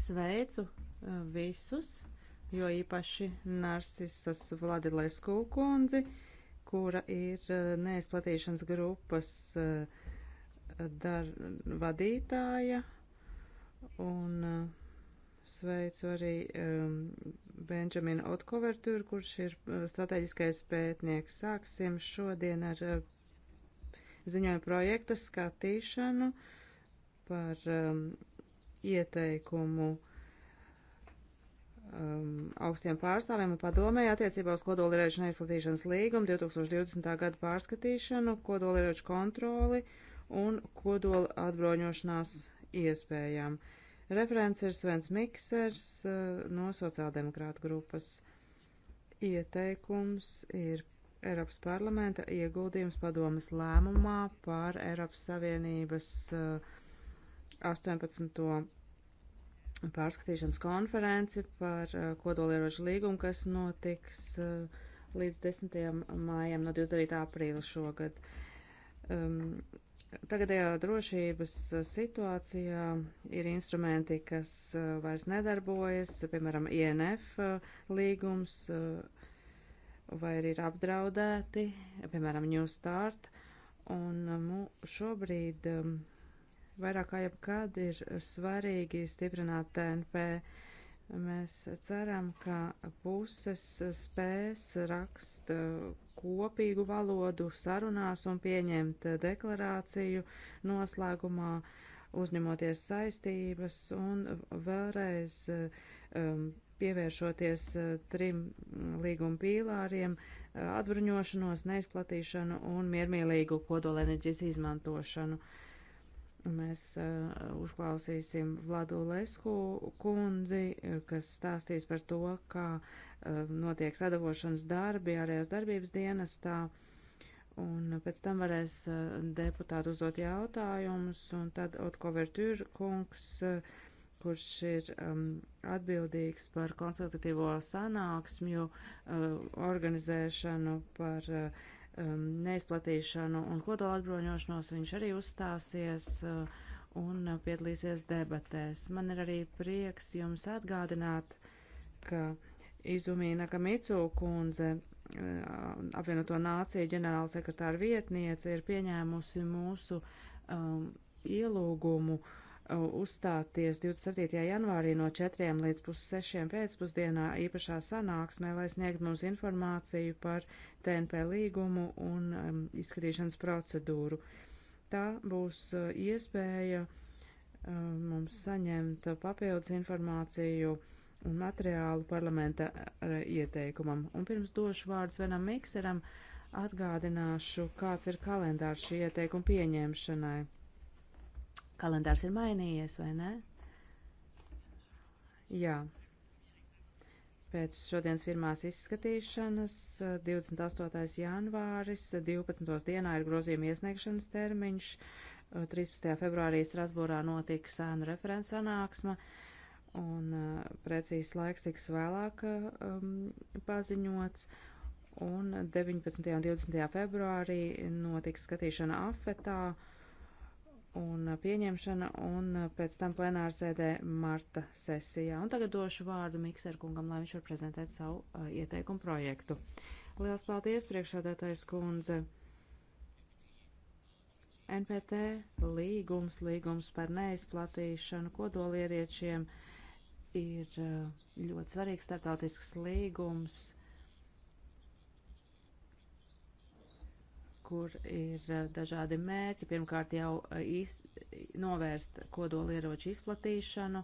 Sveicu eh, visus, jo īpaši Narcisas Vladilesku kundzi, kura ir eh, neizplatīšanas grupas eh, dar, vadītāja, un sveicu arī Benžaminu Otkovertūru, kurš ir strateģiskais pētnieks. Sāksim šodien ar ziņoja projekta skatīšanu par um, ieteikumu um, augstiem pārstāvjiem un padomēji attiecībā uz kodolieroču neizplatīšanas līgumu 2020. gada pārskatīšanu, kodolieroču kontroli un kodola atbroņošanās iespējām. Referents ir Svens Miksers uh, no sociāldemokrāta grupas. Ieteikums ir Eiropas parlamenta ieguldījums padomas lēmumā par Eiropas Savienības uh, 18. pārskatīšanas konferenci par uh, kodolieroču līgumu, kas notiks uh, līdz 10. mājām no 29. aprīļa šogad. Um, Tagadējā drošības situācijā ir instrumenti, kas uh, vairs nedarbojas, piemēram, INF līgums, vai arī ir apdraudēti, piemēram, New Start. Un šobrīd um, vairāk kā jebkad ir svarīgi stiprināt TNP. Mēs ceram, ka puses spēs rakst kopīgu valodu sarunās un pieņemt deklarāciju noslēgumā, uzņemoties saistības un vēlreiz um, pievēršoties uh, trim līguma pīlāriem - atbruņošanos, neizplatīšanu un miermīlīgu kodolenerģijas izmantošanu. Uh, Mēs uh, uzklausīsim Vladu Lesku kundzi, kas stāstīs par to, kā uh, notiek sadavošanas darbi ārējās darbības dienestā. Un pēc tam varēs uh, deputāti uzdot jautājumus, un tad Otkovertūra kungs, uh, kurš ir um, atbildīgs par konsultatīvo sanāksmju uh, organizēšanu par. Uh, um, neizplatīšanu un kodola atbruņošanos, viņš arī uzstāsies uh, un uh, piedalīsies debatēs. Man ir arī prieks jums atgādināt, ka Izumī Nakamitsu kundze, uh, apvienoto nāciju ģenerāla sekretāra vietniece, ir pieņēmusi mūsu um, ielūgumu uh, uzstāties 27. janvārī no 4 līdz pussešiem pēcpusdienā īpašā sanāksmē, lai sniegtu mums informāciju par TNP līgumu un um, izskatīšanas procedūru. Tā būs uh, iespēja uh, mums saņemt papildus informāciju un materiālu parlamenta uh, ieteikumam. Un pirms došu vārdus vienam mikseram, atgādināšu, kāds ir kalendārs šī ieteikuma pieņemšanai kalendārs ir mainījies, vai ne? Jā. Pēc šodienas pirmās izskatīšanas 28. Eh, janvāris 12. Eh, dienā ir grozījuma iesniegšanas termiņš. 13. Eh, februārī Strasbūrā notika sēnu referents sanāksma un precīzs laiks tiks vēlāk um, paziņots. Un 19. un 20. februārī notiks skatīšana afetā un pieņemšana, un pēc tam plenārsēdē marta sesijā. Un tagad došu vārdu Mikserkungam, lai viņš var prezentēt savu uh, ieteikumu projektu. Lielas paldies, priekšsādātājs kundze. NPT līgums, līgums par neizplatīšanu kodolieriečiem ir uh, ļoti svarīgs startautisks līgums kur ir eh, dažādi mērķi. Pirmkārt jau eh, iz, novērst kodolieroču izplatīšanu,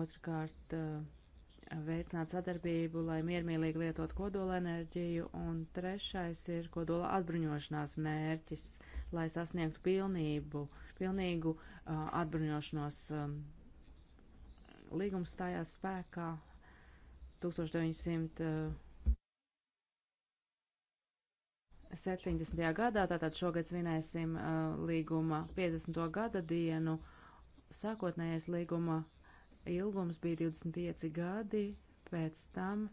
otrkārt eh, veicināt sadarbību, lai miermīlīgi lietot kodolenerģiju, un trešais ir kodola atbruņošanās mērķis, lai sasniegtu pilnību, pilnīgu atbruņošanos. Līgums stājās spēkā 1900. 70. gadā, tātad šogad svinēsim uh, līguma 50. gada dienu. Sākotnējais līguma ilgums bija 25 gadi, pēc tam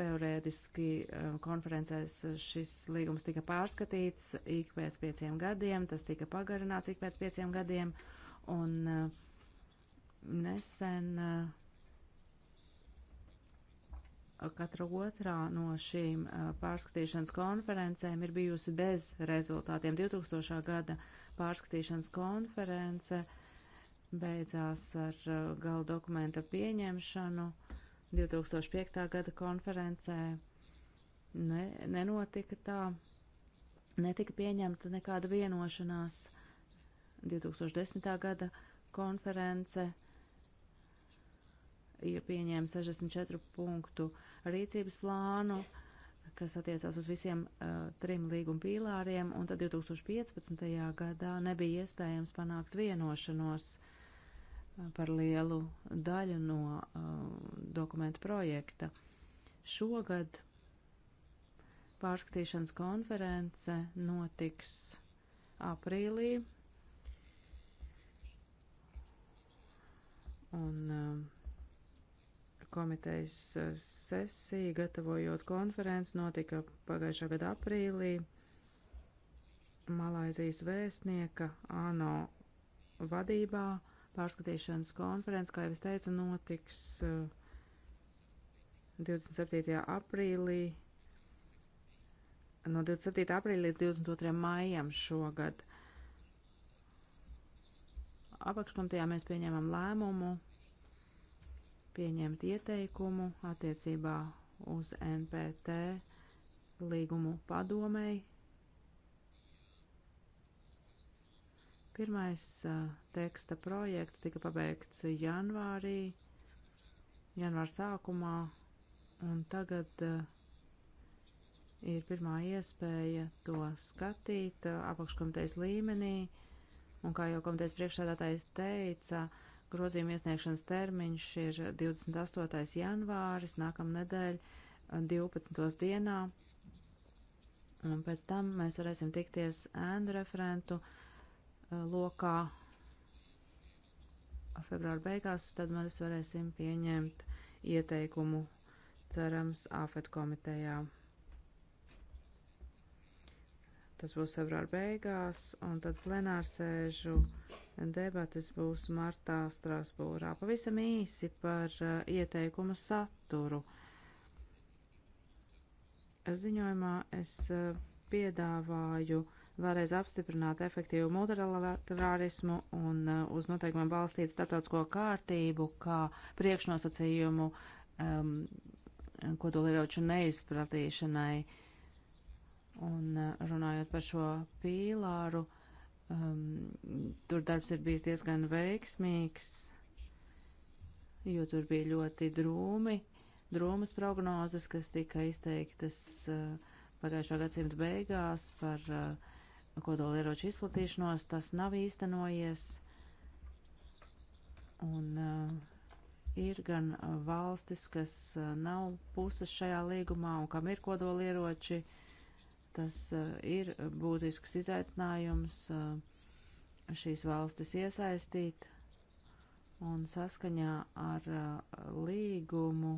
periodiski uh, konferencēs šis līgums tika pārskatīts ik pēc pieciem gadiem, tas tika pagarināts ik pēc pieciem gadiem, un uh, nesen uh, katra otrā no šīm pārskatīšanas konferencēm ir bijusi bez rezultātiem. 2000. gada pārskatīšanas konference beidzās ar gala dokumenta pieņemšanu. 2005. gada konferencē ne, nenotika tā, netika pieņemta nekāda vienošanās. 2010. gada konference ja pieņēma 64 punktu uh, rīcības plānu, kas attiecās uz visiem uh, trim līguma pīlāriem, un tad 2015. gadā nebija iespējams panākt vienošanos uh, par lielu daļu no uh, dokumentu projekta. Šogad pārskatīšanas konference notiks aprīlī. Un, uh, komitejas eh, sesija, gatavojot konferenci, notika pagājušā gada aprīlī Malaizijas vēstnieka ANO vadībā pārskatīšanas konferences, kā jau es teicu, notiks 27. Eh, aprīlī, no 27. aprīlī līdz 22. maijam šogad. Apakškomitejā mēs pieņēmām lēmumu pieņemt ieteikumu attiecībā uz NPT līgumu padomēji. Pirmais teksta projekts tika pabeigts janvārī, janvāra sākumā, un tagad ir pirmā iespēja to skatīt apakškomitejas līmenī, un kā jau komitejas priekšsēdātājs teica, uh, Grozījuma iesniegšanas termiņš ir 28. janvāris, nākamnedēļ 12. dienā. Un pēc tam mēs varēsim tikties ēnu referentu eh, lokā februāra beigās, tad mēs varēsim pieņemt ieteikumu, cerams, AFET komitejā. Tas būs februāra beigās, un tad plenārsēžu. sēžu Debates būs martā Strasbūrā. Pavisam īsi par uh, ieteikumu saturu. Ziņojumā es uh, piedāvāju vēlreiz apstiprināt efektīvu multilaterālismu un uh, uz noteikumiem balstīt starptautisko kārtību kā priekšnosacījumu um, kodolieroču neizpratīšanai. Un uh, runājot par šo pīlāru, uh, um, tur darbs ir bijis diezgan veiksmīgs, jo tur bija ļoti drūmi, drūmas prognozes, kas tika izteiktas uh, pagājušā gadsimta beigās par uh, kodolieroču izplatīšanos. Tas nav īstenojies. Un uh, ir gan valstis, kas uh, nav puses šajā līgumā un kam ir kodolieroči, Tas eh, ir būtisks izaicinājums eh, šīs valstis iesaistīt un saskaņā ar eh, līgumu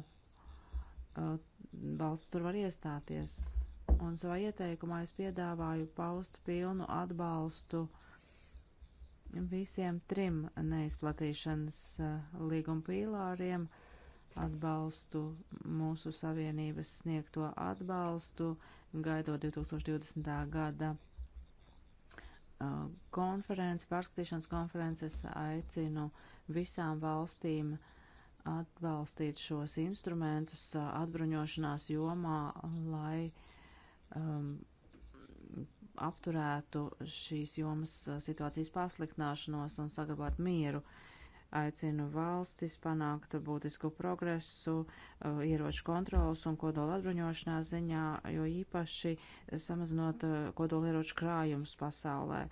valsts tur var iestāties. Un savā ieteikumā es piedāvāju paust pilnu atbalstu visiem trim neizplatīšanas līguma pīlāriem, atbalstu mūsu savienības sniegto atbalstu, uh, gaidot 2020. gada uh, konferenci, pārskatīšanas konferences aicinu visām valstīm atbalstīt šos instrumentus uh, atbruņošanās jomā, lai um, apturētu šīs jomas uh, situācijas pasliktināšanos un saglabāt mieru. Uh, aicinu valstis panākt būtisku progresu uh, ieroču kontrolas un kodola atbruņošanās ziņā, jo īpaši samazinot uh, kodola ieroču krājumus pasaulē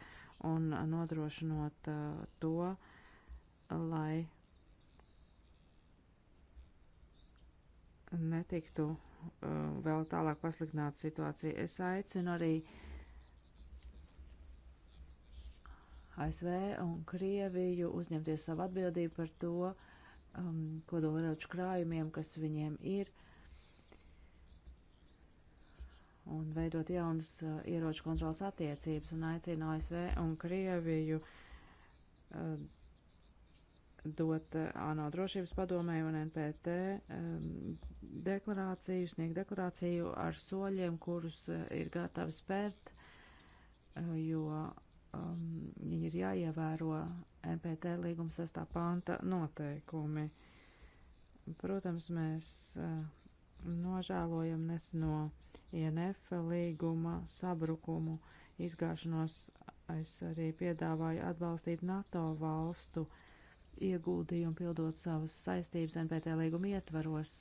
un nodrošinot uh, to, lai netiktu uh, vēl tālāk pasliktināta situācija. Es aicinu arī uh, ASV un Krieviju uzņemties savu atbildību par to, um, kodolieroču krājumiem, kas viņiem ir, un veidot jaunas uh, ieroču kontrolas attiecības un aicina ASV un Krieviju uh, dot uh, ANO drošības padomēju un NPT um, deklarāciju, sniegt deklarāciju ar soļiem, kurus uh, ir gatavi spērt, uh, jo um, ir jāievēro NPT līguma sestā panta noteikumi. Protams, mēs uh, nožēlojam neseno INF līguma sabrukumu izgāšanos. Es arī piedāvāju atbalstīt NATO valstu ieguldījumu pildot savas saistības NPT līguma ietvaros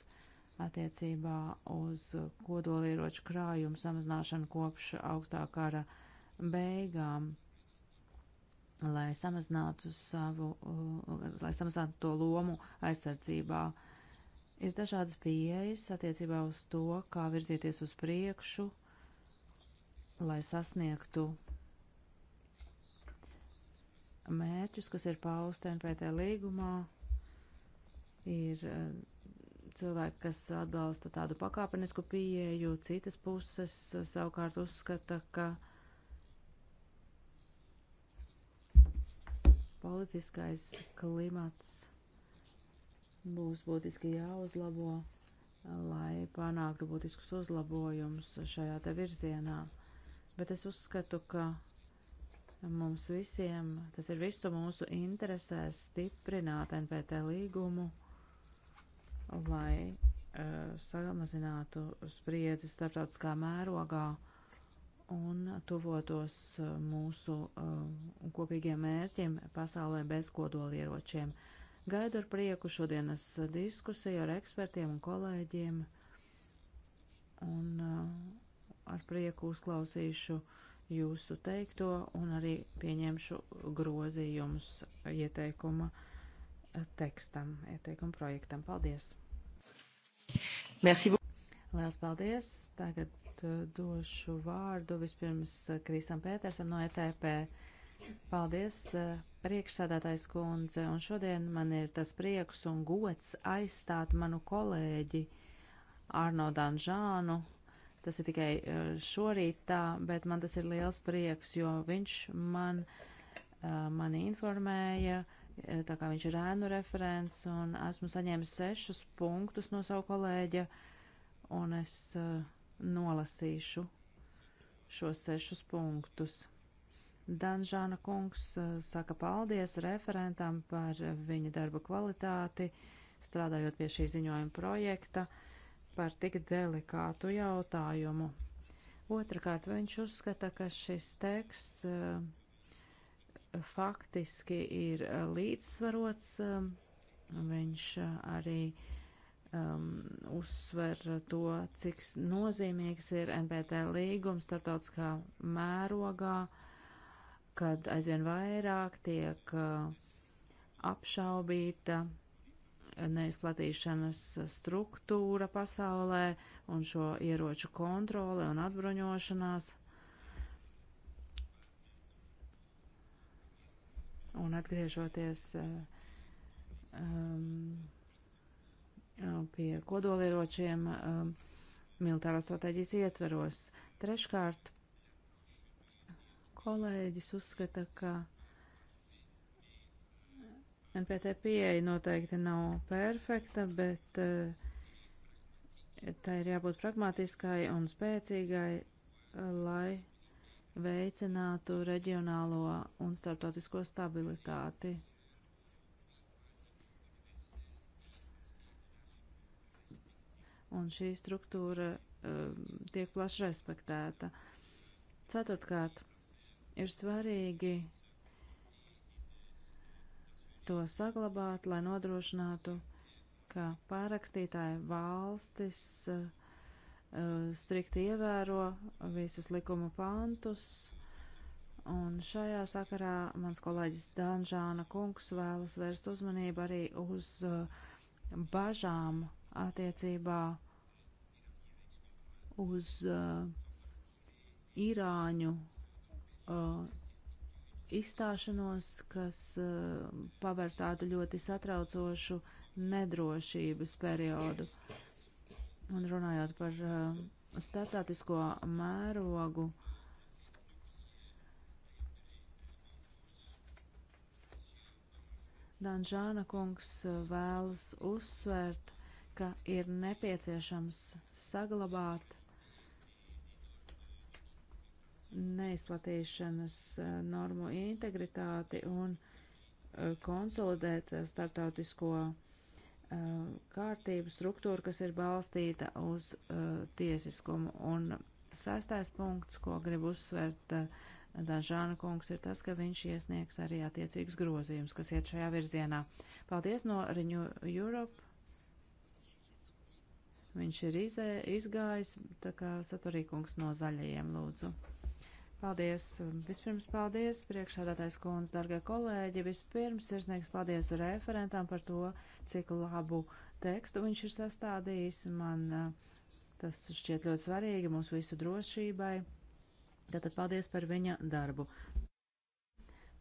attiecībā uz kodolieroču krājumu samazināšanu kopš augstākā kara beigām lai samazinātu savu, uh, lai samazinātu to lomu aizsardzībā. Ir dažādas pieejas attiecībā uz to, kā virzieties uz priekšu, lai sasniegtu mērķus, kas ir pausti NPT līgumā. Ir uh, cilvēki, kas atbalsta tādu pakāpenisku pieeju, citas puses savukārt uzskata, ka politiskais klimats būs būtiski jāuzlabo, lai panāktu būtiskus uzlabojumus šajā te virzienā. Bet es uzskatu, ka mums visiem, tas ir visu mūsu interesēs stiprināt NPT līgumu, lai uh, samazinātu spriedzi starptautiskā mērogā un tuvotos uh, mūsu uh, kopīgiem mērķiem pasaulē bez kodolieročiem. Gaidu ar prieku šodienas diskusiju ar ekspertiem un kolēģiem, un uh, ar prieku uzklausīšu jūsu teikto un arī pieņemšu grozījumus ieteikuma tekstam, ieteikuma projektam. Paldies! Merci. Lielas paldies! Tagad tagad eh, došu vārdu vispirms eh, Krīsam Pētersam no ETP. Paldies, eh, priekšsādātais kundze, un šodien man ir tas prieks un gods aizstāt manu kolēģi Arno Danžānu. Tas ir tikai šorītā, bet man tas ir liels prieks, jo viņš man, mani informēja tā kā viņš ir ēnu referents, un esmu saņēmis sešus punktus no savu kolēģa, un es uh, nolasīšu šos sešus punktus. Danžāna kungs eh, saka paldies referentam par viņa darba kvalitāti, strādājot pie šī ziņojuma projekta par tik delikātu jautājumu. Otrakārt, viņš uzskata, ka šis teksts eh, faktiski ir eh, līdzsvarots. Viņš arī uh, um, uzsver to, cik nozīmīgs ir NPT līgums starptautiskā mērogā, kad aizvien vairāk tiek uh, apšaubīta neizplatīšanas struktūra pasaulē un šo ieroču kontrole un atbruņošanās. Un atgriežoties uh, um, Uh, pie kodolieročiem um, militārās stratēģijas ietveros. Treškārt, kolēģis uzskata, ka NPT pieeja noteikti nav perfekta, bet uh, tā ir jābūt pragmatiskai un spēcīgai, lai veicinātu reģionālo un starptautisko stabilitāti. un šī struktūra uh, tiek plaši respektēta. Ceturtkārt, ir svarīgi to saglabāt, lai nodrošinātu, ka pārakstītāja valstis uh, strikti ievēro visus likuma pāntus. Un šajā sakarā mans kolēģis Danžāna kungs vēlas vērst uzmanību arī uz uh, bažām attiecībā uz uh, Irāņu uh, izstāšanos, kas uh, paver tādu ļoti satraucošu nedrošības periodu. Un runājot par uh, startautisko mērogu, Danžāna kungs uh, vēlas uzsvērt, ka ir nepieciešams saglabāt neizplatīšanas eh, normu integritāti un eh, konsolidēt eh, starptautisko kārtību struktūru, kas ir balstīta uz tiesiskumu. Un sastais punkts, ko gribu uzsvert Dažāna kungs, ir tas, ka viņš iesniegs arī attiecīgs grozījums, kas iet šajā virzienā. Paldies no Riņu Europe. Viņš ir izē, izgājis, tā kā saturīkungs no zaļajiem lūdzu. Paldies! Vispirms paldies, priekšādātais kundze, dargie kolēģi! Vispirms sirsnīgs paldies referentam par to, cik labu tekstu viņš ir sastādījis. Man eh, tas šķiet ļoti svarīgi mūsu visu drošībai. Tātad paldies par viņa darbu.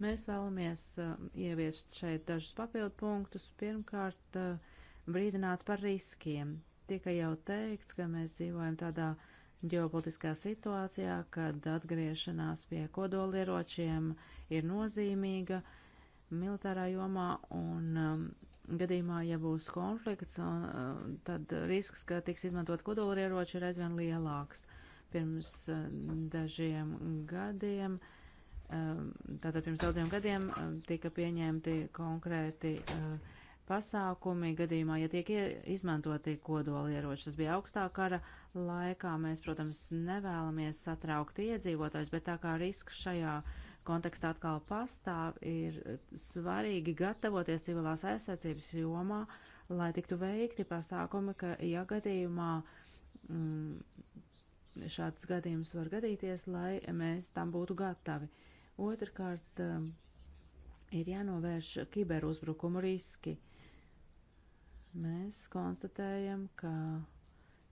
Mēs vēlamies eh, ieviest šeit dažus papildu punktus. Pirmkārt, eh, brīdināt par riskiem. Tika jau teikts, ka mēs dzīvojam tādā ģeopolitiskā situācijā, kad atgriešanās pie kodolieročiem ir nozīmīga militārā jomā un um, gadījumā, ja būs konflikts, un, uh, tad risks, ka tiks izmantot kodolieroči, ir aizvien lielāks. Pirms uh, dažiem gadiem, uh, tātad pirms daudziem gadiem, uh, tika pieņemti konkrēti uh, pasākumi gadījumā, ja tiek izmantoti kodolieroči. Tas bija augstā kara laikā. Mēs, protams, nevēlamies satraukt iedzīvotājus, bet tā kā risks šajā kontekstā atkal pastāv, ir svarīgi gatavoties civilās aizsardzības jomā, lai tiktu veikti pasākumi, ka, ja gadījumā mm, šāds gadījums var gadīties, lai mēs tam būtu gatavi. Otrkārt, mm, ir jānovērš kiberuzbrukumu riski. Mēs konstatējam, ka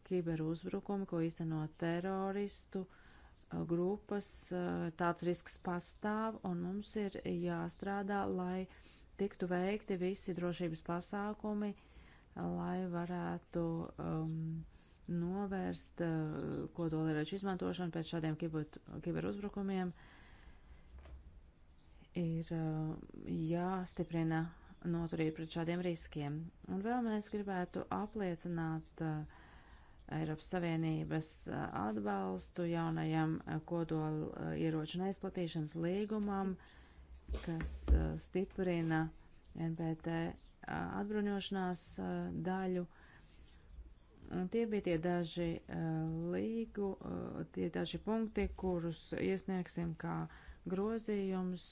kiberuzbrukumi, ko īsteno teroristu uh, grupas, uh, tāds risks pastāv, un mums ir jāstrādā, lai tiktu veikti visi drošības pasākumi, lai varētu um, novērst uh, kodolieroču izmantošanu pēc šādiem kiberuzbrukumiem, ir uh, jāstiprina noturību pret šādiem riskiem. Un vēl mēs gribētu apliecināt uh, Eiropas Savienības eh, atbalstu jaunajam eh, kodola ieroču neizplatīšanas līgumam, kas stiprina NPT atbruņošanās daļu. Un tie bija tie daži līgu, tie daži punkti, kurus iesniegsim kā grozījums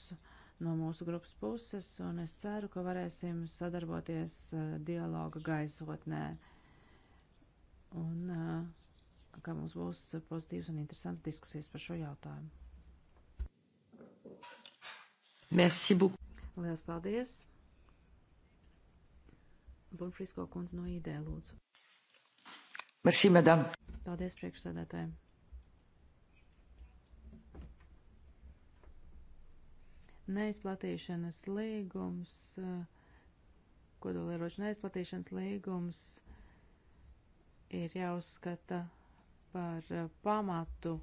no mūsu grupas puses, un es ceru, ka varēsim sadarboties eh, dialoga gaisotnē, un eh, ka mums būs pozitīvs un interesants diskusijas par šo jautājumu. Merci beaucoup. Lielas paldies. Bonfrisko kundze no ID, lūdzu. Merci, madame. Paldies priekšsēdētājiem. neizplatīšanas līgums, eh, kodolieroču neizplatīšanas līgums ir jāuzskata par eh, pamatu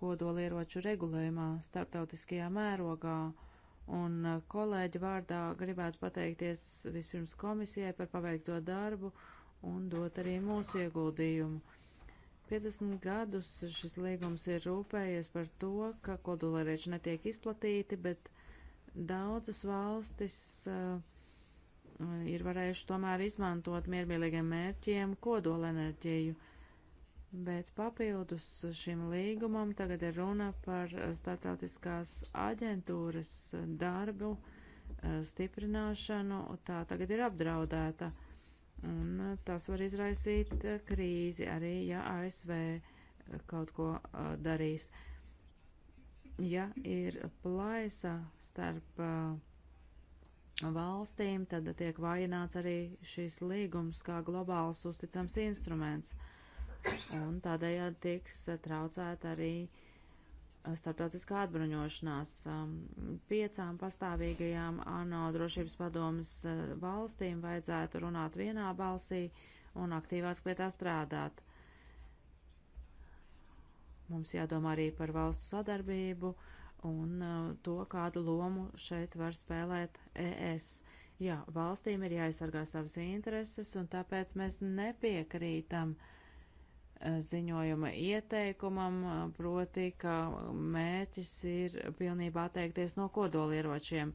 kodolieroču regulējumā starptautiskajā mērogā. Un eh, kolēģi vārdā gribētu pateikties vispirms komisijai par paveikto darbu un dot arī mūsu ieguldījumu. 50 gadus šis līgums ir rūpējies par to, ka kodolierieči netiek izplatīti, bet Daudzas valstis uh, ir varējuši tomēr izmantot miermīlīgiem mērķiem kodolenerģiju, bet papildus šim līgumam tagad ir runa par starptautiskās aģentūras darbu uh, stiprināšanu, tā tagad ir apdraudēta. Un tas var izraisīt eh, krīzi arī, ja ASV kaut ko darīs. Uh, ja ir plaisa starp uh, valstīm, tad tiek vājināts arī šis līgums kā globāls uzticams instruments. Un tādējādi tiks traucēta arī uh, starptautiskā atbruņošanās. Um, piecām pastāvīgajām ANO drošības padomas uh, valstīm vajadzētu runāt vienā balsī un aktīvāk pie tā strādāt. Mums jādomā arī par valstu sadarbību un uh, to, kādu lomu šeit var spēlēt ES. Jā, valstīm ir jāaizsargā savas intereses, un tāpēc mēs nepiekrītam uh, ziņojuma ieteikumam, uh, proti, ka mērķis ir pilnībā atteikties no kodolieročiem.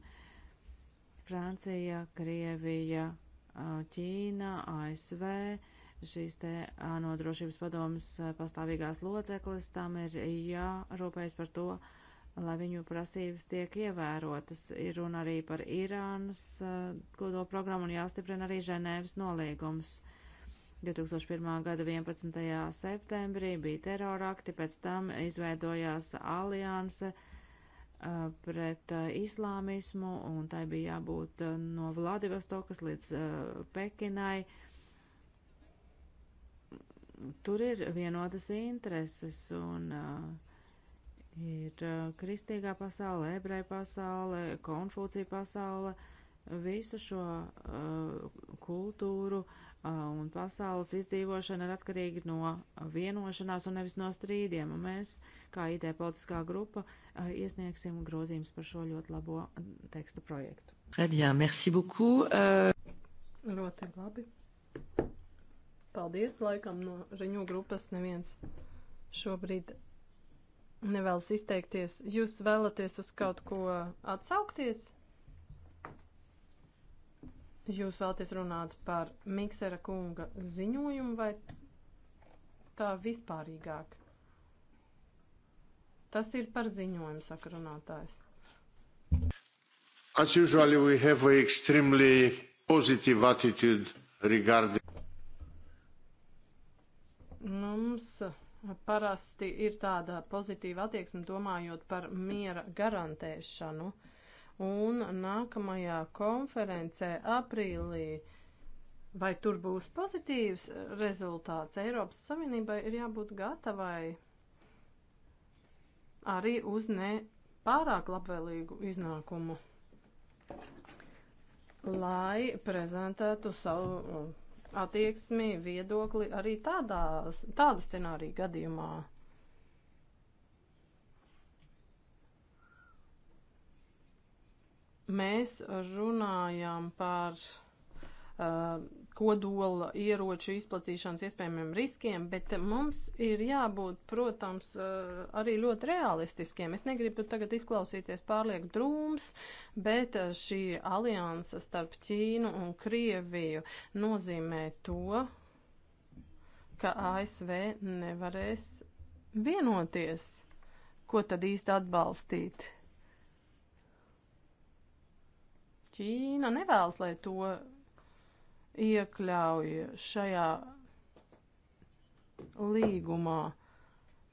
Francija, Krievija, Ķīna, ASV šīs te ANO drošības padomas pastāvīgās loceklis, tam ir jārūpējas par to, lai viņu prasības tiek ievērotas. Ir runa arī par Irānas kodolprogrammu un jāstiprina arī Ženēvas nolīgums. 2001. gada 11. septembrī bija terorakti, pēc tam izveidojās alianse pret islāmismu, un tai bija jābūt no Vladivostokas līdz Pekinai. Uh, tur ir vienotas intereses un uh, ir uh, kristīgā pasaule, ebreja pasaule, konfūcija pasaule, visu šo uh, kultūru uh, un pasaules izdzīvošana ir atkarīga no vienošanās un nevis no strīdiem. Un mēs, kā IT politiskā grupa, uh, iesniegsim grozījums par šo ļoti labo teksta projektu. Très bien, merci beaucoup. Uh... Ļoti labi. Paldies, laikam no Reņu grupas neviens šobrīd nevēlas izteikties. Jūs vēlaties uz kaut ko atsaukties? Jūs vēlaties runāt par Miksera kunga ziņojumu vai tā vispārīgāk? Tas ir par ziņojumu, saka runātājs. As usual, we have an extremely positive attitude regarding parasti ir tāda pozitīva attieksme domājot par miera garantēšanu. Un nākamajā konferencē aprīlī vai tur būs pozitīvs rezultāts? Eiropas Savienībai ir jābūt gatavai arī uz ne pārāk labvēlīgu iznākumu, lai prezentētu savu attieksmi, viedokli arī tādā, tāda scenārija gadījumā. Mēs runājām par uh, kodola ieroču izplatīšanas iespējamiem riskiem, bet mums ir jābūt, protams, eh, arī ļoti realistiskiem. Es negribu tagad izklausīties pārlieku drūms, bet eh, šī aliansa starp Ķīnu un Krieviju nozīmē to, ka ASV nevarēs vienoties, ko tad īsti atbalstīt. Ķīna nevēlas, lai to iekļauj šajā līgumā,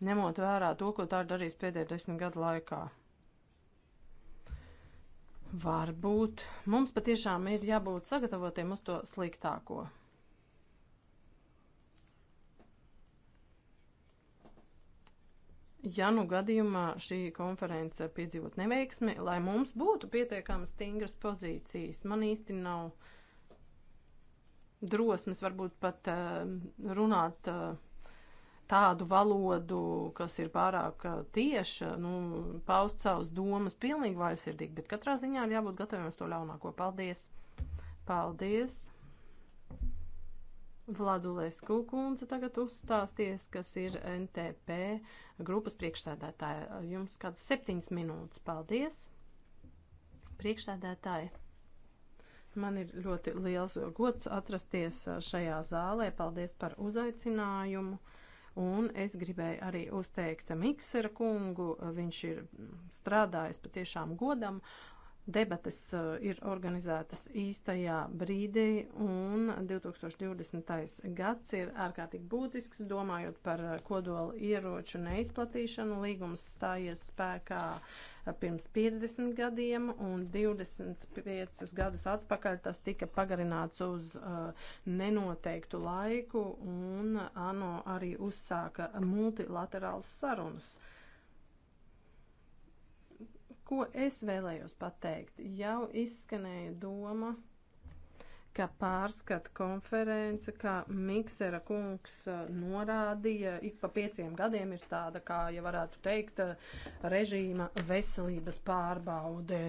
ņemot vērā to, ko tā ir darījis pēdējo desmit gadu laikā. Varbūt mums patiešām ir jābūt sagatavotiem uz to sliktāko. ja nu gadījumā šī konference piedzīvot neveiksmi, lai mums būtu pietiekami stingras pozīcijas. Man īsti nav drosmes varbūt pat eh, runāt eh, tādu valodu, kas ir pārāk eh, tieša, nu, paust savus domas pilnīgi vaļsirdīgi, bet katrā ziņā ir jābūt gataviem uz to ļaunāko. Paldies! Paldies! Vladulēs Kukundze tagad uzstāsties, kas ir NTP grupas priekšsēdētāja. Jums kāds septiņas minūtes. Paldies! Priekšsēdētāji! Man ir ļoti liels gods atrasties šajā zālē. Paldies par uzaicinājumu. Un es gribēju arī uzteikt Miksera kungu. Viņš ir strādājis patiešām godam. Debates ir organizētas īstajā brīdī, un 2020. gads ir ārkārtīgi būtisks, domājot par kodola ieroču neizplatīšanu. Līgums stājies spēkā uh, pirms 50 gadiem, un 25 gadus atpakaļ tas tika pagarināts uz uh, nenoteiktu laiku, un ANO arī uzsāka multilaterāls sarunas. Ko es vēlējos pateikt? Jau izskanēja doma ka pārskata konference, kā Miksera kungs uh, norādīja, ik pa pieciem gadiem ir tāda, kā, ja varētu teikt, uh, režīma veselības pārbaude.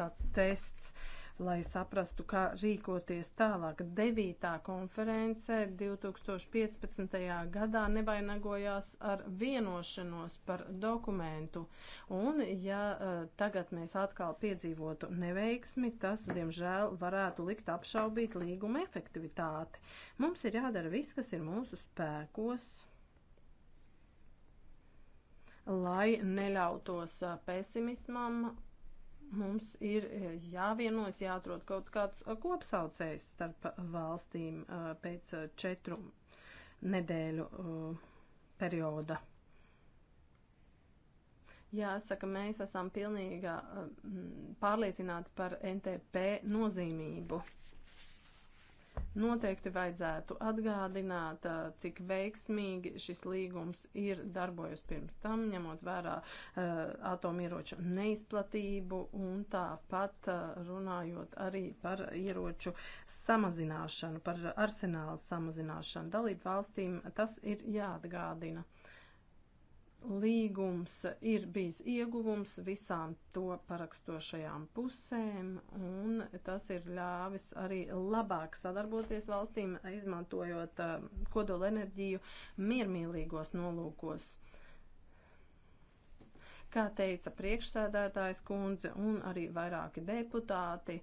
Tāds tests. Uh, lai saprastu, kā rīkoties tālāk. 9. konference 2015. gadā nevainagojās ar vienošanos par dokumentu, un ja e, tagad mēs atkal piedzīvotu neveiksmi, tas, diemžēl, varētu likt apšaubīt līguma efektivitāti. Mums ir jādara viss, kas ir mūsu spēkos lai neļautos e, pesimismam mums ir e, jāvienojas, jāatrod kaut kāds e, kopsaucējs starp valstīm e, pēc četru nedēļu perioda. Jāsaka, mēs esam pilnīgi pārliecināti par NTP nozīmību. Noteikti vajadzētu atgādināt, cik veiksmīgi šis līgums ir darbojas pirms tam, ņemot vērā atomieroču neizplatību un tāpat runājot arī par ieroču samazināšanu, par arsenālu samazināšanu. Dalību valstīm tas ir jāatgādina. Līgums ir bijis ieguvums visām to parakstošajām pusēm, un tas ir ļāvis arī labāk sadarboties valstīm, izmantojot eh, kodolenerģiju miermīlīgos nolūkos kā teica priekšsēdētājs kundze un arī vairāki deputāti,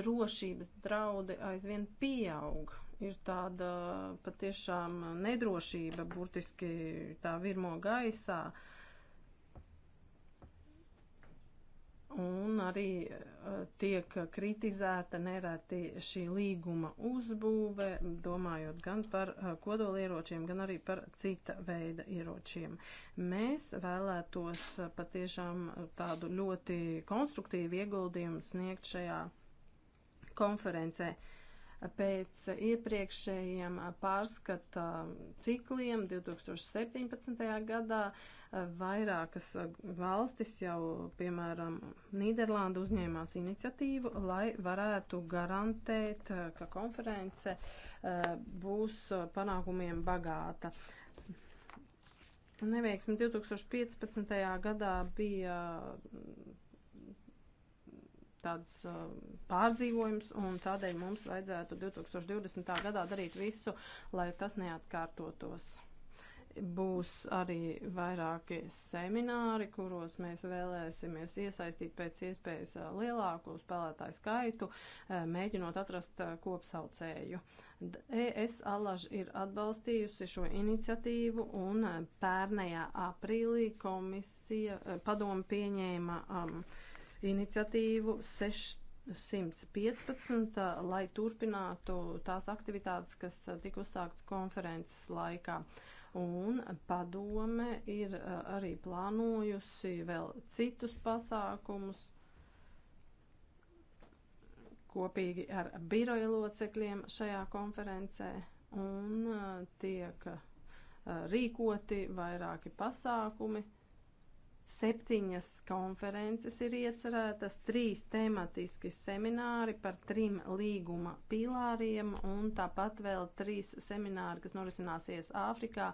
drošības draudi aizvien pieaug ir tāda patiešām nedrošība, burtiski tā virmo gaisā. Un arī eh, tiek kritizēta nereti šī līguma uzbūve, domājot gan par eh, kodolieročiem, gan arī par cita veida ieročiem. Mēs vēlētos eh, patiešām tādu ļoti konstruktīvu ieguldījumu sniegt šajā konferencē. Uh, pēc iepriekšējiem pārskata cikliem 2017. gadā eh, vairākas eh, valstis jau, piemēram, Nīderlanda uzņēmās iniciatīvu, lai varētu garantēt, eh, ka konference būs panākumiem bagāta. Neveiksme 2015. gadā bija tādas uh, pārdzīvojums, un tādēļ mums vajadzētu 2020. gadā darīt visu, lai tas neatkārtotos. Būs arī vairāki semināri, kuros mēs vēlēsimies iesaistīt pēc iespējas uh, lielāku spēlētāju skaitu, uh, mēģinot atrast kopsaucēju. E, ES alaž ir atbalstījusi šo iniciatīvu un pērnējā aprīlī komisija padomu pieņēma um, uh, iniciatīvu 615, lai turpinātu tās aktivitātes, kas eh, tika uzsāktas konferences laikā. Un padome ir eh, arī plānojusi vēl citus pasākumus kopīgi ar biroja locekļiem šajā konferencē un eh, tiek rīkoti vairāki pasākumi. Septiņas konferences ir iecerētas, trīs tematiski semināri par trim līguma pilāriem un tāpat vēl trīs semināri, kas norisināsies Āfrikā,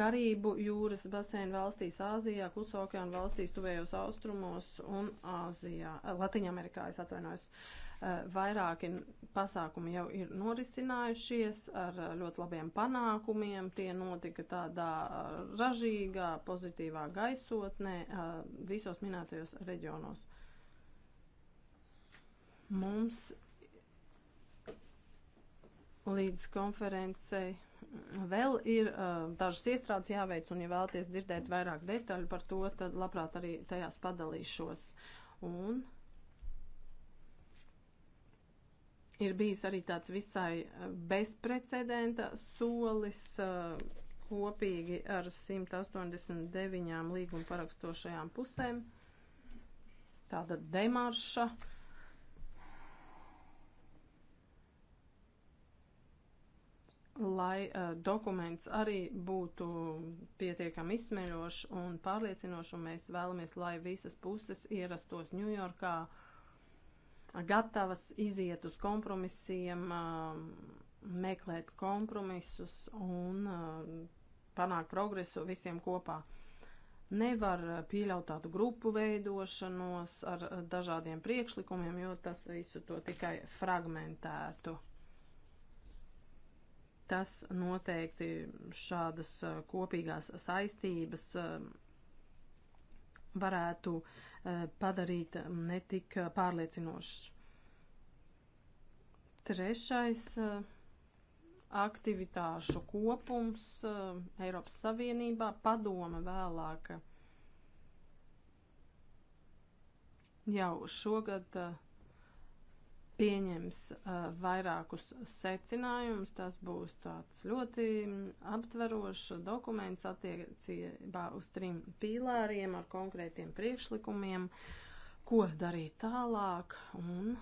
Karību jūras basēnu valstīs, Āzijā, Klusa okeāna valstīs, Tuvējos austrumos un Āzijā, Latviņamerikā, es atvainojos. Uh, Eh, vairāki pasākumi jau ir norisinājušies ar eh, ļoti labiem panākumiem. Tie notika tādā eh, ražīgā, pozitīvā gaisotnē visos minētajos reģionos. Mums līdz konferencei vēl ir dažas iestrādes jāveic, un ja vēlaties dzirdēt vairāk detaļu par to, tad labprāt arī tajās padalīšos. Un ir bijis arī tāds visai eh, bezprecedenta solis eh, kopīgi ar 189 līguma parakstošajām pusēm. Tāda demarša. Lai uh, dokuments arī būtu pietiekami izsmeļošs un pārliecinošs, un mēs vēlamies, lai visas puses ierastos Ņujorkā uh, gatavas iziet uz kompromisiem, um, meklēt kompromisus un uh, panākt progresu visiem kopā. Nevar pieļaut tādu grupu veidošanos ar uh, dažādiem priekšlikumiem, jo tas visu to tikai fragmentētu. Tas noteikti šādas uh, kopīgās saistības um, varētu uh, Eh, padarīt eh, netik eh, pārliecinošs. Trešais aktivitāšu kopums Eiropas Savienībā padoma vēlāk jau šogad uh, pieņems uh, vairākus secinājumus. Tas būs tāds ļoti aptverošs dokuments attiecībā uz trim pīlāriem ar konkrētiem priekšlikumiem, ko darīt tālāk. Un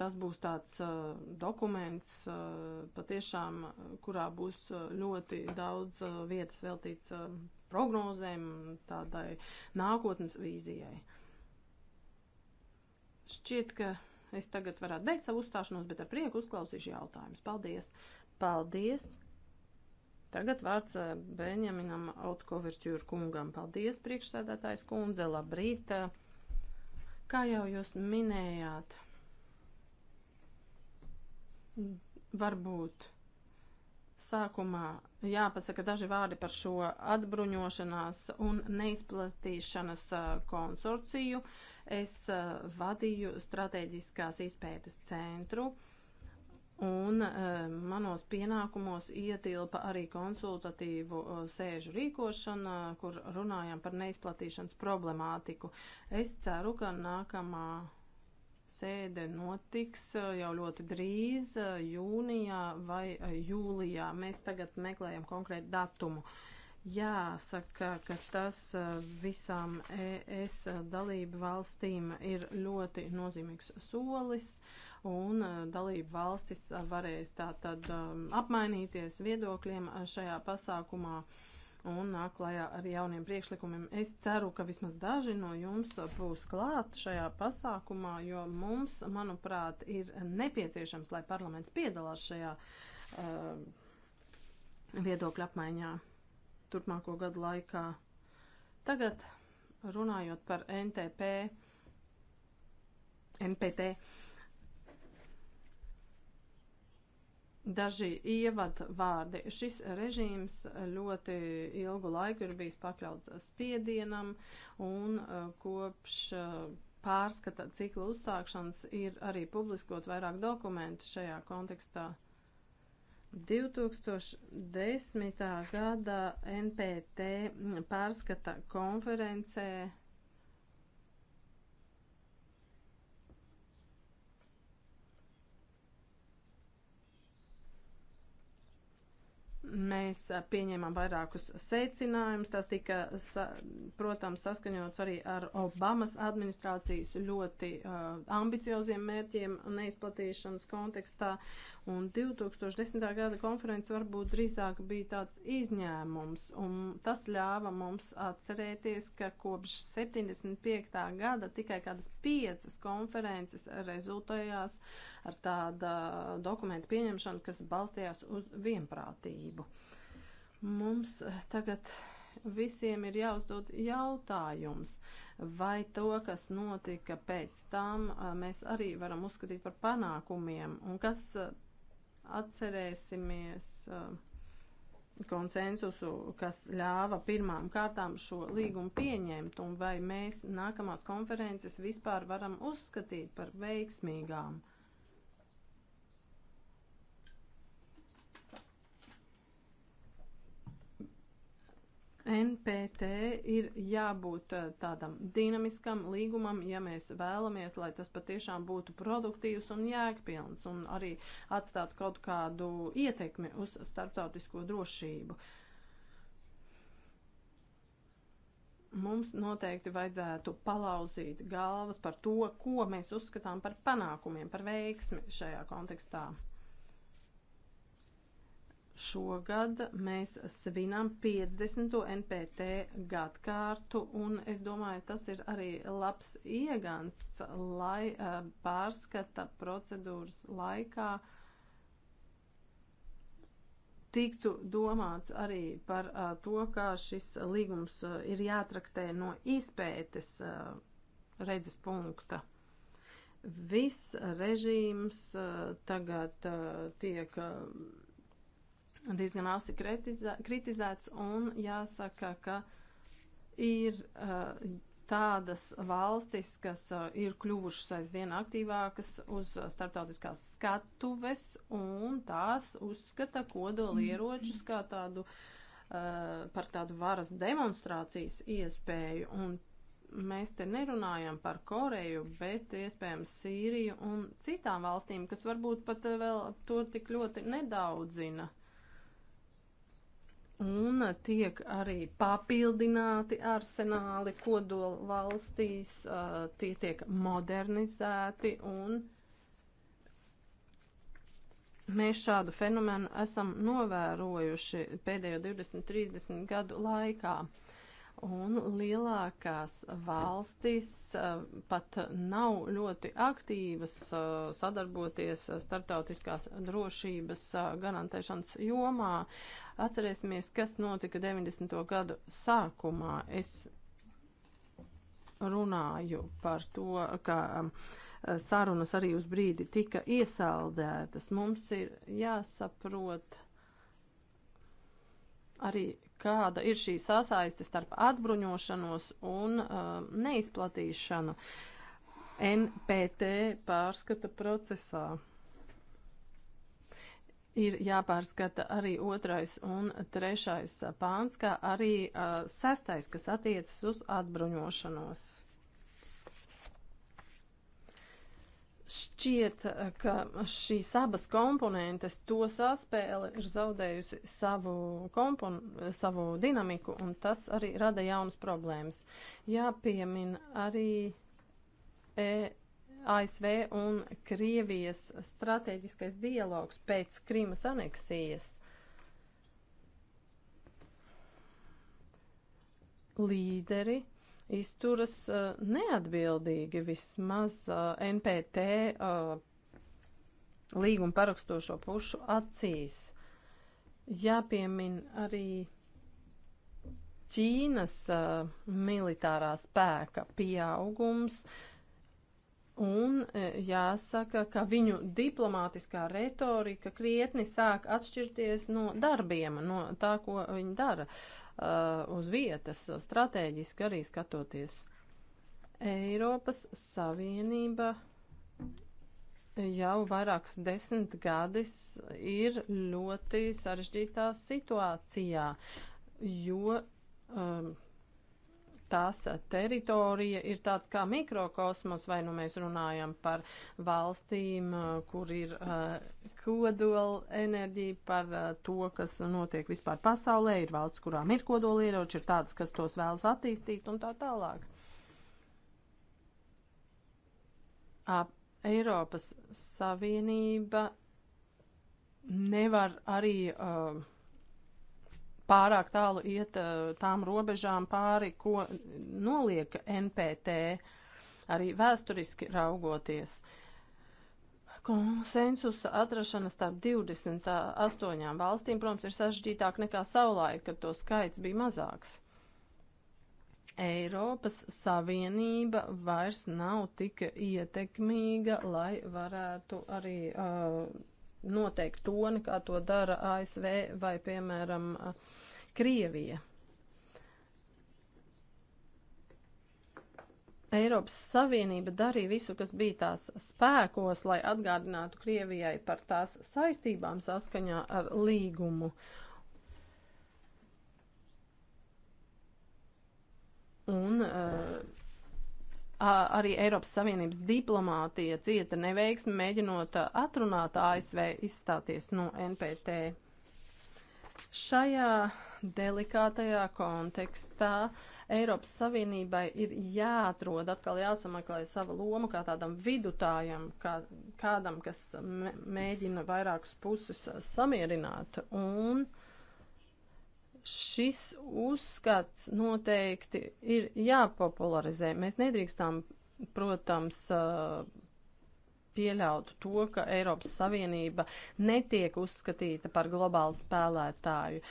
tas būs tāds uh, dokuments, uh, patiešām, kurā būs ļoti daudz uh, vietas veltīts uh, prognozēm, tādai nākotnes vīzijai. Šķiet, ka Es tagad varētu beigt savu uzstāšanos, bet ar prieku uzklausīšu jautājumus. Paldies! Paldies! Tagad vārds eh, Benjaminam Autkovirķūru kungam. Paldies, priekšsēdētājs kundze, labrīt! Kā jau jūs minējāt, varbūt sākumā jāpasaka daži vārdi par šo atbruņošanās un neizplatīšanas eh, konsorciju. Uh, Es uh, vadīju strateģiskās izpētes centru. Un e, manos pienākumos ietilpa arī konsultatīvu e, sēžu rīkošana, kur runājam par neizplatīšanas problemātiku. Es ceru, ka nākamā sēde notiks jau ļoti drīz, jūnijā vai jūlijā. Mēs tagad meklējam konkrētu datumu. Uh, Jāsaka, ka tas visām ES dalību valstīm ir ļoti nozīmīgs solis, un dalību valstis varēs tātad apmainīties viedokļiem šajā pasākumā un nāk klajā ar jauniem priekšlikumiem. Es ceru, ka vismaz daži no jums būs klāt šajā pasākumā, jo mums, manuprāt, ir nepieciešams, lai parlaments piedalās šajā uh, viedokļa apmaiņā turpmāko gadu laikā. Tagad runājot par NTP, NPT, daži ievadvārdi. Šis režīms ļoti ilgu laiku ir bijis pakļauts spiedienam un e, kopš e, pārskata cikla uzsākšanas ir arī publiskot vairāk dokumentu šajā kontekstā. 2010. gada NPT pārskata konferencē Mēs pieņēmām vairākus secinājumus. Tas tika, protams, saskaņots arī ar Obamas administrācijas ļoti uh, ambicioziem mērķiem neizplatīšanas kontekstā. Un 2010. gada konferences varbūt drīzāk bija tāds izņēmums. Un tas ļāva mums atcerēties, ka kopš 75. gada tikai kādas piecas konferences rezultējās uh, ar tāda dokumentu pieņemšanu, kas balstījās uz vienprātību. Mums tagad visiem ir jāuzdod jautājums, vai to, kas notika pēc tam, mēs arī varam uzskatīt par panākumiem, un kas atcerēsimies konsensusu, kas ļāva pirmām kārtām šo līgumu pieņemt, un vai mēs nākamās konferences vispār varam uzskatīt par veiksmīgām. NPT ir jābūt eh, tādam dinamiskam līgumam, ja mēs vēlamies, lai tas patiešām būtu produktīvs un jēgpilns un arī atstātu kaut kādu ietekmi uz starptautisko drošību. Mums noteikti vajadzētu palauzīt galvas par to, ko mēs uzskatām par panākumiem, par veiksmi šajā kontekstā. Šogad mēs svinam 50. NPT gadkārtu, un es domāju, tas ir arī labs iegans, lai uh, pārskata procedūras laikā tiktu domāts arī par uh, to, kā šis līgums uh, ir jātraktē no izpētes uh, redzes punkta viss režīms uh, tagad uh, tiek uh, diezgan asi kritizē, kritizēts un jāsaka, ka ir uh, tādas valstis, kas uh, ir kļuvušas aizvien aktīvākas uz starptautiskās skatuves un tās uzskata kodolieročus kā tādu uh, par tādu varas demonstrācijas iespēju. Un mēs te nerunājam par Koreju, bet iespējams Sīriju un citām valstīm, kas varbūt pat uh, vēl to tik ļoti nedaudzina. Uh, Un tiek arī papildināti arsenāli kodola valstīs, tie tiek modernizēti un mēs šādu fenomenu esam novērojuši pēdējo 20-30 gadu laikā. Un lielākās valstis pat nav ļoti aktīvas sadarboties starptautiskās drošības garantēšanas jomā. Atcerēsimies, kas notika 90. gadu sākumā. Es runāju par to, ka um, sarunas arī uz brīdi tika iesaldētas. Mums ir jāsaprot arī, kāda ir šī sasaiste starp atbruņošanos un uh, neizplatīšanu NPT pārskata procesā ir jāpārskata arī otrais un trešais pāns, kā arī uh, sestais, kas attiecas uz atbruņošanos. Šķiet, ka šīs abas komponentes to saspēle ir zaudējusi savu, kompon savu dinamiku, un tas arī rada jaunas problēmas. Jāpiemin arī e ASV un Krievijas strateģiskais dialogs pēc Krīmas aneksijas līderi izturas uh, neatbildīgi vismaz uh, NPT uh, līguma parakstošo pušu acīs. Jāpiemin arī Ķīnas uh, militārā spēka pieaugums, uh, Un e, jāsaka, ka viņu diplomātiskā retorika krietni sāk atšķirties no darbiem, no tā, ko viņi dara e, uz vietas, strateģiski arī skatoties. Eiropas Savienība jau vairākas desmit gadus ir ļoti sarežģītā situācijā, jo um, tās teritorija ir tāds kā mikrokosmos, vai nu mēs runājam par valstīm, uh, kur ir uh, kodola enerģija, par uh, to, kas notiek vispār pasaulē, ir valsts, kurām ir kodola ieroči, ir tādas, kas tos vēlas attīstīt un tā tālāk. Ap Eiropas Savienība nevar arī uh, pārāk tālu iet eh, tām robežām pāri, ko noliek NPT, arī vēsturiski raugoties. Konsensusa atrašana starp 28 valstīm, protams, ir sažģītāk nekā savulaik, kad to skaits bija mazāks. Eiropas Savienība vairs nav tik ietekmīga, lai varētu arī uh, noteikti toni, kā to dara ASV vai, piemēram, Krievija. Eiropas Savienība darīja visu, kas bija tās spēkos, lai atgādinātu Krievijai par tās saistībām saskaņā ar līgumu. Un uh, arī Eiropas Savienības diplomātija cieta neveiksmi, mēģinot atrunāt ASV izstāties no NPT. Šajā delikātajā kontekstā Eiropas Savienībai ir jāatrod atkal jāsamaklē sava loma kā tādam vidutājam, kā, kādam, kas mēģina vairākas puses samierināt. Un, uh, Šis uzskats noteikti ir jāpopularizē. Mēs nedrīkstām, protams, pieļaut to, ka Eiropas Savienība netiek uzskatīta par globālu spēlētāju,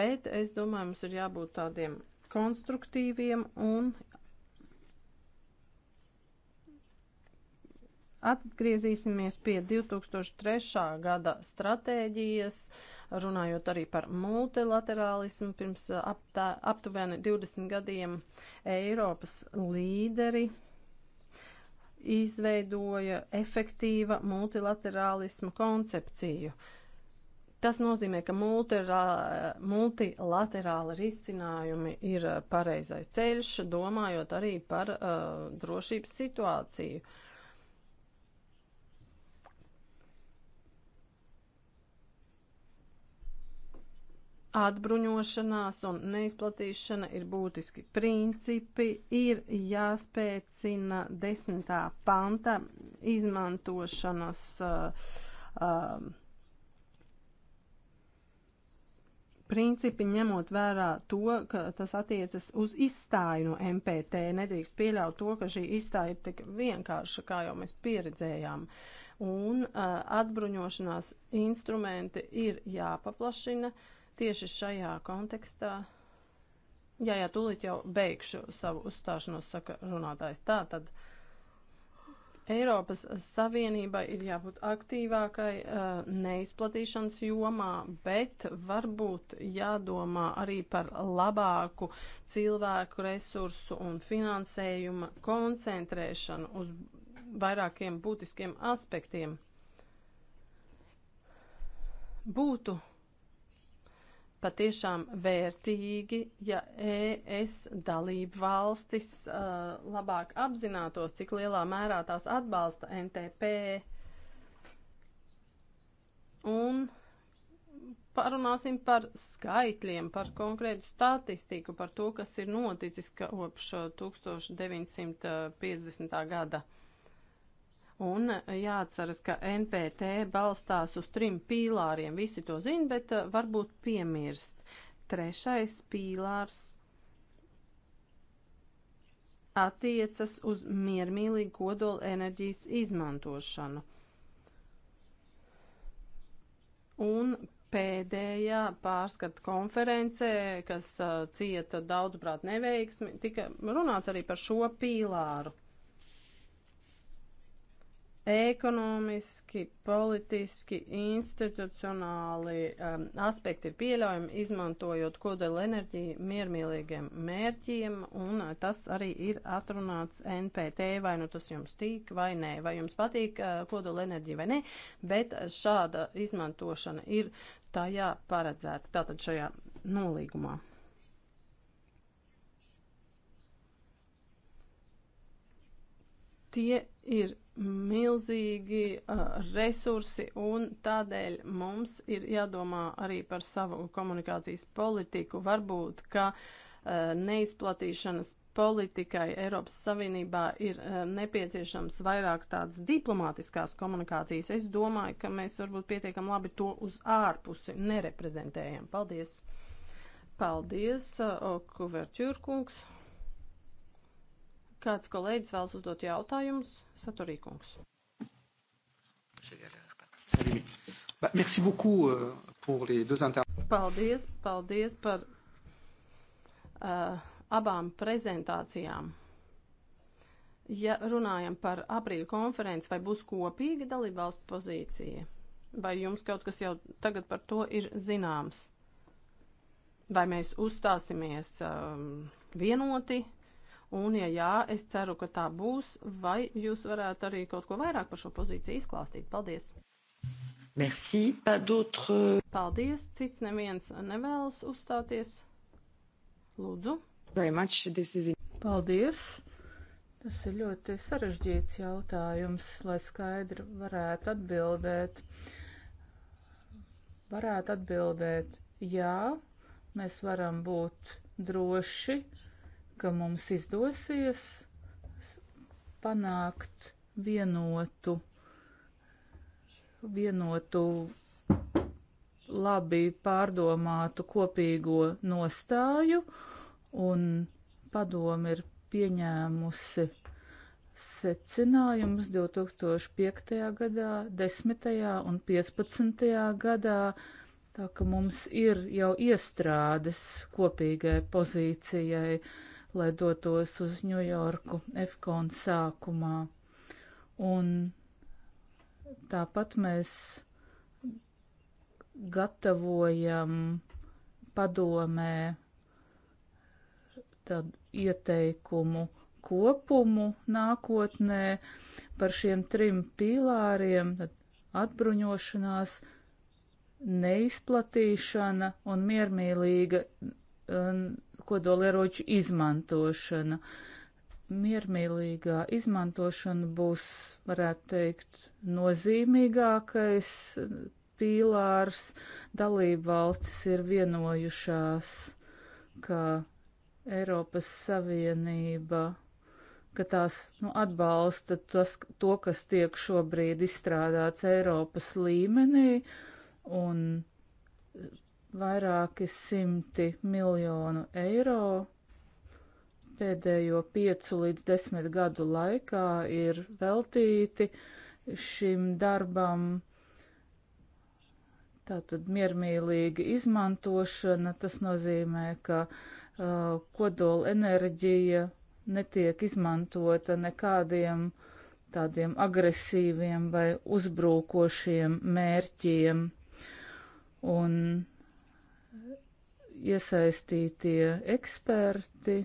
bet es domāju, mums ir jābūt tādiem konstruktīviem un atgriezīsimies pie 2003. gada stratēģijas. Uh, runājot arī par multilaterālismu. Pirms uh, aptā, aptuveni 20 gadiem Eiropas līderi izveidoja efektīva multilaterālisma koncepciju. Tas nozīmē, ka multilaterāli risinājumi ir pareizais ceļš, domājot arī par uh, drošības situāciju. Uh, Atbruņošanās un neizplatīšana ir būtiski principi, ir jāspēcina desmitā panta izmantošanas uh, uh, principi ņemot vērā to, ka tas attiecas uz izstāju no MPT. Nedrīkst pieļaut to, ka šī izstāja ir tik vienkārša, kā jau mēs pieredzējām. Un uh, atbruņošanās instrumenti ir jāpaplašina. Uh, Tieši šajā kontekstā, jā, jā, tūlīt jau beigšu savu uzstāšanos, saka runātājs. Tā tad Eiropas Savienībai ir jābūt aktīvākai uh, neizplatīšanas jomā, bet varbūt jādomā arī par labāku cilvēku resursu un finansējuma koncentrēšanu uz vairākiem būtiskiem aspektiem. Būtu patiešām vērtīgi, ja ES dalību valstis uh, labāk apzinātos, cik lielā mērā tās atbalsta NTP un parunāsim par skaitļiem, par konkrētu statistiku, par to, kas ir noticis kopš 1950. Uh, uh, gada. Un jāatceras, ka NPT balstās uz trim pīlāriem. Visi to zina, bet uh, varbūt piemirst. Trešais pīlārs attiecas uz miermīlīgu kodola enerģijas izmantošanu. Un pēdējā pārskata konferencē, kas uh, cieta daudzprāt neveiksmi, tika runāts arī par šo pīlāru ekonomiski, politiski, institucionāli um, aspekti ir pieļaujami, izmantojot kodola enerģiju miermīlīgiem mērķiem, un uh, tas arī ir atrunāts NPT, vai nu tas jums tīk vai nē, vai jums patīk uh, kodola enerģija vai nē, bet šāda izmantošana ir tajā paredzēta, tātad šajā nolīgumā. Tie ir milzīgi uh, resursi un tādēļ mums ir jādomā arī par savu komunikācijas politiku. Varbūt, ka uh, neizplatīšanas politikai Eiropas Savienībā ir uh, nepieciešams vairāk tādas diplomātiskās komunikācijas. Es domāju, ka mēs varbūt pietiekam labi to uz ārpusi nereprezentējam. Paldies! Paldies, Okuvertjūrkungs! Uh, Kāds kolēģis vēlas uzdot jautājumus? Saturīkungs. Euh, paldies, paldies par uh, abām prezentācijām. Ja runājam par aprīļa konferenci, vai būs kopīga dalībvalstu pozīcija? Vai jums kaut kas jau tagad par to ir zināms? Vai mēs uzstāsimies um, vienoti? Un, ja jā, es ceru, ka tā būs, vai jūs varētu arī kaut ko vairāk par šo pozīciju izklāstīt. Paldies! Merci, pas d'autres. Paldies, cits neviens nevēlas uzstāties. Lūdzu. Very much, this is. Paldies. Tas ir ļoti sarežģīts jautājums, lai skaidri varētu atbildēt. Varētu atbildēt, jā, mēs varam būt droši, ka mums izdosies panākt vienotu, vienotu labi pārdomātu kopīgo nostāju, un padomi ir pieņēmusi secinājumus 2005. gadā, 10. un 15. gadā, tā ka mums ir jau iestrādes kopīgai pozīcijai. Uh, lai dotos uz Ņujorku Efkon sākumā. Un tāpat mēs gatavojam padomē tādu ieteikumu kopumu nākotnē par šiem trim pīlāriem - atbruņošanās, neizplatīšana un miermīlīga kodolieroču izmantošana. Miermīlīgā izmantošana būs, varētu teikt, nozīmīgākais pīlārs. Dalība valstis ir vienojušās, ka Eiropas Savienība ka tās nu, atbalsta tas, to, kas tiek šobrīd izstrādāts Eiropas līmenī, un vairāki simti miljonu eiro pēdējo piecu līdz desmit gadu laikā ir veltīti šim darbam. Tātad miermīlīga izmantošana, tas nozīmē, ka uh, kodola enerģija netiek izmantota nekādiem tādiem agresīviem vai uzbrukošiem mērķiem. Un iesaistītie eksperti.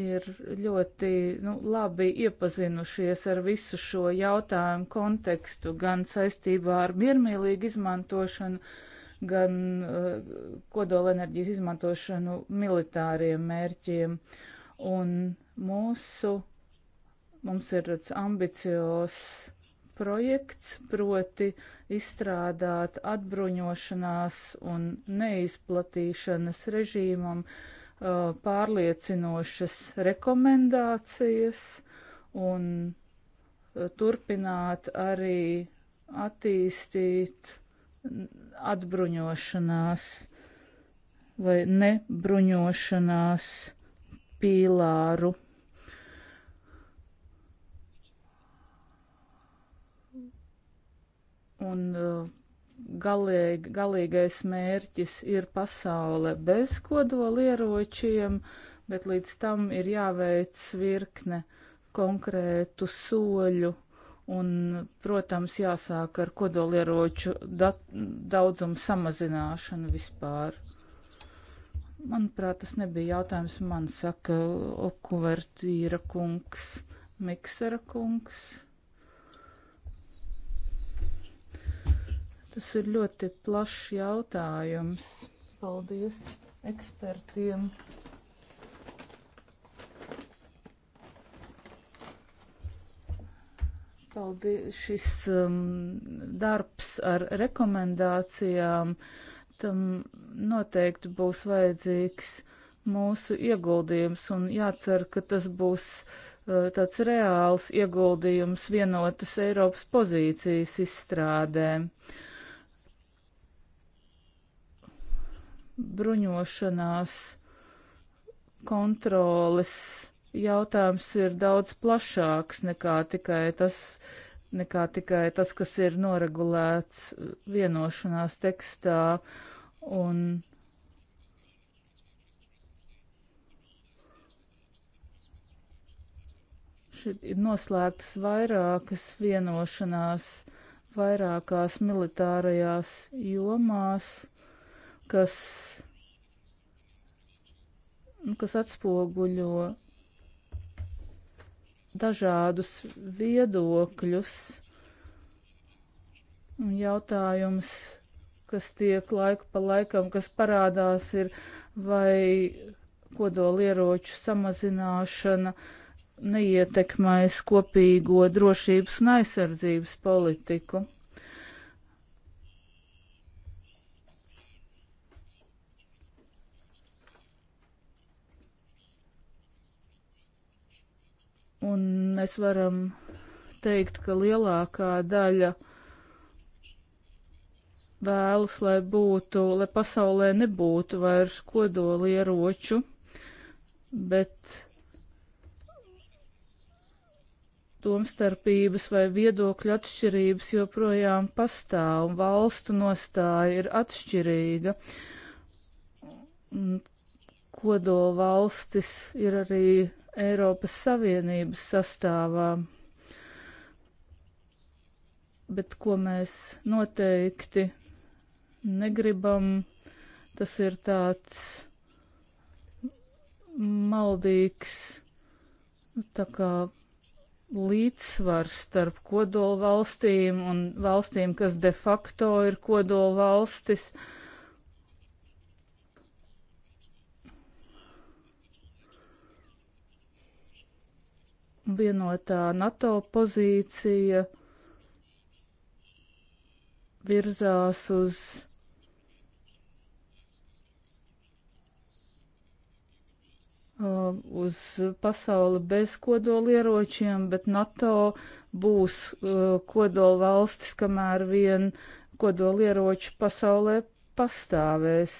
ir ļoti nu, labi iepazinušies ar visu šo jautājumu kontekstu, gan saistībā ar miermīlīgu izmantošanu, gan uh, kodolenerģijas izmantošanu militāriem mērķiem. Un mūsu, mums ir tāds ambiciozs projekts, proti izstrādāt atbruņošanās un neizplatīšanas režīmam uh, pārliecinošas rekomendācijas un uh, turpināt arī attīstīt atbruņošanās vai nebruņošanās pīlāru. un uh, galīgi, galīgais mērķis ir pasaule bez kodolieročiem, bet līdz tam ir jāveic virkne konkrētu soļu. Un, protams, jāsāk ar kodolieroču dat, daudzumu samazināšanu vispār. Manuprāt, tas nebija jautājums. Man saka, Okuvertīra kungs, Miksera kungs. Tas ir ļoti plašs jautājums. Paldies ekspertiem. Paldies. Šis um, darbs ar rekomendācijām tam noteikti būs vajadzīgs mūsu ieguldījums un jācer, ka tas būs uh, tāds reāls ieguldījums vienotas Eiropas pozīcijas izstrādē. Uh, bruņošanās kontroles jautājums ir daudz plašāks nekā tikai tas, nekā tikai tas kas ir noregulēts vienošanās tekstā. Un ir noslēgtas vairākas vienošanās vairākās militārajās jomās kas, kas atspoguļo dažādus viedokļus un jautājums, kas tiek laiku pa laikam, kas parādās, ir vai kodolieroču samazināšana neietekmēs kopīgo drošības un aizsardzības politiku. Un mēs varam teikt, ka lielākā daļa vēlas, lai būtu, lai pasaulē nebūtu vairs kodolieroču, bet domstarpības vai viedokļu atšķirības joprojām pastāv un valstu nostāja ir atšķirīga. Kodola valstis ir arī Eiropas Savienības sastāvā. Bet ko mēs noteikti negribam, tas ir tāds maldīgs tā kā līdzsvars starp kodolvalstīm un valstīm, kas de facto ir kodolvalstis. valstis vienotā NATO pozīcija virzās uz uh, uz pasauli bez kodolieročiem, bet NATO būs uh, kodola valstis, kamēr vien kodolieroči pasaulē pastāvēs.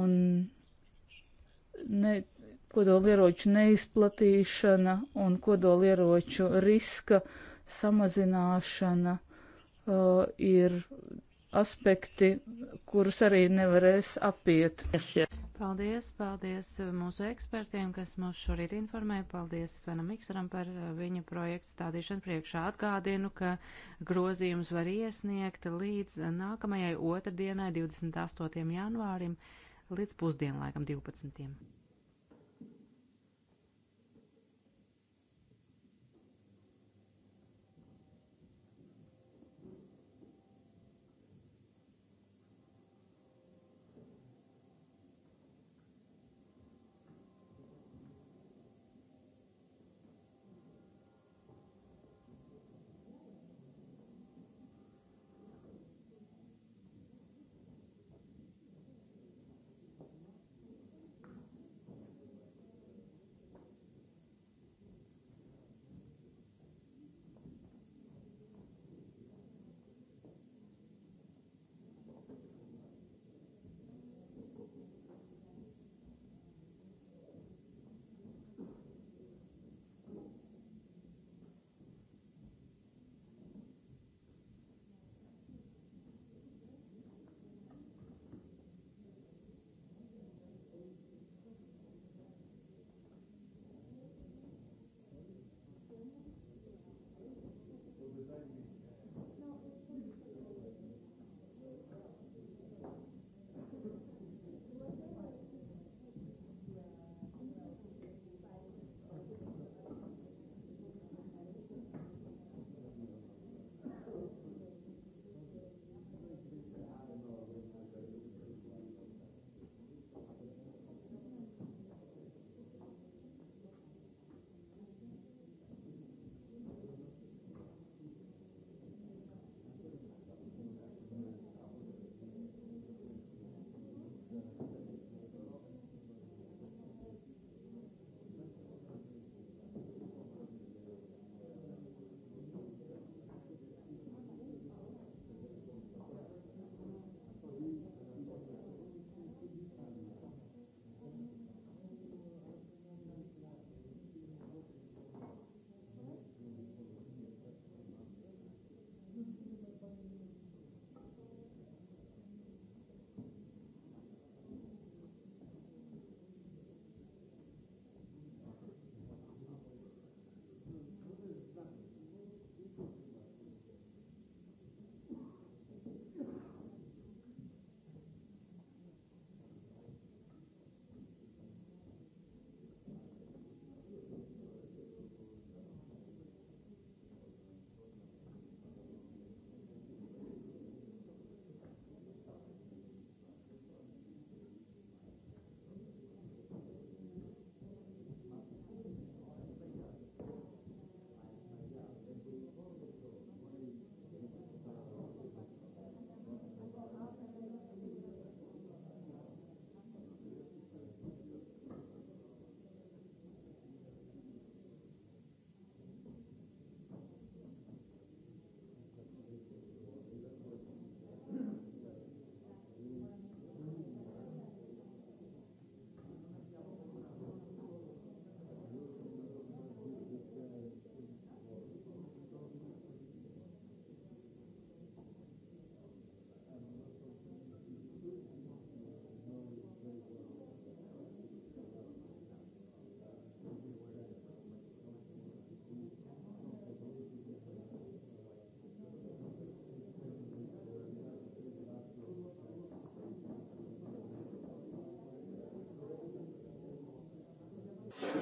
Un ne, kodolieroču neizplatīšana un kodolieroču riska samazināšana uh, ir aspekti, kurus arī nevarēs apiet. Paldies, paldies mūsu ekspertiem, kas mūs šorīt informēja. Paldies Svenam Miksaram par uh, viņa projektu stādīšanu priekšā. Atgādinu, ka grozījums var iesniegt līdz nākamajai otrdienai, 28. janvārim, līdz pusdienlaikam 12.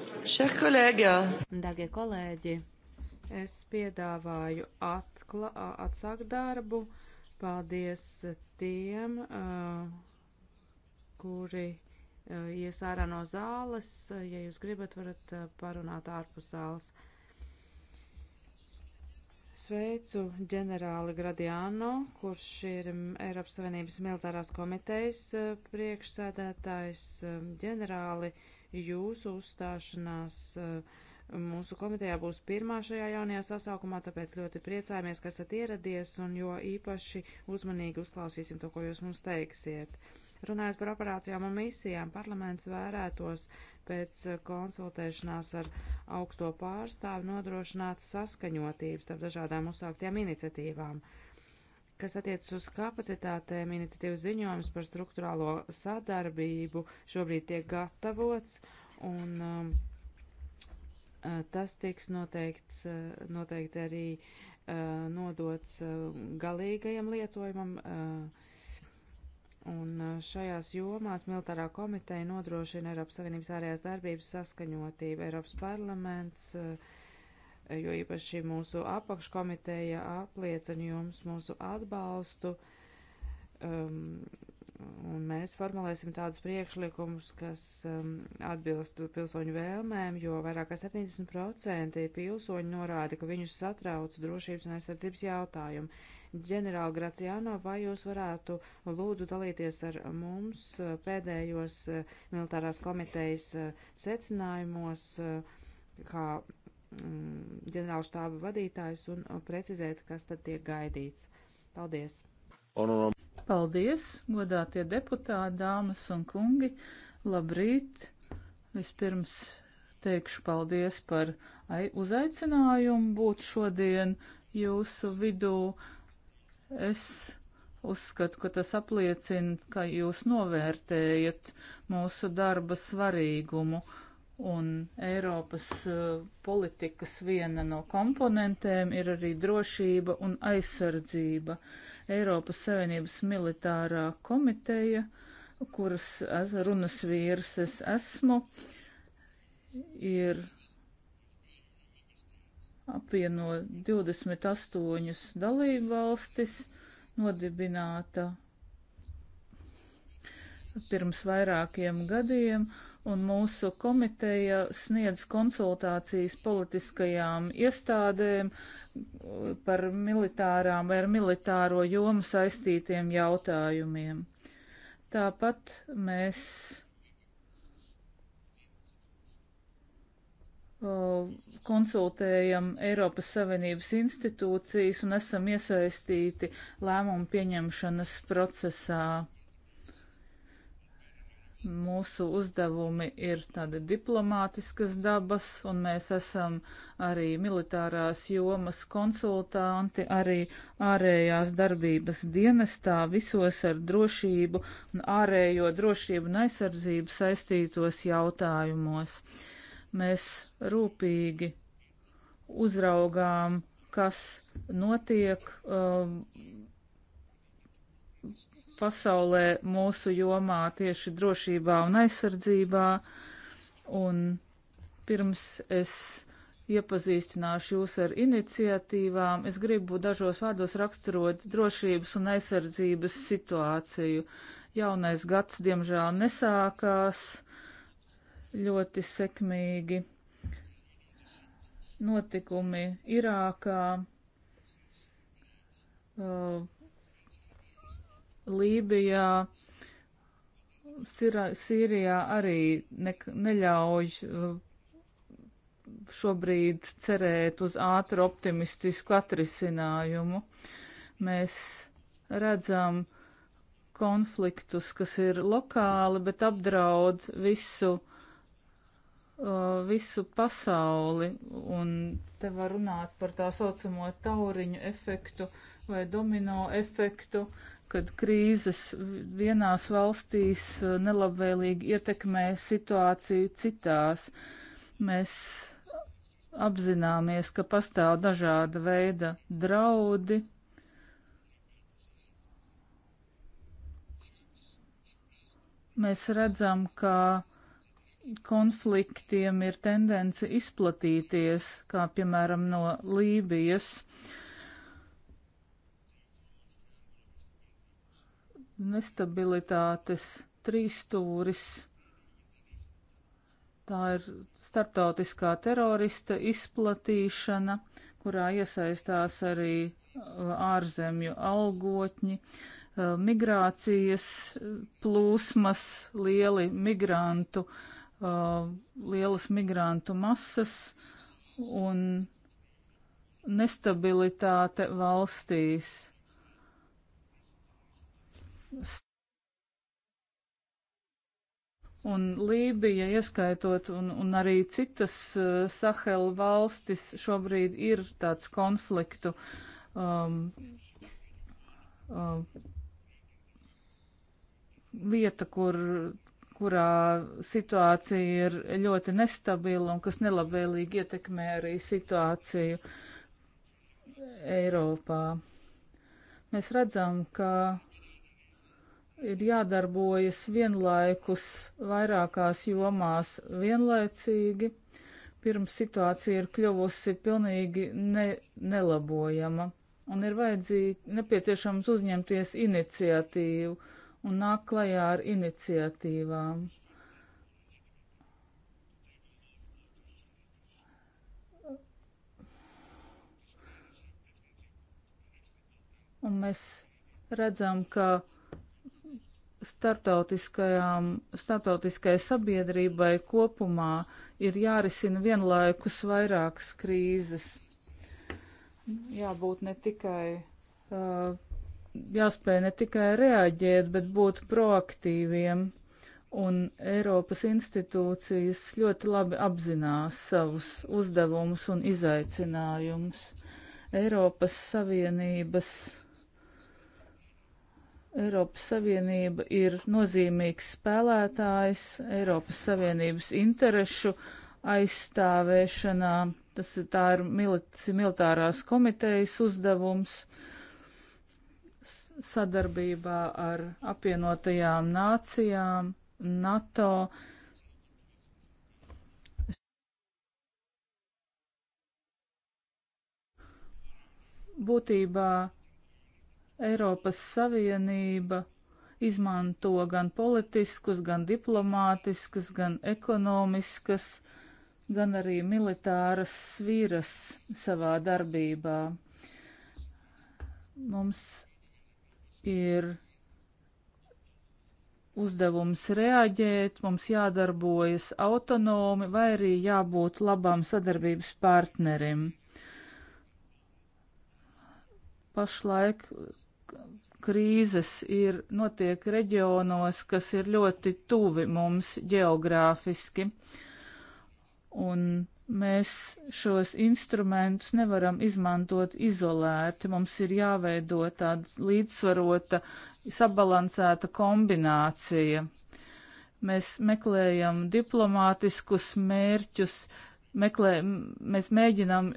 Darbie kolēģi, es piedāvāju atkla, atsākt darbu. Paldies tiem, kuri ies ārā no zāles. Ja jūs gribat, varat parunāt ārpus zāles. Sveicu ģenerāli Gradiano, kurš ir Eiropas Savienības militārās komitejas priekšsēdētājs ģenerāli. Uh, jūsu uzstāšanās eh, mūsu komitejā būs pirmā šajā jaunajā sasaukumā, tāpēc ļoti priecājamies, ka esat ieradies un jo īpaši uzmanīgi uzklausīsim to, ko jūs mums teiksiet. Runājot par operācijām un misijām, parlaments vērētos pēc konsultēšanās ar augsto pārstāvu nodrošināt saskaņotības starp dažādām uzsāktajām iniciatīvām. Uh, Kas attiec uz kapacitātēm, iniciatīvas ziņojums par struktūrālo sadarbību šobrīd tiek gatavots, un um, uh, tas tiks noteikts, uh, noteikti arī uh, nodots uh, galīgajam lietojumam. Uh, Un uh, šajās jomās militārā komiteja nodrošina Eiropas Savienības ārējās darbības saskaņotību. Eiropas parlaments uh, jo īpaši mūsu apakškomiteja apliecina jums mūsu atbalstu. Um, un mēs formulēsim tādus priekšlikumus, kas um, atbilst pilsoņu vēlmēm, jo vairāk kā 70% pilsoņi norāda, ka viņus satrauc drošības un aizsardzības jautājumi. Ģenerāli Graciano, vai jūs varētu lūdzu dalīties ar mums pēdējos uh, militārās komitejas uh, secinājumos, uh, kā Mm, ģenerāla štāba vadītājus un uh, precizēt, kas tad tiek gaidīts. Paldies! Paldies, godātie deputāti, dāmas un kungi! Labrīt! Vispirms teikšu paldies par uzaicinājumu būt šodien jūsu vidū. Es uzskatu, ka tas apliecina, ka jūs novērtējat mūsu darba svarīgumu Un Eiropas uh, politikas viena no komponentēm ir arī drošība un aizsardzība. Eiropas Savienības militārā komiteja, kuras es, runas vīrs es esmu, ir apvieno 28 dalību valstis, nodibināta pirms vairākiem gadiem un mūsu komiteja sniedz konsultācijas politiskajām iestādēm par militārām vai ar militāro jomu saistītiem jautājumiem. Tāpat mēs konsultējam Eiropas Savienības institūcijas un esam iesaistīti lēmumu pieņemšanas procesā. Mūsu uzdevumi ir tāda diplomātiskas dabas, un mēs esam arī militārās jomas konsultanti, arī ārējās darbības dienestā visos ar drošību un ārējo drošību un aizsardzību saistītos jautājumos. Mēs rūpīgi uzraugām, kas notiek. Um, pasaulē mūsu jomā tieši drošībā un aizsardzībā. Un pirms es iepazīstināšu jūs ar iniciatīvām, es gribu dažos vārdos raksturot drošības un aizsardzības situāciju. Jaunais gads, diemžēl, nesākās ļoti sekmīgi. Notikumi Irākā. Uh, Lībijā, Sirā, Sīrijā arī ne, neļauj uh, šobrīd cerēt uz ātru optimistisku atrisinājumu. Mēs redzam konfliktus, kas ir lokāli, bet apdraud visu uh, visu pasauli, un te var runāt par tā saucamo tauriņu efektu vai domino efektu, kad krīzes vienās valstīs eh, nelabvēlīgi ietekmē situāciju citās. Mēs apzināmies, ka pastāv dažāda veida draudi. Mēs redzam, ka konfliktiem ir tendence izplatīties, kā piemēram no Lībijas. Uh, nestabilitātes trīstūris. Tā ir starptautiskā terorista izplatīšana, kurā iesaistās arī uh, ārzemju algotņi, uh, migrācijas plūsmas, lieli migrantu, uh, lielas migrantu masas un nestabilitāte valstīs Un Lībija, ieskaitot un, un arī citas uh, eh, Sahela valstis, šobrīd ir tāds konfliktu um, um, vieta, kur, kurā situācija ir ļoti nestabila un kas nelabvēlīgi ietekmē arī situāciju Eiropā. Mēs redzam, ka ir jādarbojas vienlaikus vairākās jomās vienlaicīgi, pirms situācija ir kļuvusi pilnīgi ne, nelabojama. Un ir vajadzīgi nepieciešams uzņemties iniciatīvu un nāk klajā ar iniciatīvām. Un mēs redzam, ka starptautiskai sabiedrībai kopumā ir jārisina vienlaikus vairākas krīzes. Jābūt ne tikai, uh, jāspēj ne tikai reaģēt, bet būt proaktīviem. Un Eiropas institūcijas ļoti labi apzinās savus uzdevumus un izaicinājumus. Eiropas Savienības Eiropas Savienība ir nozīmīgs spēlētājs Eiropas Savienības interešu aizstāvēšanā. Tas ir, tā ir militārās komitejas uzdevums sadarbībā ar apvienotajām nācijām, NATO. Būtībā Eiropas Savienība izmanto gan politiskus, gan diplomātiskas, gan ekonomiskas, gan arī militāras svīras savā darbībā. Mums ir uzdevums reaģēt, mums jādarbojas autonomi vai arī jābūt labam sadarbības partnerim. Pašlaik krīzes ir, notiek reģionos, kas ir ļoti tuvi mums geogrāfiski. Un mēs šos instrumentus nevaram izmantot izolēti. Mums ir jāveido tāda līdzsvarota, sabalansēta kombinācija. Mēs meklējam diplomātiskus mērķus, meklē, mēs mēģinām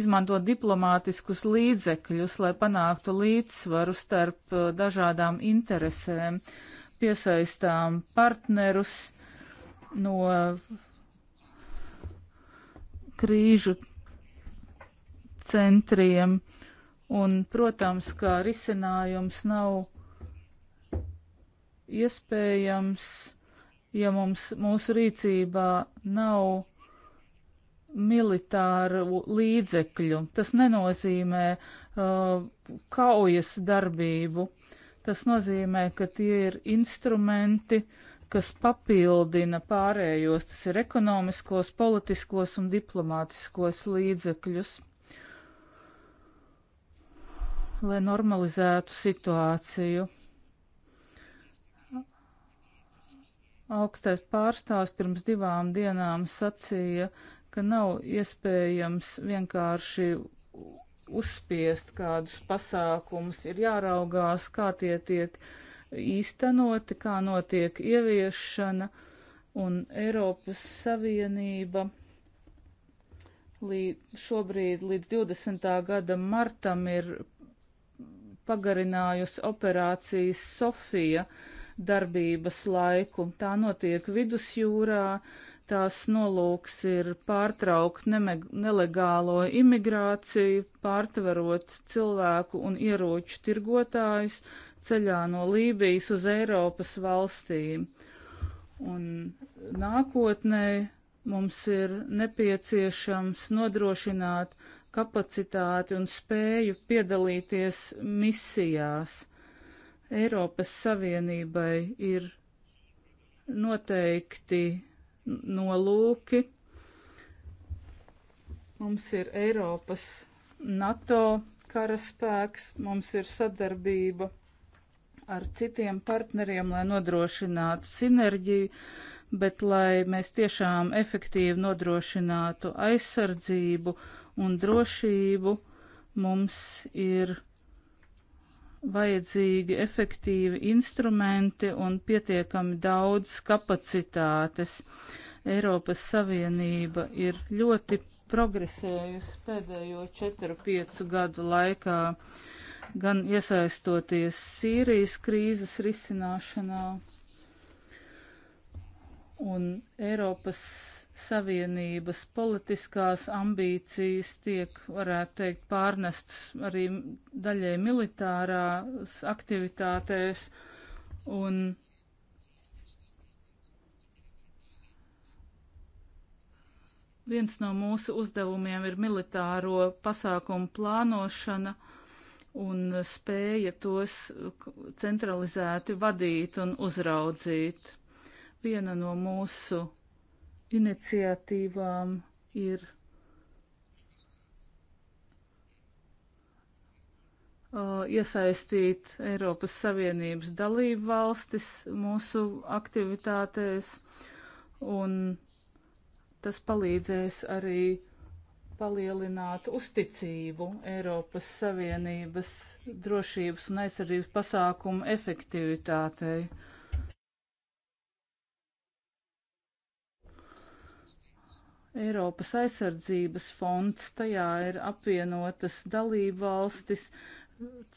izmantot diplomātiskus līdzekļus, lai panāktu līdzsvaru starp uh, dažādām interesēm, piesaistām partnerus no krīžu centriem. Un, protams, kā risinājums nav iespējams, ja mums mūsu rīcībā nav militāru līdzekļu. Tas nenozīmē uh, kaujas darbību. Tas nozīmē, ka tie ir instrumenti, kas papildina pārējos, tas ir ekonomiskos, politiskos un diplomātiskos līdzekļus, lai normalizētu situāciju. Augstais pārstāvs pirms divām dienām sacīja, ka nav iespējams vienkārši uzspiest kādus pasākumus, ir jāraugās, kā tie tiek īstenoti, kā notiek ieviešana, un Eiropas Savienība līd, šobrīd līdz 20. gada martam ir pagarinājusi operācijas Sofija darbības laiku. Tā notiek vidusjūrā, Tās nolūks ir pārtraukt nelegālo imigrāciju, pārtverot cilvēku un ieroču tirgotājus ceļā no Lībijas uz Eiropas valstīm. Un nākotnē mums ir nepieciešams nodrošināt kapacitāti un spēju piedalīties misijās. Eiropas Savienībai ir noteikti nolūki. Mums ir Eiropas NATO karaspēks, mums ir sadarbība ar citiem partneriem, lai nodrošinātu sinerģiju, bet lai mēs tiešām efektīvi nodrošinātu aizsardzību un drošību, mums ir vajadzīgi efektīvi instrumenti un pietiekami daudz kapacitātes. Eiropas Savienība ir ļoti progresējusi pēdējo 4-5 gadu laikā, gan iesaistoties Sīrijas krīzes risināšanā, un Eiropas Savienības politiskās ambīcijas tiek, varētu teikt, pārnestas arī daļai militārās aktivitātēs un viens no mūsu uzdevumiem ir militāro pasākumu plānošana un spēja tos centralizēti vadīt un uzraudzīt. Viena no mūsu iniciatīvām ir uh, iesaistīt Eiropas Savienības dalību valstis mūsu aktivitātēs, un tas palīdzēs arī palielināt uzticību Eiropas Savienības drošības un aizsardzības pasākumu efektivitātei. Uh, Eiropas aizsardzības fonds, tajā ir apvienotas dalību valstis,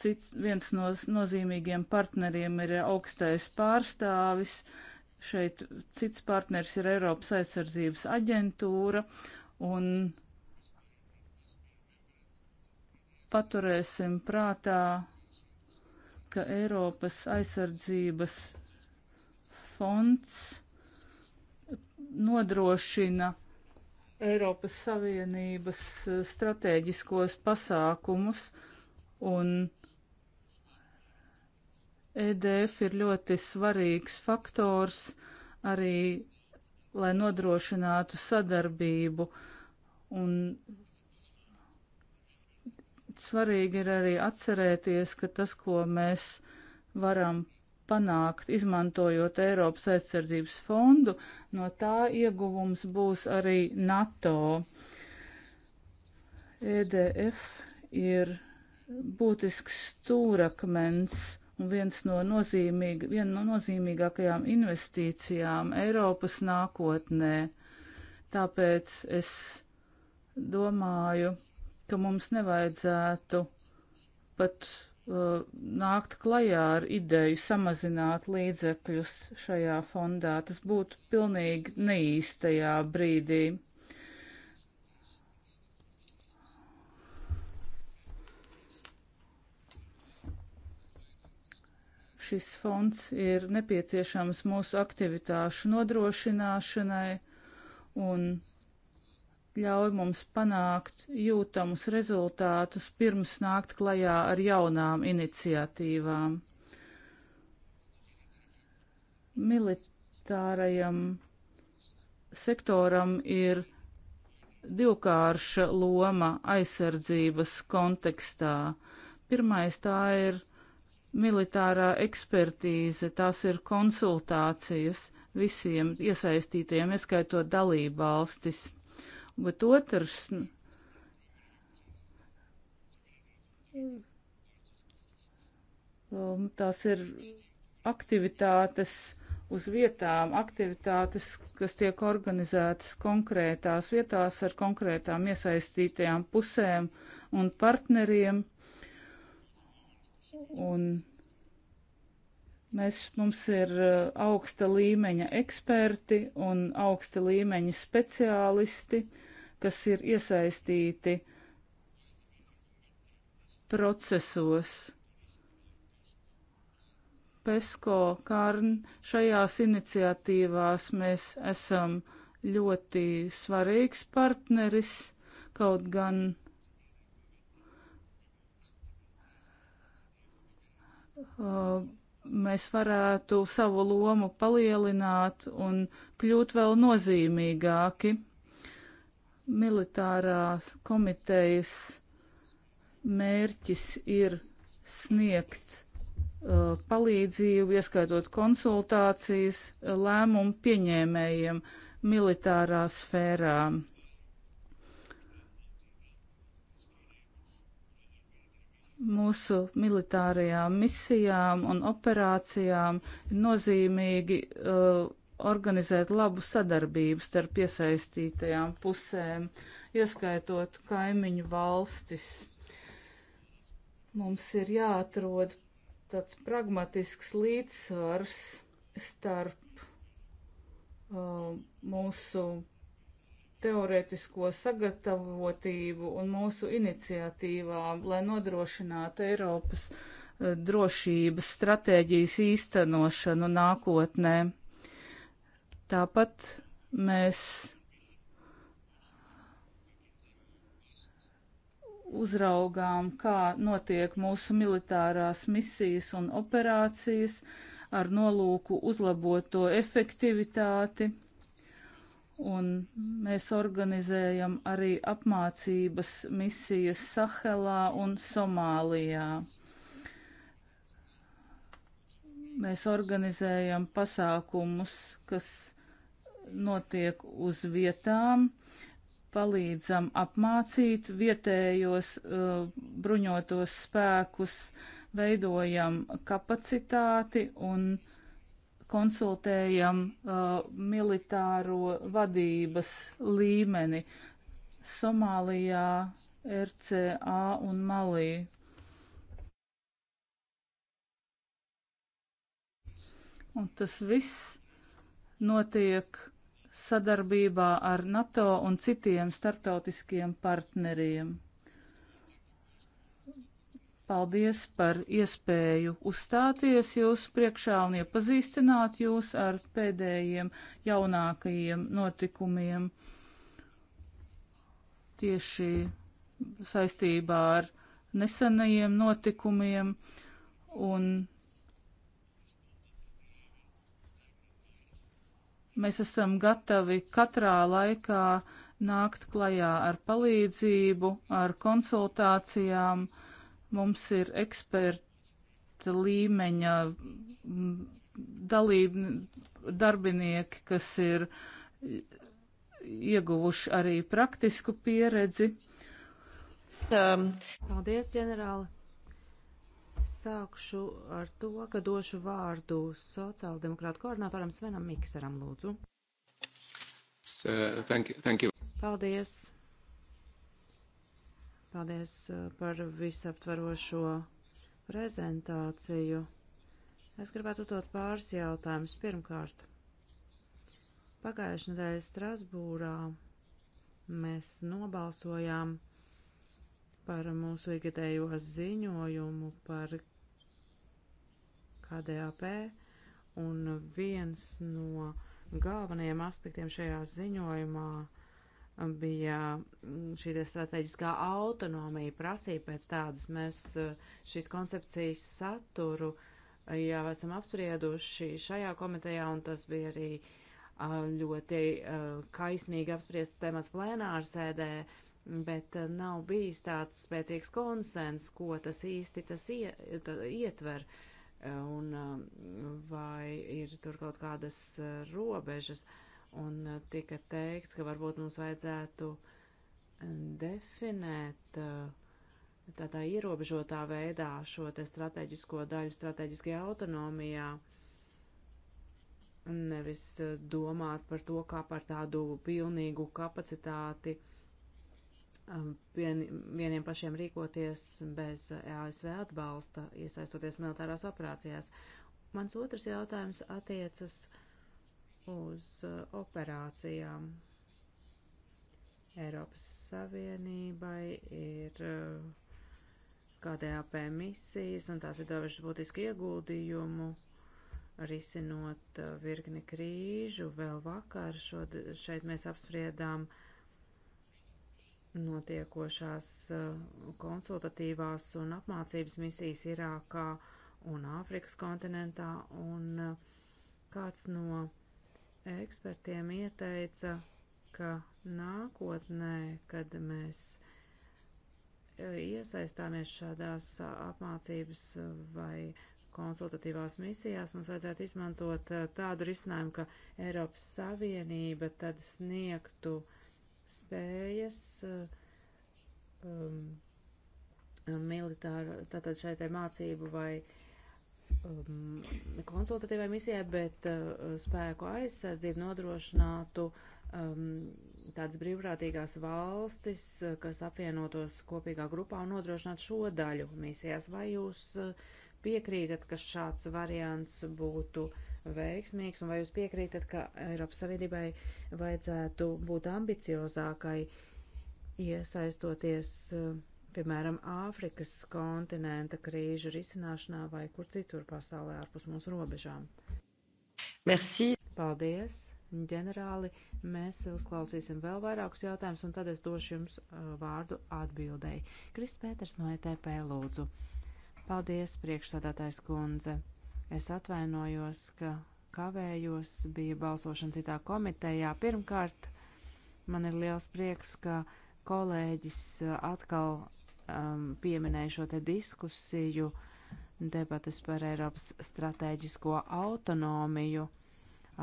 cits viens no nozīmīgiem partneriem ir augstais pārstāvis, šeit cits partners ir Eiropas aizsardzības aģentūra un paturēsim prātā, ka Eiropas aizsardzības fonds nodrošina Eiropas Savienības eh, stratēģiskos pasākumus, un EDF ir ļoti svarīgs faktors arī, lai nodrošinātu sadarbību, un svarīgi ir arī atcerēties, ka tas, ko mēs varam panākt, izmantojot Eiropas aizsardzības fondu, no tā ieguvums būs arī NATO. EDF ir būtisks stūrakmens un viens no nozīmīgi, viena no nozīmīgākajām investīcijām Eiropas nākotnē. Tāpēc es domāju, ka mums nevajadzētu pat Uh, nākt klajā ar ideju samazināt līdzekļus šajā fondā. Tas būtu pilnīgi neīstajā brīdī. Šis fonds ir nepieciešams mūsu aktivitāšu nodrošināšanai un ļauj mums panākt jūtamus rezultātus pirms nākt klajā ar jaunām iniciatīvām. Militārajam sektoram ir divkārša loma aizsardzības kontekstā. Pirmais tā ir militārā ekspertīze, tās ir konsultācijas visiem iesaistītiem, ieskaitot dalībvalstis bet otrs. Nu, um, tās ir aktivitātes uz vietām, aktivitātes, kas tiek organizētas konkrētās vietās ar konkrētām iesaistītajām pusēm un partneriem. Un mēs, mums ir uh, augsta līmeņa eksperti un augsta līmeņa speciālisti. Uh, kas ir iesaistīti procesos. PESCO, KARN, šajās iniciatīvās mēs esam ļoti svarīgs partneris, kaut gan uh, mēs varētu savu lomu palielināt un kļūt vēl nozīmīgāki. Militārās komitejas mērķis ir sniegt uh, palīdzību, ieskaitot konsultācijas uh, lēmumu pieņēmējiem militārā sfērā. mūsu militārajām misijām un operācijām ir nozīmīgi uh, organizēt labu sadarbību starp piesaistītajām pusēm, ieskaitot kaimiņu valstis. Mums ir jāatrod tāds pragmatisks līdzsvars starp uh, mūsu teorētisko sagatavotību un mūsu iniciatīvām, lai nodrošinātu Eiropas uh, drošības stratēģijas īstenošanu nākotnē. Tāpat mēs uzraugām, kā notiek mūsu militārās misijas un operācijas ar nolūku uzlabot to efektivitāti. Un mēs organizējam arī apmācības misijas Sahelā un Somālijā. Mēs organizējam pasākumus, kas notiek uz vietām, palīdzam apmācīt vietējos uh, bruņotos spēkus, veidojam kapacitāti un konsultējam uh, militāro vadības līmeni Somālijā, RCA un Malī. Un tas viss notiek sadarbībā ar NATO un citiem starptautiskiem partneriem. Paldies par iespēju uzstāties jūsu priekšā un iepazīstināt jūs ar pēdējiem jaunākajiem notikumiem tieši saistībā ar nesenajiem notikumiem un Mēs esam gatavi katrā laikā nākt klajā ar palīdzību, ar konsultācijām. Mums ir eksperta līmeņa dalība, darbinieki, kas ir ieguvuši arī praktisku pieredzi. Um. Paldies, ģenerāli! Sākšu ar to, ka došu vārdu sociāldemokrātu koordinatoram Svenam Mikseram, lūdzu. So, eh, thank you, thank you. Paldies. Paldies eh, par visaptvarošo prezentāciju. Es gribētu uzdot pāris jautājumus. Pirmkārt, pagājušajā nedēļā Strasbūrā mēs nobalsojām par mūsu ikgadējo ziņojumu par KDAP, un viens no galvenajiem aspektiem šajā ziņojumā bija mm, šī strateģiskā autonomija prasība pēc tādas. Mēs eh, šīs koncepcijas saturu eh, jau esam apsprieduši šajā komitejā, un tas bija arī eh, ļoti kaismīgi apspriests temats plēnārsēdē. sēdē bet nav bijis tāds spēcīgs konsens, ko tas īsti tas ietver un um, vai ir tur kaut kādas uh, robežas. Un uh, tika teikts, ka varbūt mums vajadzētu um, definēt uh, tādā ierobežotā veidā šo te strateģisko daļu strateģiskajā autonomijā. Nevis domāt par to kā par tādu pilnīgu kapacitāti Um, vien, vieniem pašiem rīkoties bez e ASV atbalsta, iesaistoties militārās operācijās. Mans otrs jautājums attiecas uz uh, operācijām. Eiropas Savienībai ir uh, KDAP misijas, un tās ir devušas būtisku ieguldījumu risinot uh, virkni krīžu. Vēl vakar šod, šeit mēs apspriedām uh, notiekošās eh, konsultatīvās un apmācības misijas Irākā un Āfrikas kontinentā, un eh, kāds no ekspertiem ieteica, ka nākotnē, kad mēs eh, iesaistāmies šādās apmācības vai konsultatīvās misijās, mums vajadzētu izmantot tādu risinājumu, ka Eiropas Savienība tad sniegtu uh, spējas um, militāru, tātad šai te mācību vai um, konsultatīvai misijai, bet uh, spēku aizsardzību nodrošinātu um, tādas brīvprātīgās valstis, uh, kas apvienotos kopīgā grupā un nodrošinātu šo daļu misijās. Vai jūs uh, piekrītat, ka šāds variants būtu uh, veiksmīgs, un vai jūs piekrītat, ka Eiropas Savienībai vajadzētu būt ambiciozākai, iesaistoties, eh, piemēram, Āfrikas kontinenta krīžu risināšanā vai kur citur pasaulē ārpus mūsu robežām? Merci! Paldies! ģenerāli, mēs uzklausīsim vēl vairākus jautājumus, un tad es došu jums eh, vārdu atbildēji. Kris Pēters no ETP lūdzu. Paldies, priekšsādātais kundze. Es atvainojos, ka kavējos, bija balsošana citā komitejā. Pirmkārt, man ir liels prieks, ka kolēģis uh, atkal um, pieminēja šo te diskusiju debatas par Eiropas stratēģisko autonomiju,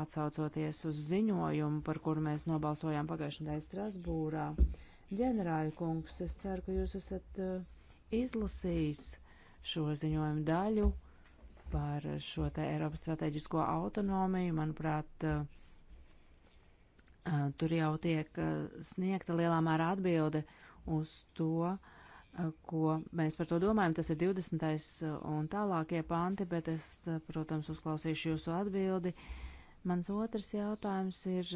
atsaucoties uz ziņojumu, par kuru mēs nobalsojām pagājušajā nedēļā Strasbūrā. Ģenerāļa kungs, es ceru, ka jūs esat uh, izlasījis šo ziņojumu daļu. Uh, par šo te Eiropas strateģisko autonomiju. Manuprāt, eh, eh, tur jau tiek eh, sniegta lielā mērā atbilde uz to, ko mēs par to domājam. Tas ir 20. un tālākie panti, bet es, protams, uzklausīšu jūsu atbildi. Mans otrs jautājums ir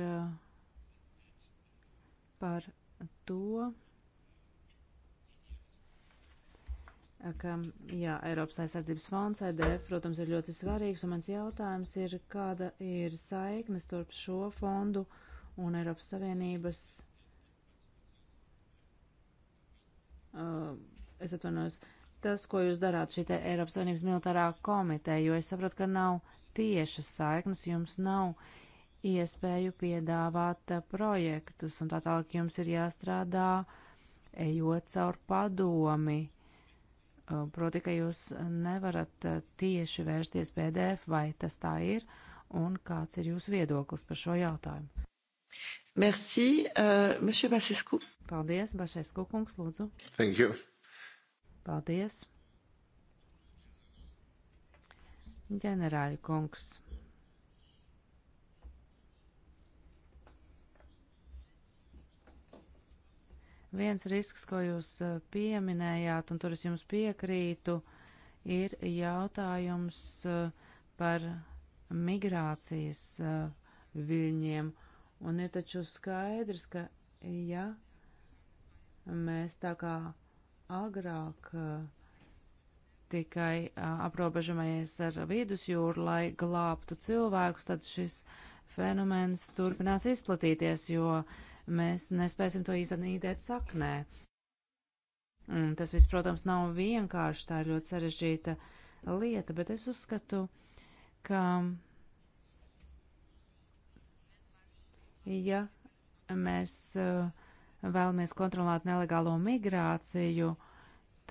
par to, ka, jā, Eiropas aizsardzības fonds, EDF, protams, ir ļoti svarīgs, un mans jautājums ir, kāda ir saiknes starp šo fondu un Eiropas Savienības, uh, es atvainojos, tas, ko jūs darāt šī te Eiropas Savienības militārā komiteja, jo es saprotu, ka nav tiešas saiknes, jums nav iespēju piedāvāt uh, projektus, un tā tālāk jums ir jāstrādā, ejot caur padomi. Uh, Um, proti, ka jūs nevarat uh, tieši vērsties PDF, vai tas tā ir, un kāds ir jūsu viedoklis par šo jautājumu? Merci, uh, monsieur Basescu. Paldies, Basescu kungs, lūdzu. Thank you. Paldies. Ģenerāļa kungs, Viens risks, ko jūs eh, pieminējāt, un tur es jums piekrītu, ir jautājums eh, par migrācijas eh, viļņiem. Un ir taču skaidrs, ka ja mēs tā kā agrāk tikai aprobežamies ar vidusjūru, lai glābtu cilvēkus, tad šis fenomens turpinās izplatīties, jo uh, mēs nespēsim to izanīdēt saknē. Un tas viss, protams, nav vienkārši, tā ir ļoti sarežģīta lieta, bet es uzskatu, ka, ja mēs eh, vēlamies kontrolēt nelegālo migrāciju,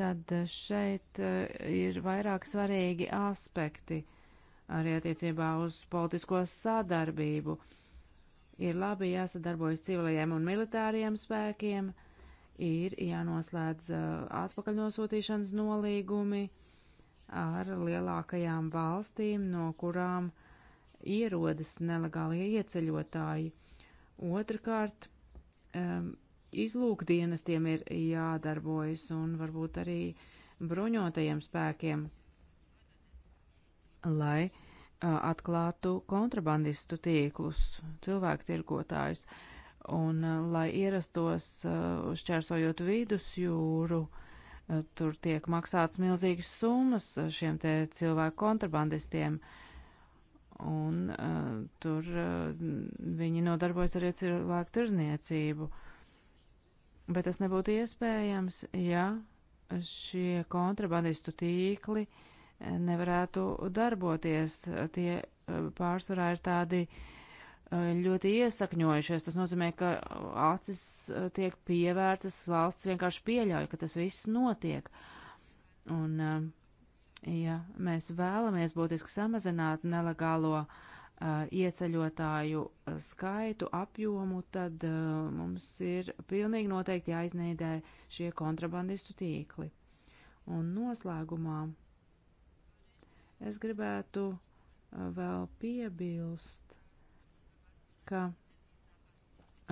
tad šeit eh, ir vairāk svarīgi aspekti arī attiecībā uz politisko sadarbību. Uh, Ir labi jāsadarbojas civilajiem un militāriem spēkiem, ir jānoslēdz uh, atpakaļnosūtīšanas nolīgumi ar lielākajām valstīm, no kurām ierodas nelegālie ieceļotāji. Otrakārt, um, izlūkdienestiem ir jādarbojas un varbūt arī bruņotajiem spēkiem, lai atklātu kontrabandistu tīklus, cilvēku tirgotājus, un lai ierastos šķērsojot vidus jūru, tur tiek maksāts milzīgas summas šiem te cilvēku kontrabandistiem, un tur viņi nodarbojas arī cilvēku tirzniecību. Bet tas nebūtu iespējams, ja šie kontrabandistu tīkli uh, nevarētu darboties. Tie e, pārsvarā ir tādi e, ļoti iesakņojušies. Tas nozīmē, ka acis e, tiek pievērtas, valsts vienkārši pieļauj, ka tas viss notiek. Un, ja mēs vēlamies būtiski samazināt nelegālo ieceļotāju skaitu, apjomu, tad mums ir pilnīgi noteikti jāiznīdē šie kontrabandistu tīkli. Un noslēgumā Es gribētu uh, vēl piebilst, ka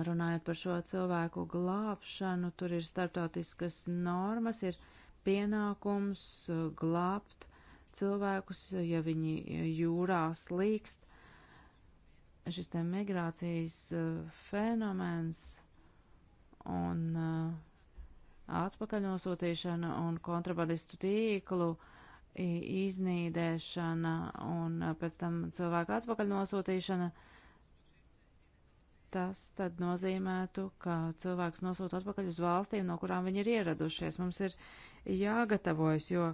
runājot par šo cilvēku glābšanu, tur ir starptautiskas normas, ir pienākums uh, glābt cilvēkus, uh, ja viņi jūrā slīkst. Šis te migrācijas fenomens un atpakaļ nosūtīšana un kontrabandistu tīklu uh, iznīdēšana un pēc tam cilvēku atpakaļ nosūtīšana, tas tad nozīmētu, ka cilvēks nosūta atpakaļ uz valstīm, no kurām viņi ir ieradušies. Mums ir jāgatavojas, jo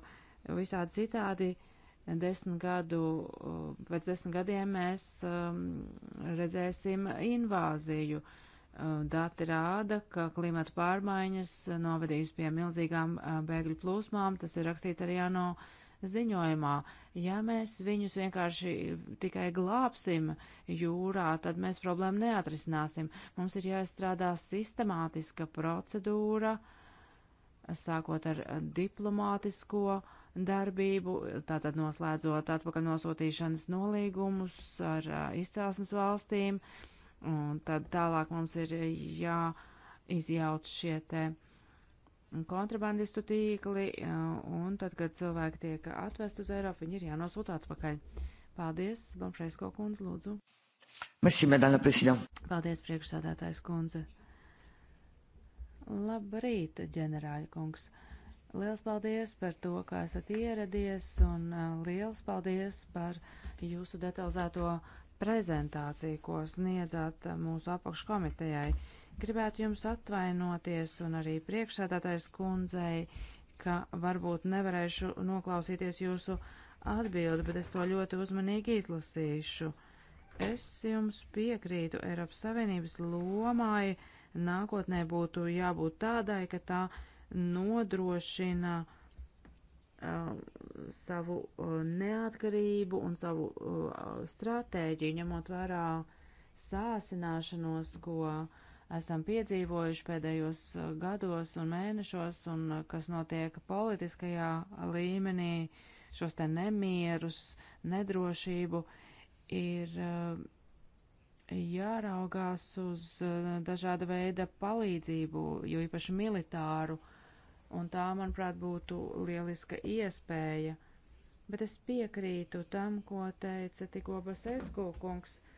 visādi citādi desmit gadu, pēc desmit gadiem mēs um, redzēsim invāziju. Dati rāda, ka klimata pārmaiņas novedīs pie milzīgām bēgļu plūsmām. Tas ir rakstīts arī ANO no ziņojumā. Ja mēs viņus vienkārši tikai glābsim jūrā, tad mēs problēmu neatrisināsim. Mums ir jāizstrādā sistemātiska procedūra, sākot ar diplomātisko darbību, tātad noslēdzot atpakaļ nosūtīšanas nolīgumus ar izcelsmes valstīm, un tad tālāk mums ir jāizjauc šie te uh, kontrabandistu tīkli, un tad, kad cilvēki tiek atvest uz Eiropu, viņi ir jānosūta atpakaļ. Paldies, Banfresko kundze, lūdzu. Merci, madame la présidente. Paldies, priekšsādātājs kundze. Labrīt, ģenerāļa kungs. Liels paldies par to, kā esat ieradies, un liels paldies par jūsu detalizēto prezentāciju, ko sniedzāt mūsu apakškomitejai. komitejai Gribētu jums atvainoties un arī priekšsēdātais kundzei, ka varbūt nevarēšu noklausīties jūsu atbildi, bet es to ļoti uzmanīgi izlasīšu. Es jums piekrītu, Eiropas Savienības lomai nākotnē būtu jābūt tādai, ka tā nodrošina uh, savu uh, neatkarību un savu uh, stratēģiju, ņemot vērā sāsināšanos, ko uh, esam piedzīvojuši pēdējos uh, gados un mēnešos un uh, kas notiek politiskajā līmenī, šos te nemierus, nedrošību, ir uh, jāraugās uz dažāda veida palīdzību, jo īpaši militāru, un tā, manuprāt, būtu lieliska iespēja. Bet es piekrītu tam, ko teica tikko Basesku kungs. Uh,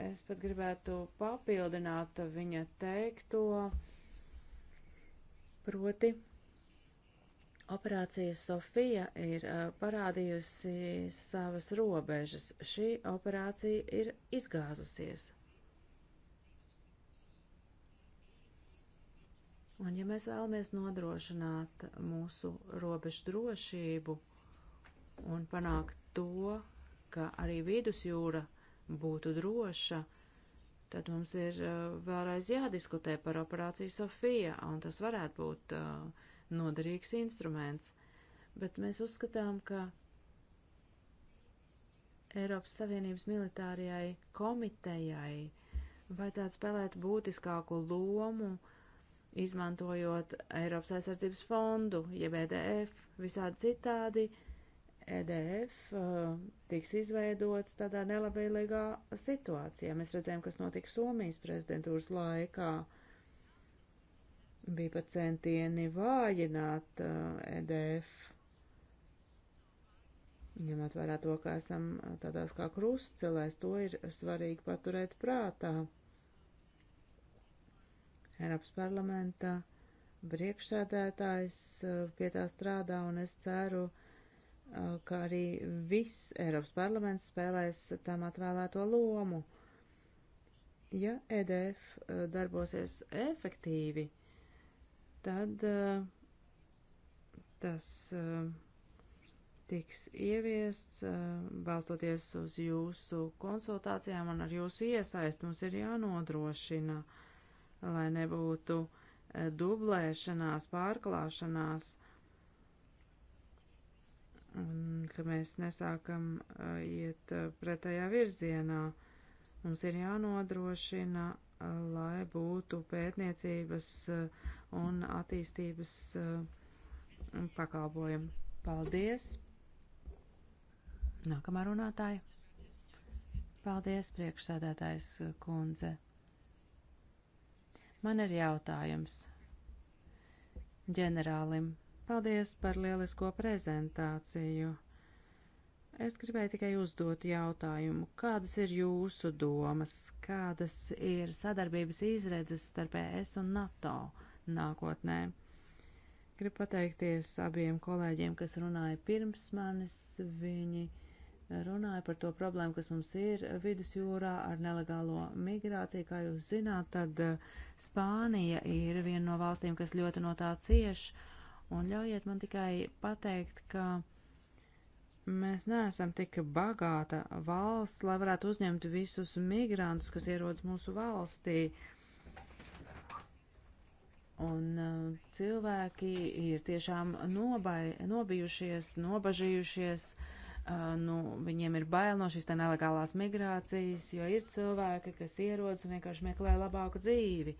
Es pat gribētu papildināt viņa teikto, proti operācija Sofija ir eh, parādījusi savas robežas. Šī operācija ir izgāzusies. Un ja mēs vēlamies nodrošināt mūsu robežu drošību un panākt to, ka arī vidusjūra jūra būtu droša, tad mums ir uh, vēlreiz jādiskutē par operāciju Sofija, un tas varētu būt uh, noderīgs instruments. Bet mēs uzskatām, ka Eiropas Savienības militārajai komitejai vajadzētu spēlēt būtiskāku lomu, izmantojot Eiropas aizsardzības fondu, jeb EDF, visādi citādi. Uh, EDF uh, tiks izveidots tādā nelabvēlīgā situācijā. Mēs redzējām, kas notika Somijas prezidentūras laikā. Bija pat centieni vājināt uh, EDF, ņemot vērā to, ka esam tādās kā krustcelēs, to ir svarīgi paturēt prātā. Eiropas parlamenta priekšsēdētājs uh, pie tā strādā, un es ceru, ka Eh, ka arī viss Eiropas parlaments spēlēs tam atvēlēto lomu. Ja EDF eh, darbosies efektīvi, tad eh, tas tiks ieviests, balstoties uz jūsu konsultācijām un ar jūsu iesaist. Mums ir jānodrošina, lai nebūtu dublēšanās, pārklāšanās. Uh, un ka mēs nesākam iet pretējā virzienā. Mums ir jānodrošina, lai būtu pētniecības un attīstības pakalpojumi. Paldies! Nākamā runātāja. Paldies, priekšsēdētājs kundze. Man ir jautājums ģenerālim Paldies par lielisko prezentāciju. Es gribēju tikai uzdot jautājumu, kādas ir jūsu domas, kādas ir sadarbības izredzes starp ES un NATO nākotnē? Gribu pateikties abiem kolēģiem, kas runāja pirms manis. Viņi runāja par to problēmu, kas mums ir vidusjūrā ar nelegālo migrāciju. Kā jūs zināt, tad Spānija ir viena no valstīm, kas ļoti no tā cieši Un ļaujiet man tikai pateikt, ka mēs neesam tik bagāta valsts, lai varētu uzņemt visus migrantus, kas ierodas mūsu valstī. Un uh, cilvēki ir tiešām nobai, nobijušies, nobažījušies. Uh, nu, viņiem ir bail no šīs tā nelegālās migrācijas, jo ir cilvēki, kas ierodas un vienkārši meklē labāku dzīvi.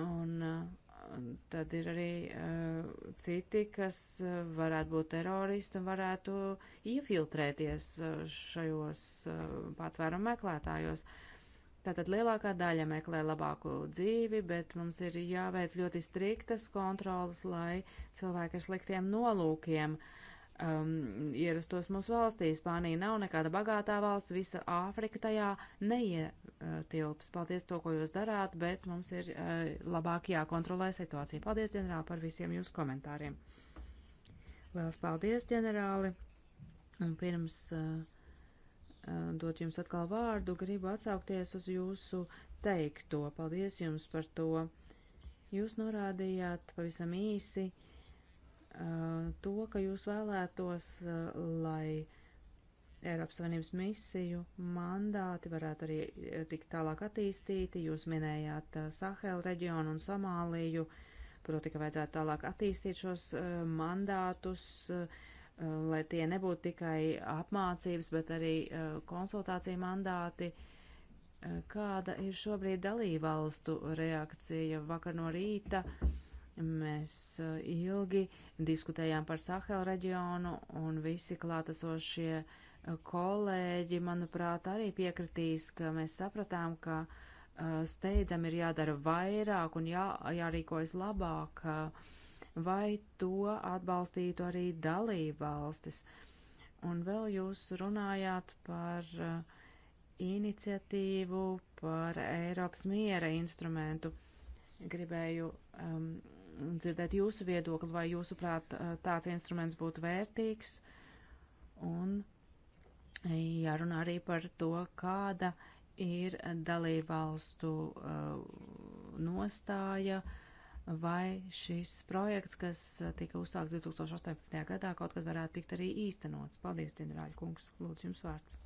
Un uh, tad ir arī uh, citi, kas eh, varētu būt teroristi un varētu iefiltrēties eh, šajos uh, patvērumu meklētājos. Tātad lielākā daļa meklē labāku dzīvi, bet mums ir jāveic ļoti striktas kontrolas, lai cilvēki ar sliktiem nolūkiem uh, um, ierastos mūsu valstī. Spānija nav nekāda bagātā valsts, visa Āfrika tajā neietilps. Paldies to, ko jūs darāt, bet mums ir uh, labāk jākontrolē situācija. Paldies, ģenerāli, par visiem jūsu komentāriem. Lielas paldies, ģenerāli. Un pirms uh, uh, dot jums atkal vārdu, gribu atsaukties uz jūsu teikto. Paldies jums par to. Jūs norādījāt pavisam īsi, uh, Uh, to, ka jūs vēlētos, uh, lai Eiropas Savienības misiju mandāti varētu arī uh, tikt tālāk attīstīti. Jūs minējāt Sahelu reģionu un Somāliju, proti, ka vajadzētu tālāk attīstīt šos mandātus, lai tie nebūtu tikai apmācības, bet arī konsultācija mandāti. Kāda ir šobrīd dalībvalstu reakcija vakar no rīta? Uh, Mēs eh, ilgi diskutējām par Sahel reģionu, un visi klātesošie eh, kolēģi, manuprāt, arī piekritīs, ka mēs sapratām, ka eh, steidzam ir jādara vairāk un jā, jārīkojas labāk, vai to atbalstītu arī dalība valstis. Un vēl jūs runājāt par iniciatīvu par Eiropas miera instrumentu. Gribēju um, dzirdēt jūsu viedokli, vai jūsuprāt eh, tāds instruments būtu vērtīgs. Un eh, jārunā arī par to, kāda ir dalībvalstu eh, nostāja, vai šis projekts, kas tika uzsākts 2018. gadā, kaut kad varētu tikt arī īstenots. Paldies, ģenerāļa kungs, lūdzu jums vārds.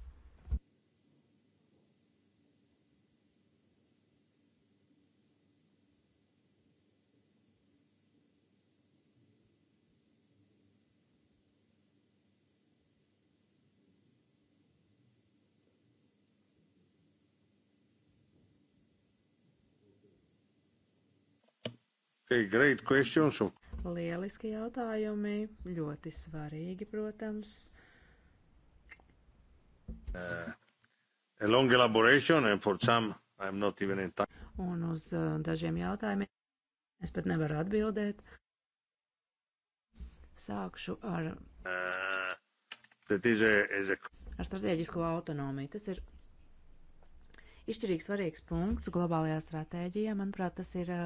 Lieliski jautājumi, ļoti svarīgi, protams. Uh, a long elaboration and for some I'm not even in time. Un uz uh, dažiem jautājumiem es pat nevaru atbildēt. Sākšu ar. Uh, is a, is a... Ar strateģisko autonomiju. Tas ir izšķirīgi svarīgs punkts globālajā stratēģijā. Manuprāt, tas ir uh,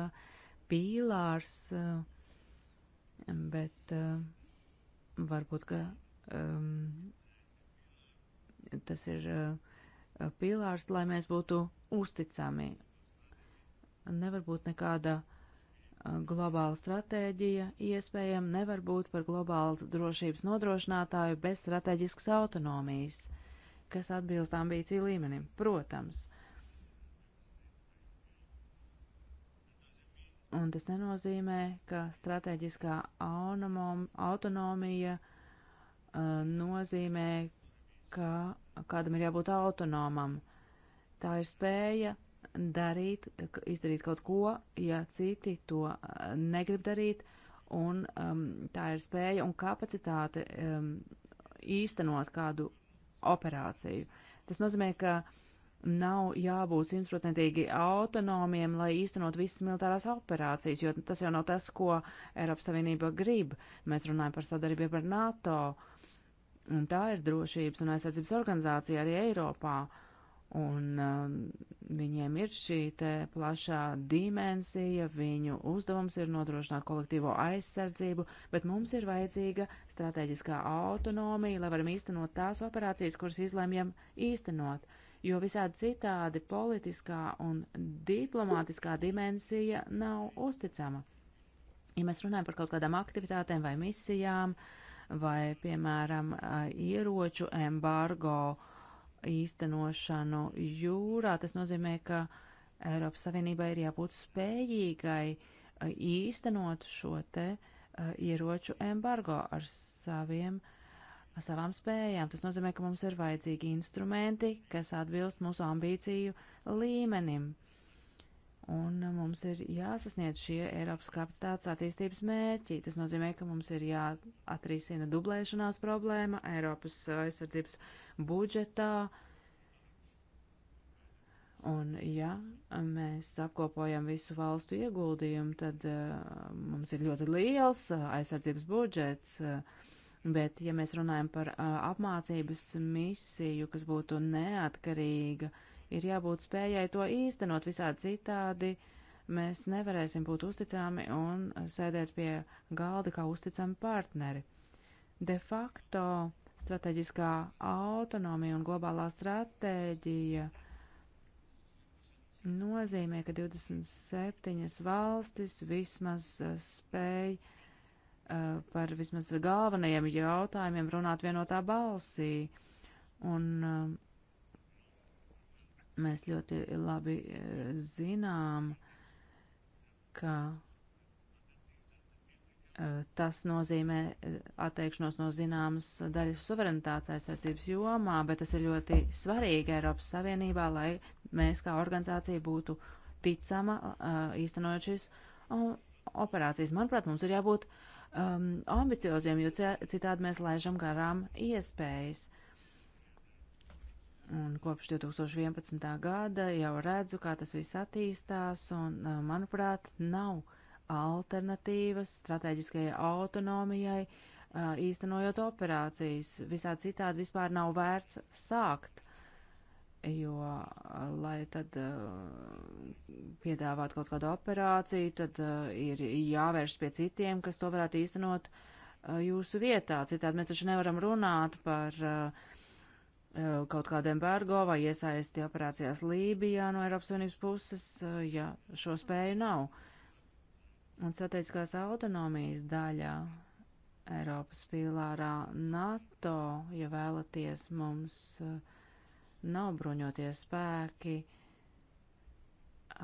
pīlārs, eh, bet eh, varbūt, ka um, tas ir pīlārs, lai mēs būtu uzticami. Nevar būt nekāda globāla stratēģija, iespējami nevar būt par globālu drošības nodrošinātāju bez strateģiskas autonomijas, kas atbilst ambīciju līmenim. Protams, uh, Un tas nenozīmē, ka strateģiskā autonomija uh, nozīmē, ka kādam ir jābūt autonomam. Tā ir spēja darīt, izdarīt kaut ko, ja citi to uh, negrib darīt, un um, tā ir spēja un kapacitāte um, īstenot kādu operāciju. Tas nozīmē, ka uh, nav jābūt simtprocentīgi autonomiem, lai īstenot visas militārās operācijas, jo tas jau nav tas, ko Eiropas Savienība grib. Mēs runājam par sadarbību ar NATO, un tā ir drošības un aizsardzības organizācija arī Eiropā. Un um, viņiem ir šī te plašā dimensija, viņu uzdevums ir nodrošināt kolektīvo aizsardzību, bet mums ir vajadzīga strateģiskā autonomija, lai varam īstenot tās operācijas, kuras izlēmjam īstenot. Uh, jo visādi citādi politiskā un diplomātiskā dimensija nav uzticama. Ja mēs runājam par kaut kādām aktivitātēm vai misijām, vai, piemēram, ieroču embargo īstenošanu jūrā, tas nozīmē, ka Eiropas Savienībai ir jābūt spējīgai īstenot šo te ieroču embargo ar saviem uh, savām spējām. Tas nozīmē, ka mums ir vajadzīgi instrumenti, kas atbilst mūsu ambīciju līmenim. Un mums ir jāsasniedz šie Eiropas kapacitātes attīstības mērķi. Tas nozīmē, ka mums ir jāatrisina dublēšanās problēma Eiropas aizsardzības budžetā. Un ja mēs apkopojam visu valstu ieguldījumu, tad uh, mums ir ļoti liels eh, aizsardzības budžets. Uh, Bet, ja mēs runājam par uh, apmācības misiju, kas būtu neatkarīga, ir jābūt spējai to īstenot visādi citādi. Mēs nevarēsim būt uzticami un sēdēt pie galda kā uzticami partneri. De facto strateģiskā autonomija un globālā stratēģija nozīmē, ka 27 valstis vismaz spēj uh, Eh, par vismaz galvenajiem jautājumiem runāt vienotā balsī. Un eh, mēs ļoti labi eh, zinām, ka tas nozīmē atteikšanos no zināmas daļas suverenitātes aizsardzības jomā, bet tas ir ļoti svarīgi Eiropas Savienībā, lai mēs kā organizācija būtu ticama īstenojot šīs operācijas. Manuprāt, mums ir jābūt uh, um, ambicioziem, jo citādi mēs laižam garām iespējas. Un kopš 2011. gada jau redzu, kā tas viss attīstās, un, uh, manuprāt, nav alternatīvas strateģiskajai autonomijai, uh, īstenojot operācijas. Visā citādi vispār nav vērts sākt jo, lai tad uh, piedāvātu kaut kādu operāciju, tad uh, ir jāvēršas pie citiem, kas to varētu īstenot uh, jūsu vietā. Citādi mēs taču nevaram runāt par kaut kādu embargo vai iesaisti operācijās Lībijā no Eiropas Savienības puses, ja šo spēju nav. Un strateģiskās autonomijas daļā Eiropas pīlārā NATO, ja vēlaties mums uh, nav bruņotie spēki.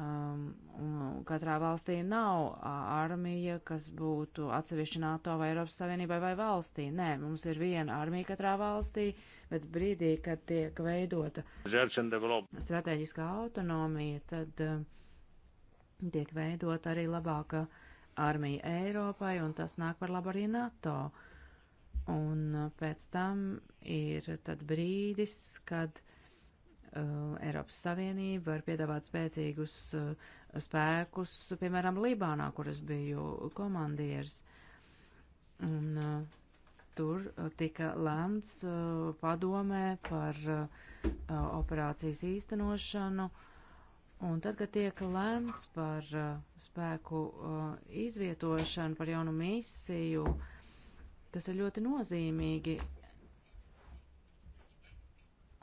Um, katrā valstī nav armija, kas būtu atsevišķi NATO vai Eiropas Savienībai vai valstī. Nē, mums ir viena armija katrā valstī, bet brīdī, kad tiek veidota strateģiskā autonomija, tad uh, tiek veidota arī labāka armija Eiropai, un tas nāk par labu arī NATO. Un uh, pēc tam ir tad brīdis, kad Uh, Eiropas Savienība var piedāvāt spēcīgus uh, spēkus, piemēram, Libānā, kur es biju komandieris. Un uh, tur tika lēmts padomē par operācijas īstenošanu. Un tad, kad tiek lēmts par spēku izvietošanu, par jaunu misiju, tas ir ļoti nozīmīgi.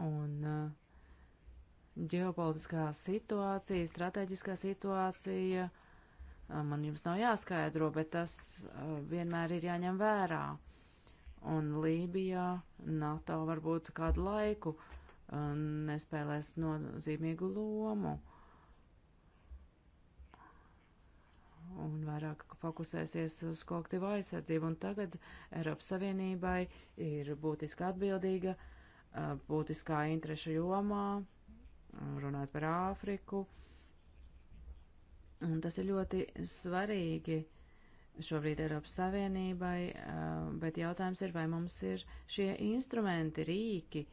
Un uh, ģeopolitiskā situācija, strateģiskā situācija, man jums nav jāskaidro, bet tas vienmēr ir jāņem vērā. Un Lībijā NATO varbūt kādu laiku nespēlēs nozīmīgu lomu. un vairāk fokusēsies uz kolektīvu aizsardzību. Un tagad Eiropas Savienībai ir būtiski atbildīga, būtiskā interešu jomā, runājot par Āfriku. Un tas ir ļoti svarīgi šobrīd Eiropas Savienībai, bet jautājums ir, vai mums ir šie instrumenti, rīki,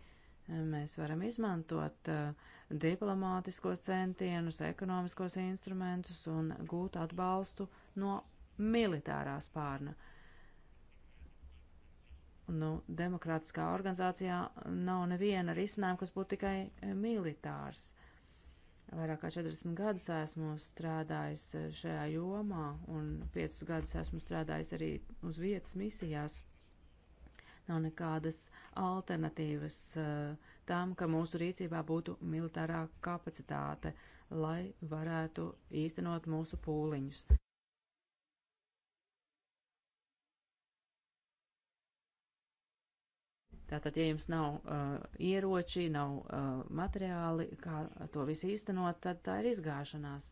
mēs varam izmantot diplomātiskos centienus, ekonomiskos instrumentus un gūt atbalstu no militārā spārna. Uh, nu, demokrātiskā organizācijā nav neviena risinājuma, kas būtu tikai eh, militārs. Vairāk kā 40 gadus esmu strādājis eh, šajā jomā, un 5 gadus esmu strādājis arī uz vietas misijās. Nav nekādas alternatīvas uh, tam, ka mūsu rīcībā būtu militārā kapacitāte, lai varētu īstenot mūsu pūliņus. Tātad, ja jums nav uh, ieroči, nav uh, materiāli, kā to visu īstenot, tad tā ir izgāšanās.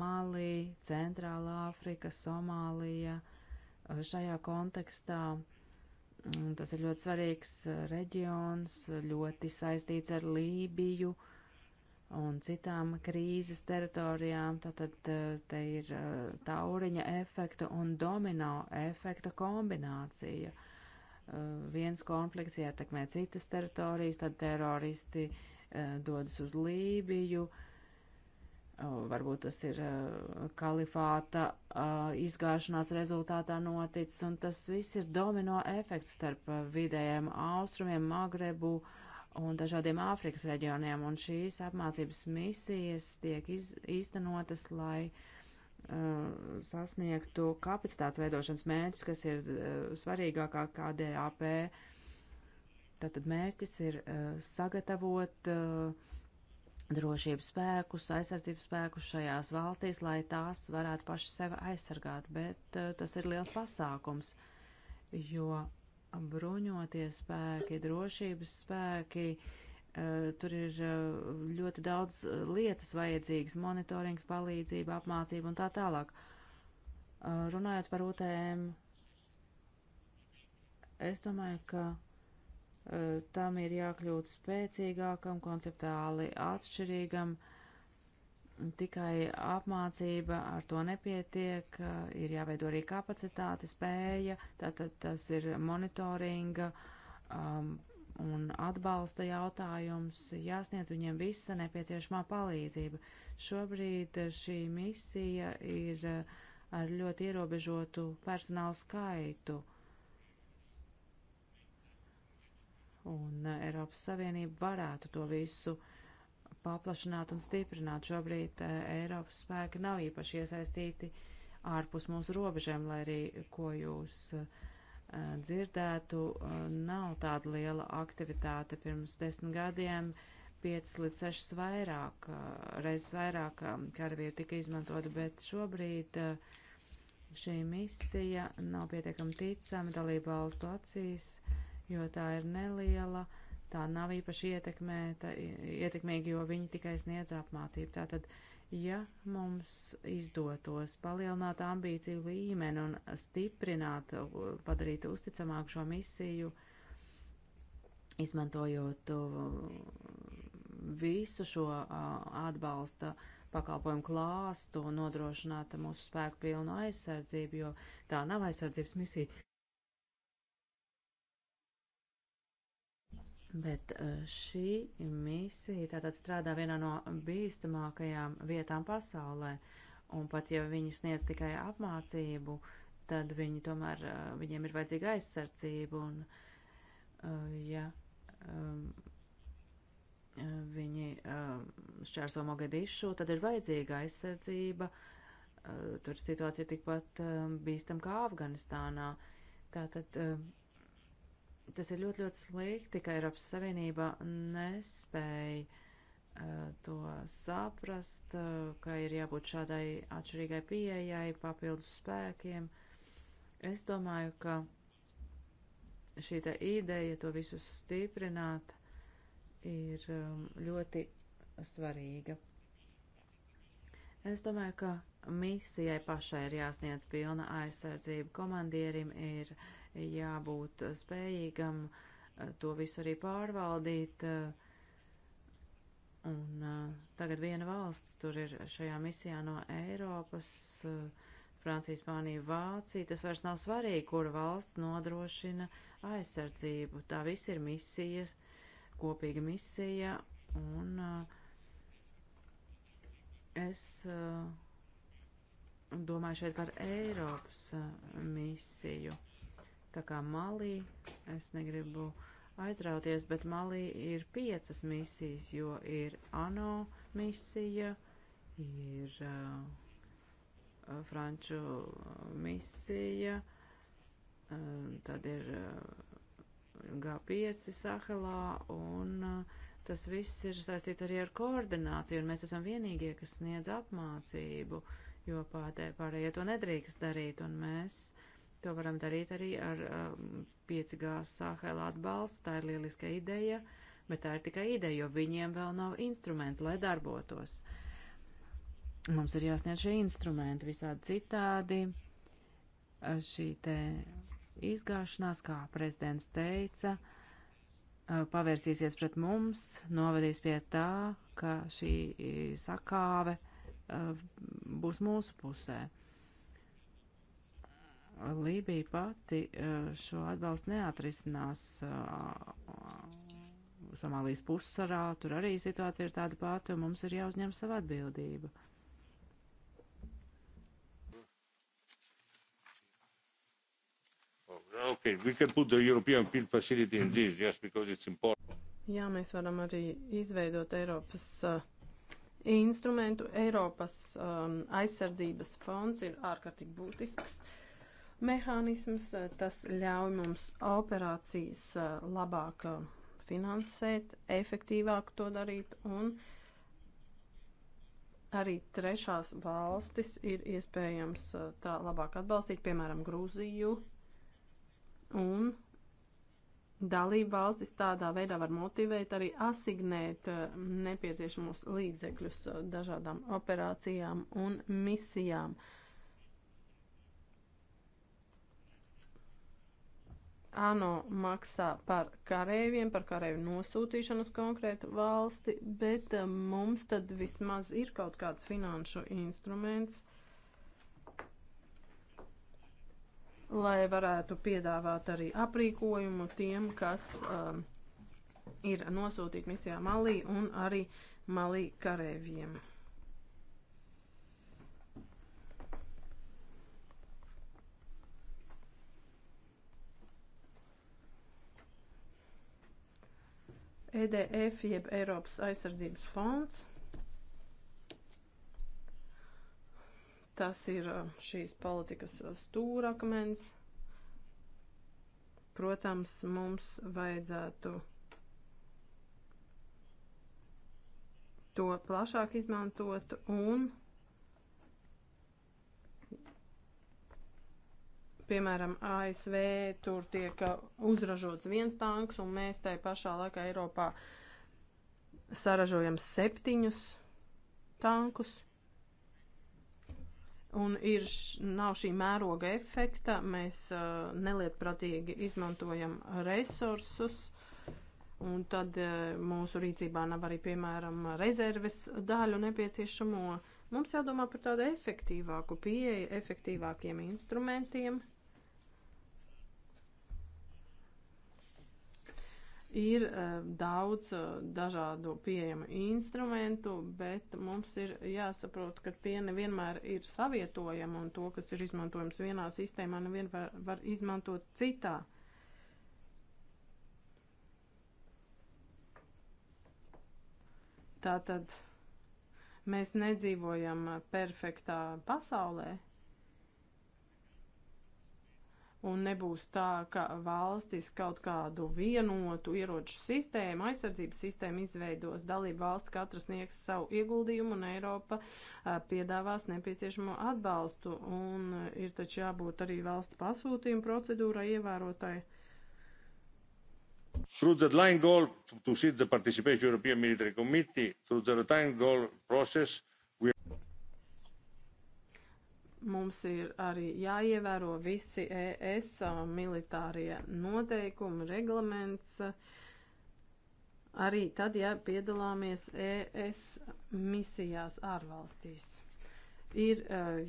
Malī, Centrālā Āfrika, Somālija uh, šajā kontekstā. Un mm, tas ir ļoti svarīgs uh, reģions, ļoti saistīts ar Lībiju un citām krīzes teritorijām. Tātad uh, te ir uh, tauriņa efekta un domino efekta kombinācija. Uh, viens konflikts ietekmē citas teritorijas, tad teroristi eh, dodas uz Lībiju, varbūt tas ir eh, kalifāta izgāšanās rezultātā noticis, un tas viss ir domino efekts starp eh, vidējiem austrumiem, Magrebu un dažādiem Āfrikas reģioniem, un šīs apmācības misijas tiek iz, īstenotas, lai uh, Uh, sasniegtu kapacitātes veidošanas mērķus, kas ir uh, svarīgākā KDAP. Tātad mērķis ir uh, sagatavot drošības spēkus, aizsardzības spēkus šajās valstīs, lai tās varētu paši sevi aizsargāt, bet tas ir liels pasākums, jo bruņoties spēki, drošības spēki, uh, Eh, tur ir eh, ļoti daudz eh, lietas vajadzīgas - monitorings, palīdzība, apmācība un tā tālāk. Runājot par UTM, es domāju, ka tam ir jākļūt spēcīgākam, konceptuāli atšķirīgam. Tikai apmācība ar to nepietiek, ir jāveido arī kapacitāte, spēja, tātad tas ir monitoringa, um, un atbalsta jautājums, jāsniedz viņiem visa nepieciešamā palīdzība. Šobrīd šī misija ir eh, ar ļoti ierobežotu personālu skaitu. Un eh, Eiropas Savienība varētu to visu paplašināt un stiprināt. Šobrīd eh, Eiropas spēki nav īpaši iesaistīti ārpus mūsu robežiem, lai arī ko jūs uh, dzirdētu, nav tāda liela aktivitāte. Pirms desmit gadiem 5 līdz 6 vairāk, reizes vairāk karavīri tika izmantoti, bet šobrīd šī misija nav pietiekami ticama dalība valstu acīs, jo tā ir neliela, tā nav īpaši ietekmēta, ietekmīga, jo viņi tikai sniedz apmācību. Tātad, uh, ja mums izdotos palielināt ambīciju līmeni un stiprināt, padarīt uzticamāk šo misiju, izmantojot uh, visu šo uh, atbalsta pakalpojumu klāstu un nodrošināt mūsu spēku pilnu aizsardzību, jo tā nav aizsardzības misija. Bet e, šī misija tātad strādā vienā no bīstamākajām vietām pasaulē, un pat ja viņi sniedz tikai apmācību, tad viņi tomēr, e, viņiem ir vajadzīga aizsardzība, un e, ja viņi šķērso Mogadišu, tad ir vajadzīga aizsardzība, tur situācija tikpat bīstam kā Afganistānā. Tātad Tas ir ļoti, ļoti slikti, ka Eiropas Savienība nespēja uh, to saprast, uh, ka ir jābūt šādai atšķirīgai pieejai, papildus spēkiem. Es domāju, ka šī ideja to visu stiprināt ir um, ļoti svarīga. Es domāju, ka misijai pašai ir jāsniedz pilna aizsardzība. Komandierim ir uh, jābūt spējīgam eh, to visu arī pārvaldīt. Eh, un eh, tagad viena valsts tur ir šajā misijā no Eiropas, Francija, Spānija, Vācija. Tas vairs nav svarīgi, kura valsts nodrošina aizsardzību. Tā viss ir misijas, kopīga misija. Un es domāju šeit par Eiropas misiju. Tā kā Malī, es negribu aizrauties, bet Malī ir piecas misijas, jo ir ANO misija, ir uh, uh Franču uh, misija, uh, tad ir uh, G5 Sahelā un uh, tas viss ir saistīts arī ar koordināciju, un mēs esam vienīgie, kas sniedz apmācību, jo pārējie to nedrīkst darīt, un mēs To varam darīt arī ar um, 5G sāhēlā atbalstu. Tā ir lieliska ideja, bet tā ir tikai ideja, jo viņiem vēl nav instrumenti, lai darbotos. Mums ir jāsniedz šie instrumenti visādi citādi. Šī te izgāšanās, kā prezidents teica, uh, pavērsīsies pret mums, novadīs pie tā, ka šī sakāve uh, būs mūsu pusē. Lībija pati eh, šo atbalstu neatrisinās eh, Somālijas pussarā, tur arī situācija ir tāda pati, un mums ir jāuzņem savu atbildību. Oh, okay, we can put the European Peel Facility in this just because it's important. Jā, mēs varam arī izveidot Eiropas uh, instrumentu. Eiropas um, aizsardzības fonds ir ārkārtīgi būtisks. Uh, mehānisms. Eh, tas ļauj mums operācijas eh, labāk eh, finansēt, efektīvāk to darīt un arī trešās valstis ir iespējams tā labāk atbalstīt, piemēram, Grūziju un dalību valstis tādā veidā var motivēt arī asignēt nepieciešamos līdzekļus dažādām operācijām un misijām. Uh, ANO maksā par karēviem, par karēvu nosūtīšanu uz konkrētu valsti, bet eh, mums tad vismaz ir kaut kāds finanšu instruments, lai varētu piedāvāt arī aprīkojumu tiem, kas um, ir nosūtīti misijā Malī un arī Malī karēviem. EDF jeb Eiropas aizsardzības fonds. Tas ir uh, šīs politikas uh, stūrakmens. Protams, mums vajadzētu to plašāk izmantot un piemēram, ASV tur tiek uh, uzražots viens tanks, un mēs tai pašā laikā Eiropā saražojam septiņus tankus. Un ir, nav šī mēroga efekta, mēs uh, nelietpratīgi izmantojam resursus, un tad uh, mūsu rīcībā nav arī, piemēram, rezerves daļu nepieciešamo. Mums jādomā par tādu efektīvāku pieeju, efektīvākiem instrumentiem, Ir eh, daudz eh, dažādu pieejamu instrumentu, bet mums ir jāsaprot, ka tie nevienmēr ir savietojami un to, kas ir izmantojams vienā sistēmā, nevienmēr var izmantot citā. Tātad mēs nedzīvojam eh, perfektā pasaulē, un nebūs tā, ka valstis kaut kādu vienotu ieroču sistēmu, aizsardzības sistēmu izveidos, dalība valsts katra sniegs savu ieguldījumu un Eiropa a, piedāvās nepieciešamo atbalstu. Un a, ir taču jābūt arī valsts pasūtījuma procedūrai ievērotai. Through the line goal to seat the participation European Military Committee, through the time goal process, mums ir arī jāievēro visi ES militārie noteikumi, reglaments, arī tad, ja piedalāmies ES misijās ārvalstīs. Ir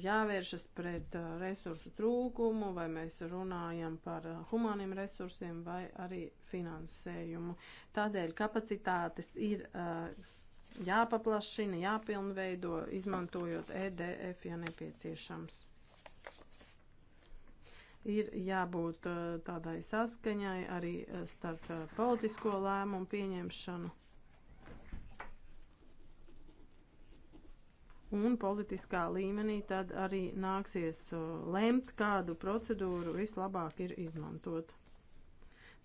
jāvēršas pret resursu trūkumu, vai mēs runājam par humāniem resursiem vai arī finansējumu. Tādēļ kapacitātes ir jāpaplašina, jāpilnveido, izmantojot EDF, ja nepieciešams. Ir jābūt uh, tādai saskaņai arī uh, starp uh, politisko lēmumu pieņemšanu un politiskā līmenī tad arī nāksies lemt, kādu procedūru vislabāk ir izmantot.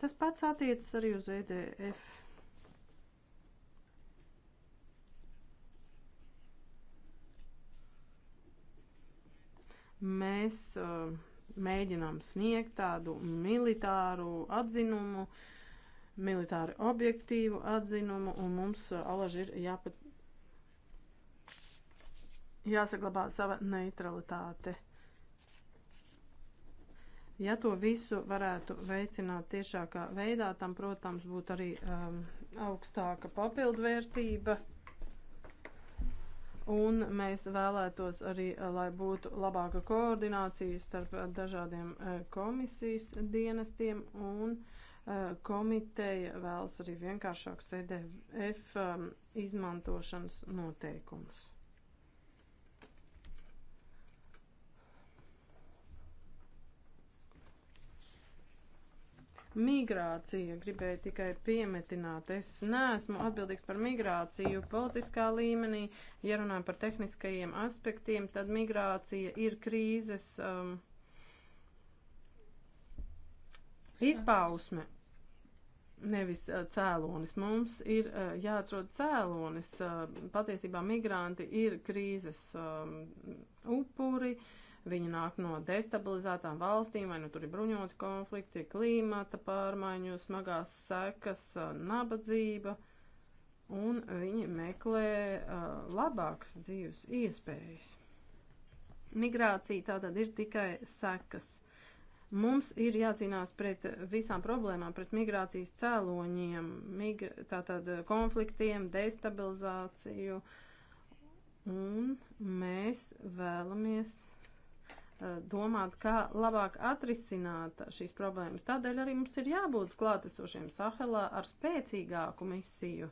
Tas pats attiecas arī uz EDF. Mēs uh, mēģinām sniegt tādu militāru atzinumu, militāru objektīvu atzinumu, un mums uh, alaži ir jāpat, jāsaglabā sava neutralitāte. Ja to visu varētu veicināt tiešākā veidā, tam, protams, būtu arī um, augstāka papildvērtība. Un mēs vēlētos arī, eh, lai būtu labāka koordinācija starp eh, dažādiem eh, komisijas dienestiem un komiteja vēlas arī vienkāršākus EDF izmantošanas noteikumus. Migrācija, gribēju tikai piemetināt, es neesmu atbildīgs par migrāciju politiskā līmenī. Ja runājam par tehniskajiem aspektiem, tad migrācija ir krīzes um, izpausme, nevis uh, cēlonis. Mums ir uh, jāatrod cēlonis. Uh, patiesībā migranti ir krīzes um, upuri. Uh, Viņi nāk no destabilizētām valstīm, vai nu tur ir bruņoti konflikti, klimata pārmaiņu, smagās sekas, nabadzība, un viņi meklē uh, labākas dzīves iespējas. Migrācija tātad ir tikai sekas. Mums ir jācīnās pret visām problēmām, pret migrācijas cēloņiem, mig, tātad konfliktiem, destabilizāciju, un mēs vēlamies Eh, domāt, kā labāk atrisināt šīs problēmas. Tādēļ arī mums ir jābūt klātesošiem Sahelā ar spēcīgāku misiju.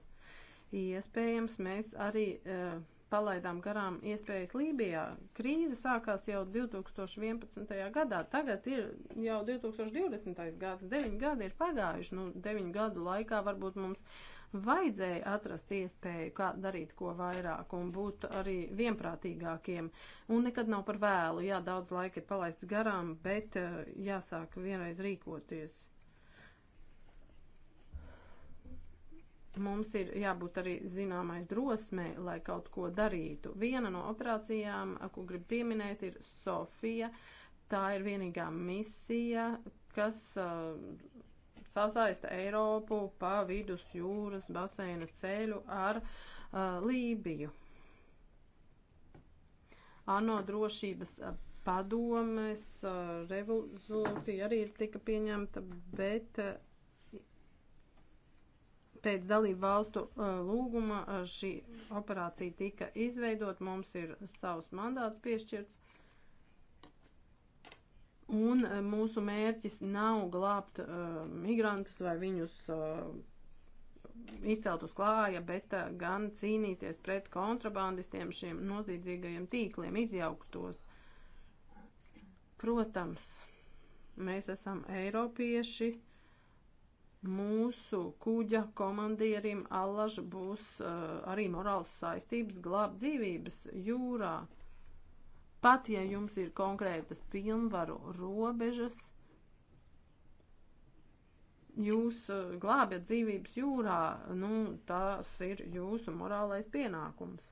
Iespējams, mēs arī uh, palaidām garām iespējas Lībijā. Krīze sākās jau 2011. gadā, tagad ir jau 2020. gads, 9 gadi ir pagājuši, nu, 9 gadu laikā varbūt mums uh, vajadzēja atrast iespēju, kā darīt ko vairāk un būt arī vienprātīgākiem. Un nekad nav par vēlu, jā, daudz laika ir palaists garām, bet eh, jāsāk vienreiz rīkoties. Mums ir jābūt arī zināmai drosmē, lai kaut ko darītu. Viena no operācijām, ko gribu pieminēt, ir Sofija. Tā ir vienīgā misija, kas uh, sazaista Eiropu pa vidus jūras baseina ceļu ar uh, Lībiju. ANO drošības uh, padomes uh, revolūcija arī ir tika pieņemta, bet uh, pēc dalību valstu uh, lūguma uh, šī operācija tika izveidot, mums ir savs mandāts piešķirts. Un eh, mūsu mērķis nav glābt uh, migrantus vai viņus uh, izcelt uz klāja, bet uh, gan cīnīties pret kontrabandistiem, šiem nozīdzīgajiem tīkliem, izjauktos. Protams, mēs esam eiropieši. Mūsu kuģa komandierim allaž būs uh, arī morāls saistības glābt dzīvības jūrā. Uh, Pat ja jums ir konkrētas pilnvaru robežas, jūs uh, glābjat dzīvības jūrā, nu, tas ir jūsu morālais pienākums.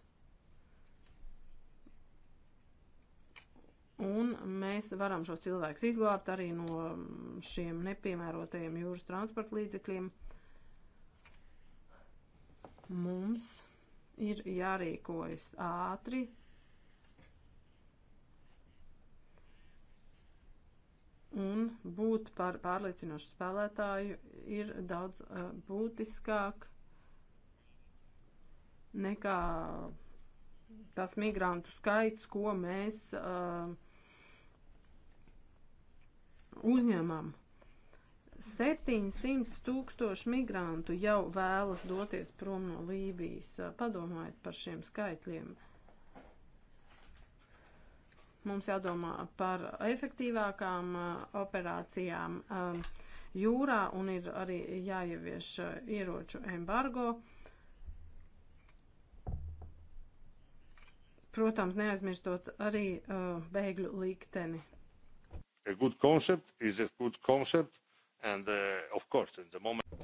Un mēs varam šos cilvēkus izglābt arī no um, šiem nepiemērotajiem jūras transporta līdzekļiem. Mums ir jārīkojas ātri, un būt par pārliecinošu spēlētāju ir daudz uh, būtiskāk nekā tas migrantu skaits, ko mēs uh, uzņemam. 700 tūkstoši migrantu jau vēlas doties prom no Lībijas. Padomājiet par šiem skaitļiem. Uh, Mums jādomā par efektīvākām uh, operācijām um, jūrā un ir arī jāievieš uh, ieroču embargo. Protams, neaizmirstot arī uh, bēgļu likteni. A good concept is a good concept and uh, of course in the moment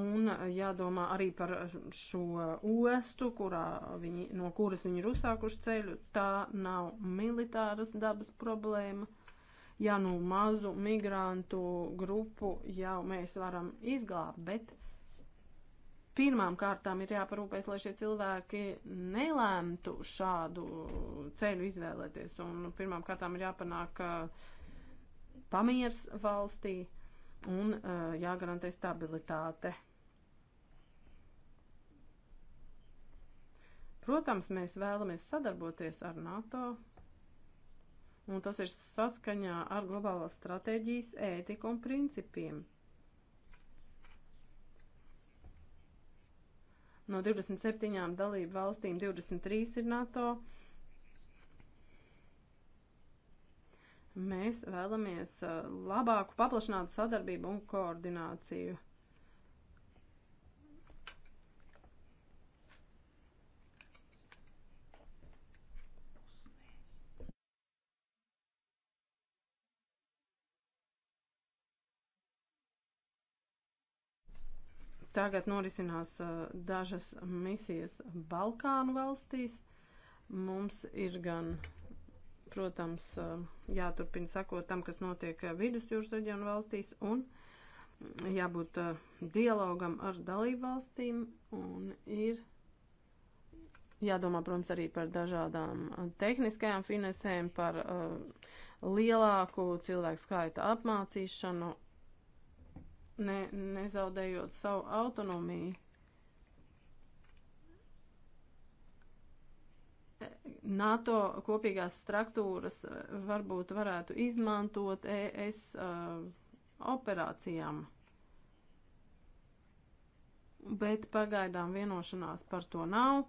Un jādomā arī par šo ostu, kurā viņi, no kuras viņi ir uzsākuši ceļu. Tā nav militāras dabas problēma. Ja nu mazu migrantu grupu jau mēs varam izglābt, bet pirmām kārtām ir jāparūpēs, lai šie cilvēki nelēmtu šādu ceļu izvēlēties. Un pirmām kārtām ir jāpanāk uh, pamiers valstī. Uh, un uh, jāgarantē stabilitāte. Protams, mēs vēlamies sadarboties ar NATO, un tas ir saskaņā ar globālās stratēģijas ētiku un principiem. No 27 dalību valstīm 23 ir NATO, Mēs vēlamies uh, labāku paplašinātu sadarbību un koordināciju. tagad norisinās uh, dažas misijas Balkānu valstīs. Mums ir gan Protams, jāturpina sakot tam, kas notiek vidusjūras reģionu valstīs un jābūt dialogam ar dalību valstīm un ir jādomā, protams, arī par dažādām tehniskajām finansēm, par uh, lielāku cilvēku skaita apmācīšanu, ne, nezaudējot savu autonomiju. NATO kopīgās struktūras eh, varbūt varētu izmantot ES uh, eh, operācijām. Bet pagaidām vienošanās par to nav,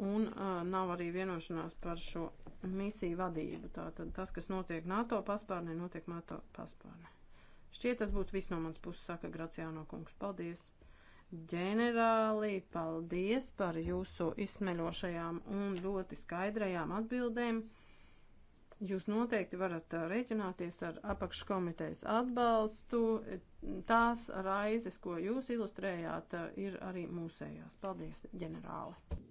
un uh, nav arī vienošanās par šo misiju vadību. Tātad tas, kas notiek NATO paspārnē, notiek NATO paspārnē. Šķiet, tas būtu viss no manas puses, saka Graciāno kungs. Paldies! ģenerāli, paldies par jūsu izsmeļošajām un ļoti skaidrajām atbildēm. Jūs noteikti varat uh, rēķināties ar apakškomitejas atbalstu. Tās raizes, ko jūs ilustrējāt, uh, ir arī mūsējās. Paldies, ģenerāli!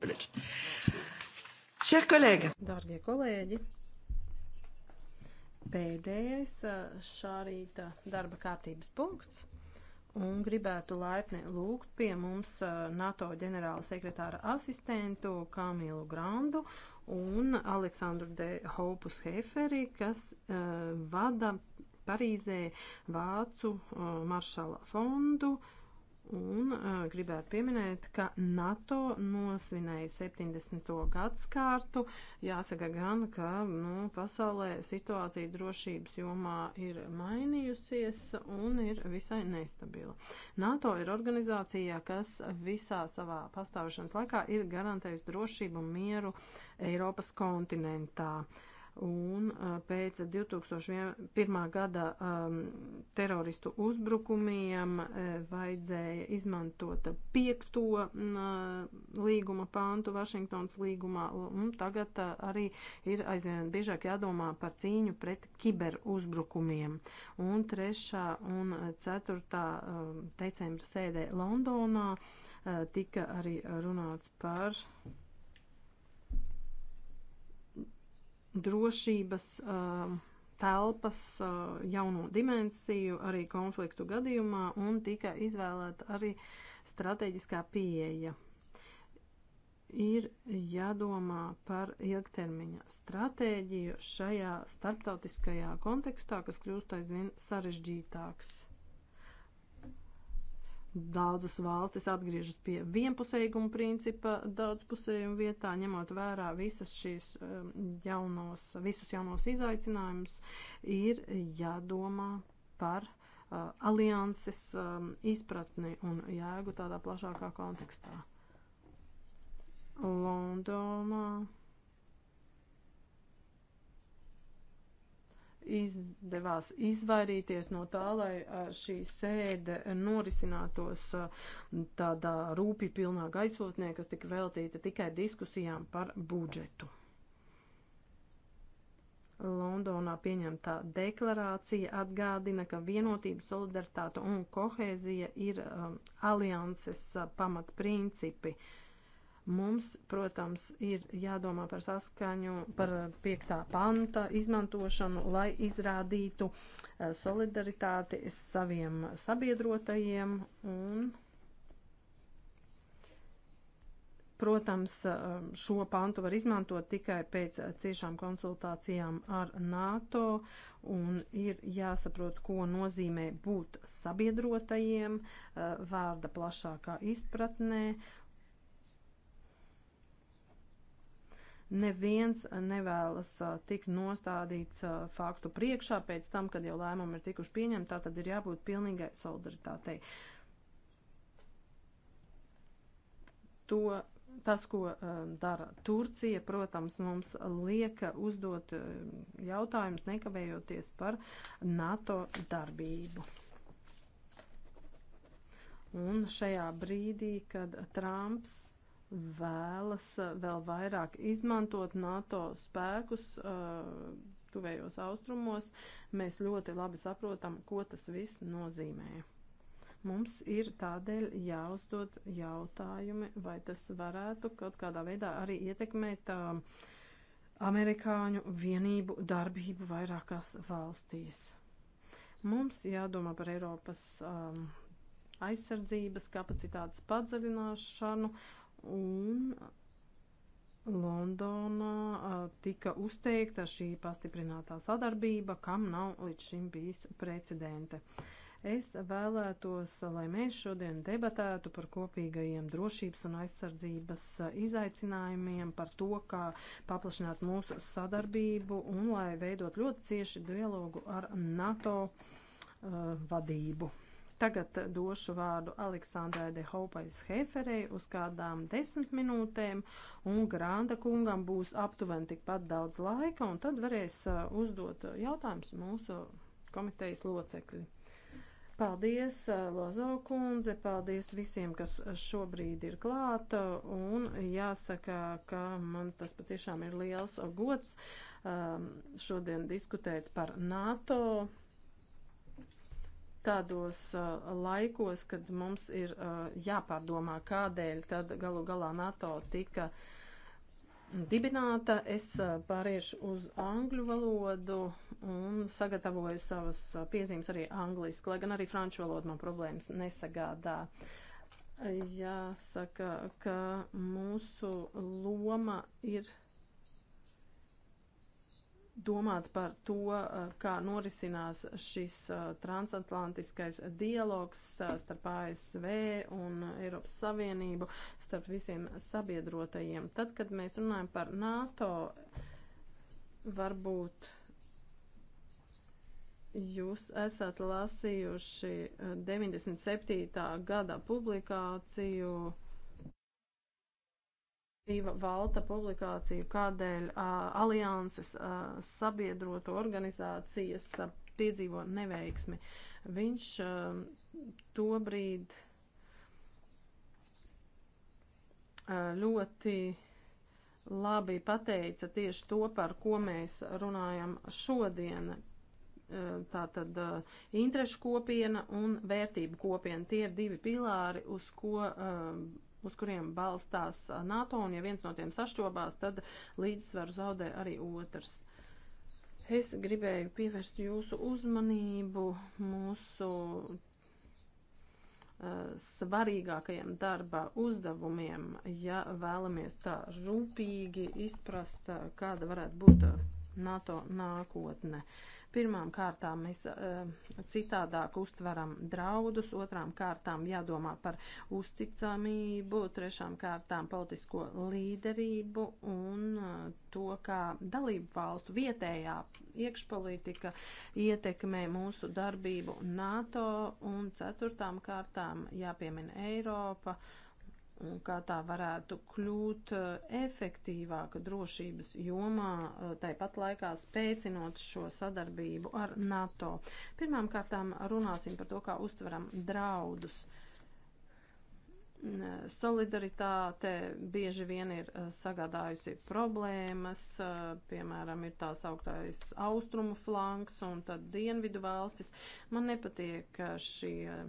village. Chers collègues. Dārgie kolēģi, pēdējais šā rīta darba kārtības punkts un gribētu laipni lūgt pie mums NATO ģenerāla sekretāra asistentu Kamilu Grandu un Aleksandru de Hopus Heferi, kas uh, vada Parīzē Vācu uh, maršala fondu uh, Un uh, gribētu pieminēt, ka NATO nosvinēja 70. gadskārtu. Jāsaka gan, ka nu, pasaulē situācija drošības jomā ir mainījusies un ir visai nestabila. NATO ir organizācijā, kas visā savā pastāvēšanas laikā ir garantējusi drošību un mieru Eiropas kontinentā. Uh, Un pēc 2001. gada um, teroristu uzbrukumiem vajadzēja izmantot piekto um, līguma pāntu Vašingtons līgumā, un tagad uh, arī ir aizvien biežāk jādomā par cīņu pret kiberuzbrukumiem. Un 3. un 4. decembra sēdē Londonā uh, tika arī runāts par drošības uh, telpas uh, jauno dimensiju arī konfliktu gadījumā un tika izvēlēta arī strateģiskā pieeja. Ir jādomā par ilgtermiņa stratēģiju šajā starptautiskajā kontekstā, kas kļūst aizvien sarežģītāks. Daudzas valstis atgriežas pie vienpusējuma principa daudzpusējuma vietā, ņemot vērā visas šīs um, jaunos, visus jaunos izaicinājumus, ir jādomā par uh, alianses um, izpratni un jēgu tādā plašākā kontekstā. Londonā izdevās izvairīties no tā, lai eh, šī sēde norisinātos eh, tādā rūpī pilnā gaisotnē, kas tika veltīta tikai diskusijām par budžetu. Londonā pieņemtā deklarācija atgādina, ka vienotība, solidaritāte un kohēzija ir um, alianses uh, pamatprincipi. Uh, Mums, protams, ir jādomā par saskaņu, par piektā panta izmantošanu, lai izrādītu eh, solidaritāti saviem sabiedrotajiem un Protams, eh, šo pantu var izmantot tikai pēc ciešām konsultācijām ar NATO un ir jāsaprot, ko nozīmē būt sabiedrotajiem eh, vārda plašākā izpratnē Neviens nevēlas tik nostādīts faktu priekšā pēc tam, kad jau lēmumi ir tikuši pieņemti, tā tad ir jābūt pilnīgai solidaritātei. To tas, ko dara Turcija, protams, mums lieka uzdot jautājumus nekavējoties par NATO darbību. Un šajā brīdī, kad Trumps vēlas vēl vairāk izmantot NATO spēkus uh, tuvējos austrumos, mēs ļoti labi saprotam, ko tas viss nozīmē. Mums ir tādēļ jāuzdod jautājumi, vai tas varētu kaut kādā veidā arī ietekmēt uh, amerikāņu vienību darbību vairākās valstīs. Mums jādomā par Eiropas um, aizsardzības kapacitātes padziļināšanu Un Londonā tika uzteikta šī pastiprinātā sadarbība, kam nav līdz šim bijis precedente. Es vēlētos, lai mēs šodien debatētu par kopīgajiem drošības un aizsardzības izaicinājumiem, par to, kā paplašināt mūsu sadarbību un lai veidot ļoti cieši dialogu ar NATO uh, vadību. Tagad eh, došu vārdu Aleksandrai de Haupais Heferei uz kādām desmit minūtēm, un Granda kungam būs aptuveni tikpat daudz laika, un tad varēs eh, uzdot jautājumus mūsu komitejas locekļi. Paldies, eh, Lozo kundze, paldies visiem, kas šobrīd ir klāta, un jāsaka, ka man tas patiešām ir liels gods um, šodien diskutēt par NATO tādos uh, laikos, kad mums ir uh, jāpārdomā, kādēļ tad galu galā NATO tika dibināta. Es uh, pāriešu uz angļu valodu un sagatavoju savas uh, piezīmes arī angliski, lai gan arī franču valoda man problēmas nesagādā. Jāsaka, ka mūsu loma ir domāt par to, eh, kā norisinās šis eh, transatlantiskais dialogs eh, starp ASV un Eiropas Savienību, starp visiem sabiedrotajiem. Tad, kad mēs runājam par NATO, varbūt jūs esat lasījuši 97. gada publikāciju Iva Valta publikāciju, kādēļ uh, alianses uh, sabiedroto organizācijas uh, piedzīvo neveiksmi. Viņš uh, tobrīd uh, ļoti labi pateica tieši to, par ko mēs runājam šodien. Uh, tā tad uh, interešu kopiena un vērtību kopiena. Tie ir divi pilāri, uz ko uh, uz kuriem balstās NATO, un ja viens no tiem sašķobās, tad līdzsvaru zaudē arī otrs. Es gribēju pievērst jūsu uzmanību mūsu svarīgākajiem darba uzdevumiem, ja vēlamies tā rūpīgi izprast, kāda varētu būt NATO nākotne. Uh, Pirmām kārtām mēs eh, citādāk uztveram draudus, otrām kārtām jādomā par uzticamību, trešām kārtām politisko līderību un eh, to, kā dalību valstu vietējā iekšpolitika ietekmē mūsu darbību NATO un ceturtām kārtām jāpiemina Eiropa. Uh, kā tā varētu kļūt uh, efektīvāka drošības jomā, uh, tāpat laikā spēcinot šo sadarbību ar NATO. Pirmkārt, runāsim par to, kā uztveram draudus. Solidaritāte bieži vien ir uh, sagādājusi problēmas, piemēram, ir tās augtais austrumu flanks un tad dienvidu valstis. Man nepatīk šie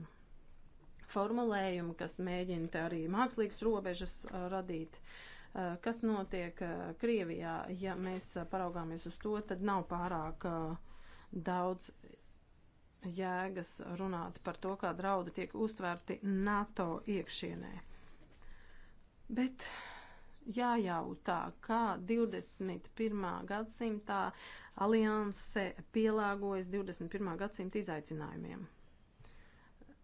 formulējumu, kas mēģina arī mākslīgas robežas uh, radīt. Uh, kas notiek uh, Krievijā, ja mēs paraugāmies uz to, tad nav pārāk daudz jēgas runāt par to, kā draudi tiek uztvērti NATO iekšienē. Bet jājautā, kā 21. gadsimtā alianse pielāgojas 21. gadsimta izaicinājumiem.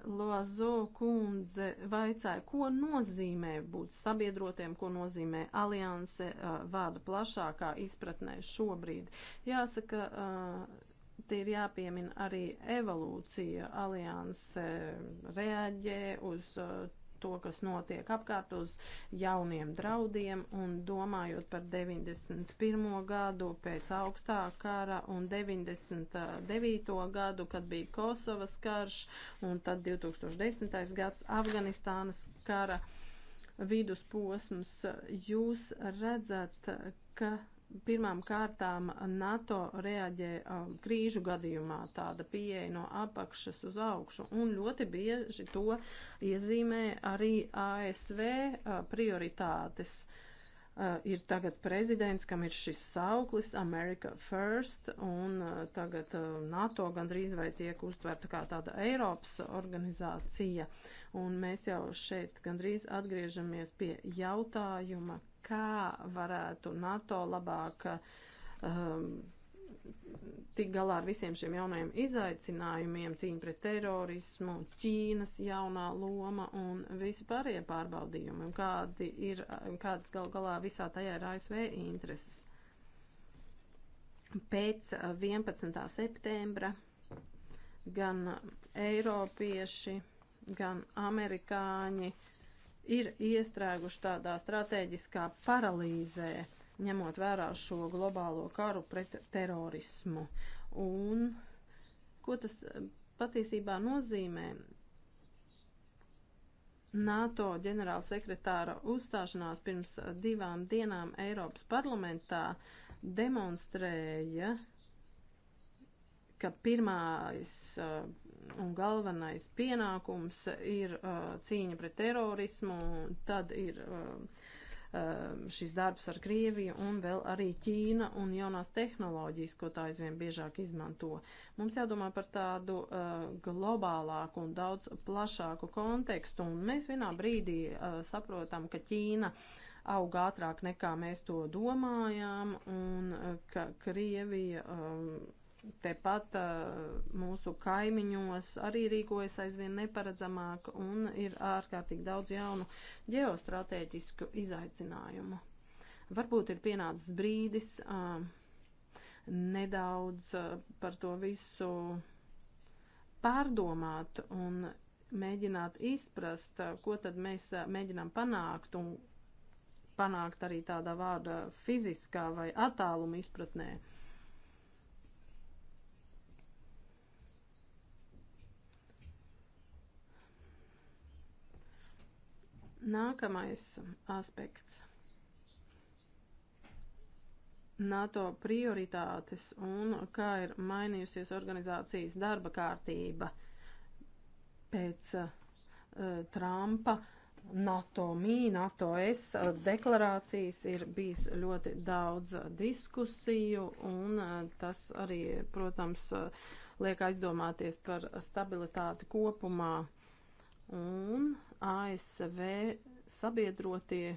Loazo kundze vaicāja, ko nozīmē būt sabiedrotiem, ko nozīmē alianse uh, vārda plašākā izpratnē šobrīd. Jāsaka, uh, te ir jāpiemina arī evolūcija. Alianse reaģē uz uh, to, kas notiek apkārt uz jauniem draudiem un domājot par 91. gadu pēc augstā kara un 99. gadu, kad bija Kosovas karš un tad 2010. gads Afganistānas kara vidusposms, jūs redzat, ka Pirmām kārtām NATO reaģē um, krīžu gadījumā tāda pieeja no apakšas uz augšu, un ļoti bieži to iezīmē arī ASV uh, prioritātes. Uh, ir tagad prezidents, kam ir šis sauklis America First, un uh, tagad uh, NATO gandrīz vai tiek uztverta kā tāda Eiropas organizācija. Un mēs jau šeit gandrīz atgriežamies pie jautājuma, kā varētu NATO labāk um, tik galā ar visiem šiem jaunajiem izaicinājumiem, cīņa pret terorismu, Ķīnas jaunā loma un visi pārējie pārbaudījumi, un kādi ir, kādas gal galā visā tajā ir ASV intereses. Pēc 11. Uh, septembra gan uh, Eiropieši, gan Amerikāņi ir iestrēguši tādā strateģiskā paralīzē, ņemot vērā šo globālo karu pret terorismu. Un ko tas eh, patiesībā nozīmē? NATO ģenerālsekretāra uzstāšanās pirms divām dienām Eiropas parlamentā demonstrēja, ka pirmais uh, un galvenais pienākums ir uh, cīņa pret terorismu, tad ir uh, um, šis darbs ar Krieviju un vēl arī Ķīna un jaunās tehnoloģijas, ko tā aizvien biežāk izmanto. Mums jādomā par tādu uh, globālāku un daudz plašāku kontekstu, un mēs vienā brīdī uh, saprotam, ka Ķīna aug ātrāk nekā mēs to domājām, un uh, ka Krievija. Um, Tepat eh, mūsu kaimiņos arī rīkojas aizvien neparedzamāk un ir ārkārtīgi daudz jaunu ģeostrateģisku izaicinājumu. Varbūt ir pienācis brīdis eh, nedaudz eh, par to visu pārdomāt un mēģināt izprast, ko tad mēs mēģinām panākt un panākt arī tādā vārda fiziskā vai attāluma izpratnē. Uh, Nākamais aspekts. NATO prioritātes un kā ir mainījusies organizācijas darba kārtība pēc uh, Trumpa NATO mī, NATO es uh, deklarācijas ir bijis ļoti daudz uh, diskusiju un uh, tas arī, protams, uh, liek aizdomāties par stabilitāti kopumā un ASV sabiedrotie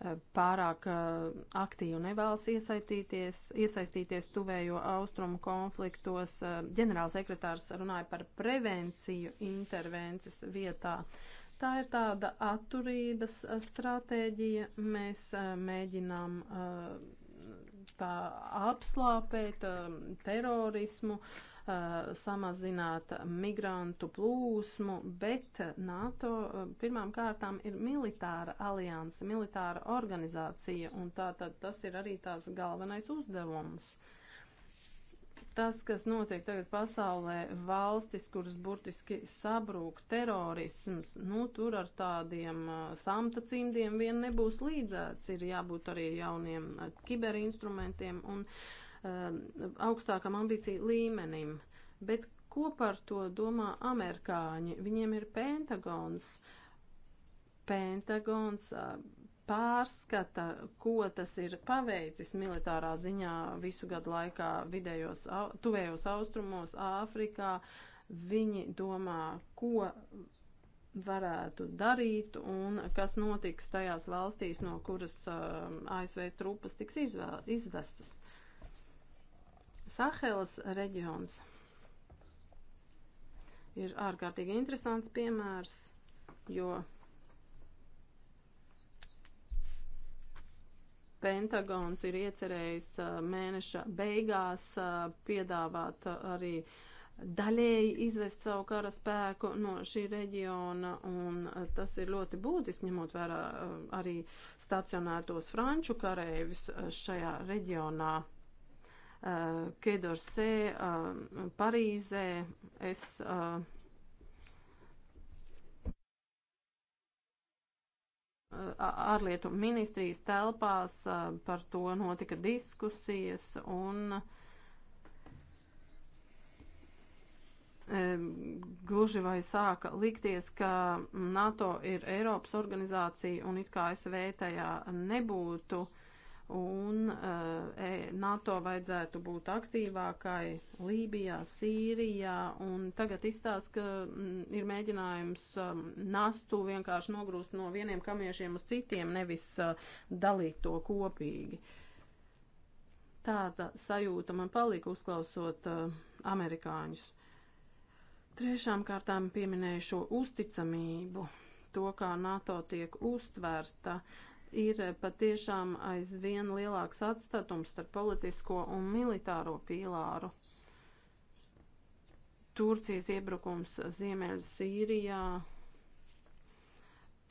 eh, pārāk eh, aktīvi nevēlas iesaistīties, iesaistīties tuvējo austrumu konfliktos. Eh, ģenerālsekretārs runāja par prevenciju intervences vietā. Tā ir tāda atturības stratēģija. Mēs mēģinām tā apslāpēt terorismu, uh, samazināt migrantu plūsmu, bet NATO pirmām kārtām ir militāra alianse, militāra organizācija, un tātad tas ir arī tās galvenais uzdevums. Tas, kas notiek tagad pasaulē, valstis, kuras burtiski sabrūk terorisms, nu tur ar tādiem samta cimdiem vien nebūs līdzēts, ir jābūt arī jauniem kiberinstrumentiem un uh, um, augstākam ambīciju līmenim. Bet ko par to domā amerikāņi? Viņiem ir Pentagons. Pentagons uh, pārskata, ko tas ir paveicis militārā ziņā visu gadu laikā vidējos, au, tuvējos austrumos, Āfrikā. Viņi domā, ko varētu darīt un kas notiks tajās valstīs, no kuras uh, um, ASV trupas tiks izvēl, izvestas. Sahelas reģions ir ārkārtīgi interesants piemērs, jo Pentagons ir iecerējis mēneša beigās piedāvāt arī daļēji izvest savu kara spēku no šī reģiona, un tas ir ļoti būtiski, ņemot vērā arī stacionētos franču karēvis šajā reģionā. Kedorsē, eh, eh, Parīzē. Es eh, ārlietu ministrijas telpās par to notika diskusijas un gluži vai sāka likties, ka NATO ir Eiropas organizācija un it kā es vērtējā nebūtu. Uh, un eh, e, NATO vajadzētu būt aktīvākai Lībijā, Sīrijā, un tagad izstāsta, ka m, mm, ir mēģinājums m, eh, nastu vienkārši nogrūst no vieniem kamiešiem uz citiem, nevis a, eh, dalīt to kopīgi. Tāda sajūta man palika uzklausot a, amerikāņus. Trešām kārtām pieminēju šo uzticamību, to, kā NATO tiek uztvērta. Uh, ir patiešām aizvien lielāks atstatums starp politisko un militāro pīlāru. Turcijas iebrukums Ziemeļa Sīrijā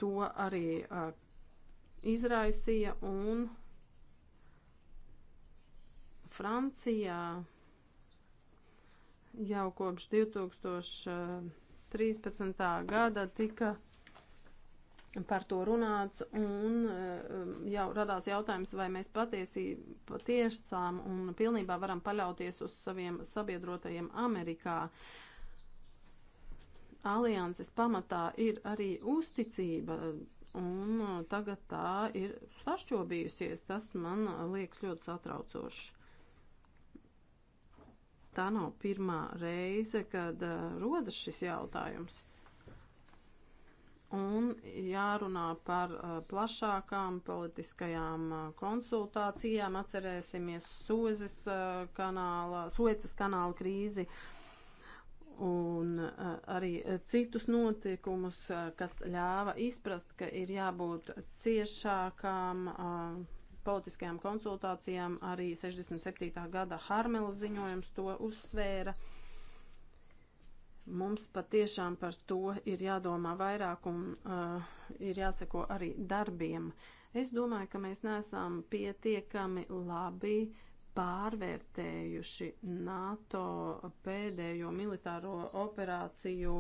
to arī uh, izraisīja un Francijā jau kopš 2013. gada tika par to runāts, un um, jau radās jautājums, vai mēs patiesībā patiešām un pilnībā varam paļauties uz saviem sabiedrotajiem Amerikā. Alianses pamatā ir arī uzticība, un uh, tagad tā ir sašķobījusies. Tas man liekas ļoti satraucoši. Tā nav pirmā reize, kad uh, rodas šis jautājums un jārunā par uh, plašākām politiskajām uh, konsultācijām. Atcerēsimies Suezes uh, kanāla, Suezes kanāla krīzi un uh, arī uh, citus notikumus, uh, kas ļāva izprast, ka ir jābūt ciešākām politiskajām konsultācijām. Arī 67. gada Harmela ziņojums to uzsvēra. Mums patiešām par to ir jādomā vairāk un uh, ir jāseko arī darbiem. Es domāju, ka mēs neesam pietiekami labi pārvērtējuši NATO pēdējo militāro operāciju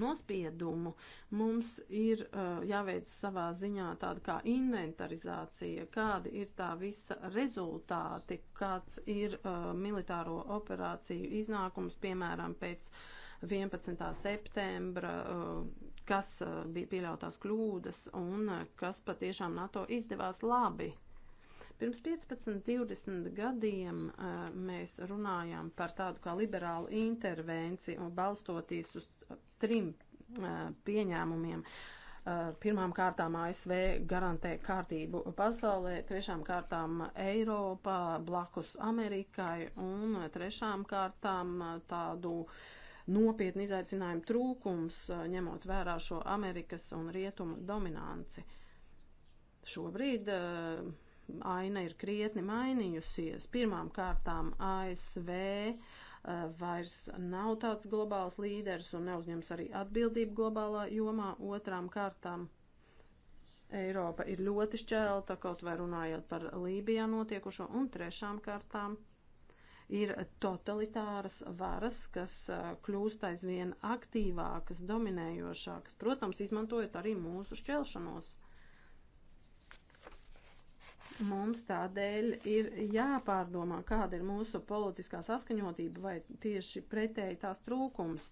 nospiedumu, mums ir uh, jāveic savā ziņā tāda kā inventarizācija, kādi ir tā visa rezultāti, kāds ir uh, militāro operāciju iznākums, piemēram, pēc uh, 11. septembra, eh, kas eh, bija pieļautās kļūdas un eh, kas patiešām NATO izdevās labi. Pirms 15, 20 gadiem mēs runājām par tādu kā liberālu intervenciju, balstoties uz trim pieņēmumiem. Pirmām kārtām ASV garantē kārtību pasaulē, trešām kārtām Eiropā, blakus Amerikai un trešām kārtām tādu uh, nopietni izaicinājumi trūkums, ņemot vērā šo Amerikas un Rietumu dominanci. Šobrīd uh, aina ir krietni mainījusies. Pirmām kārtām ASV uh, vairs nav tāds globāls līderis un neuzņems arī atbildību globālā jomā. Otrām kārtām Eiropa ir ļoti šķelta, kaut vai runājot par Lībijā notiekušo, un trešām kārtām ir totalitāras varas, kas kļūst aizvien aktīvākas, dominējošākas, protams, izmantojot arī mūsu šķelšanos. Mums tādēļ ir jāpārdomā, kāda ir mūsu politiskā saskaņotība vai tieši pretēji tās trūkums.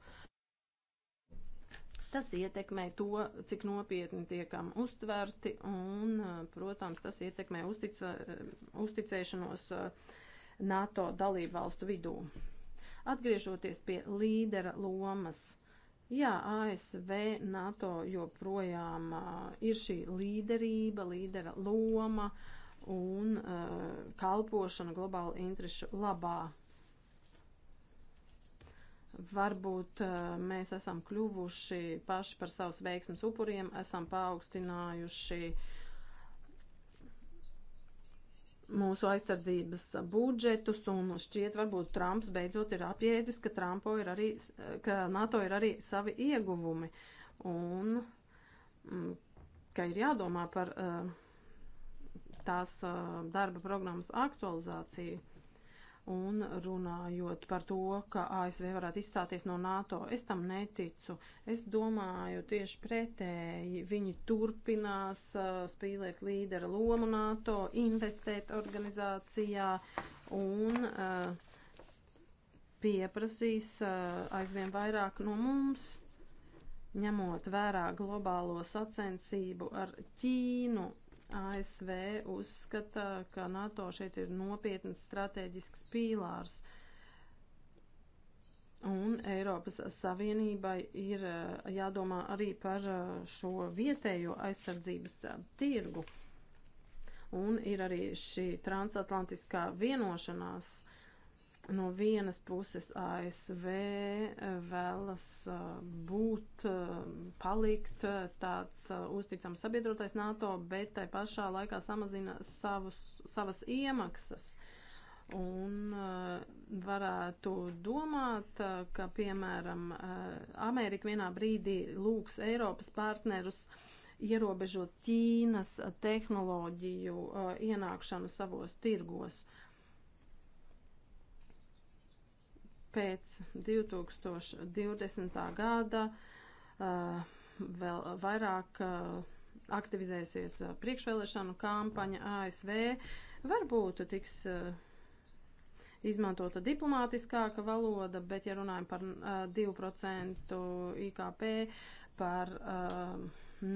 Tas ietekmē to, cik nopietni tiekam uztverti un, protams, tas ietekmē uztic, uzticēšanos uh, NATO dalību valstu vidū. Atgriežoties pie līdera lomas. Jā, ASV, NATO joprojām uh, ir šī līderība, līdera loma un uh, kalpošana globāla interešu labā varbūt mēs esam kļuvuši paši par savus veiksmus upuriem, esam paaugstinājuši mūsu aizsardzības budžetus, un šķiet, varbūt Trumps beidzot ir apjēdzis, ka, Trumpo ir arī, ka NATO ir arī savi ieguvumi, un mm, ka ir jādomā par eh, tās eh, darba programmas aktualizāciju un runājot par to, ka ASV varētu izstāties no NATO, es tam neticu. Es domāju tieši pretēji. Viņi turpinās uh, spīlēt līdera lomu NATO, investēt organizācijā un uh, pieprasīs uh, aizvien vairāk no mums, ņemot vērā globālo sacensību ar Ķīnu ASV uzskata, ka NATO šeit ir nopietnas strateģisks pīlārs. Un Eiropas Savienībai ir eh, jādomā arī par eh, šo vietējo aizsardzības eh, tirgu. Un ir arī šī transatlantiskā vienošanās No vienas puses ASV eh, vēlas eh, būt, eh, palikt tāds uzticams sabiedrotais NATO, bet tai pašā laikā samazina savus, savas iemaksas. Un uh, varētu domāt, ka, piemēram, Amerika vienā brīdī lūgs Eiropas partnerus ierobežot Ķīnas tehnoloģiju uh, ienākšanu savos tirgos. Uh, pēc 2020. gada uh, vēl vairāk uh, aktivizēsies uh, priekšvēlēšanu kampaņa ASV. Varbūt tiks uh, izmantota diplomātiskāka valoda, bet ja runājam par 2% uh, IKP, par uh,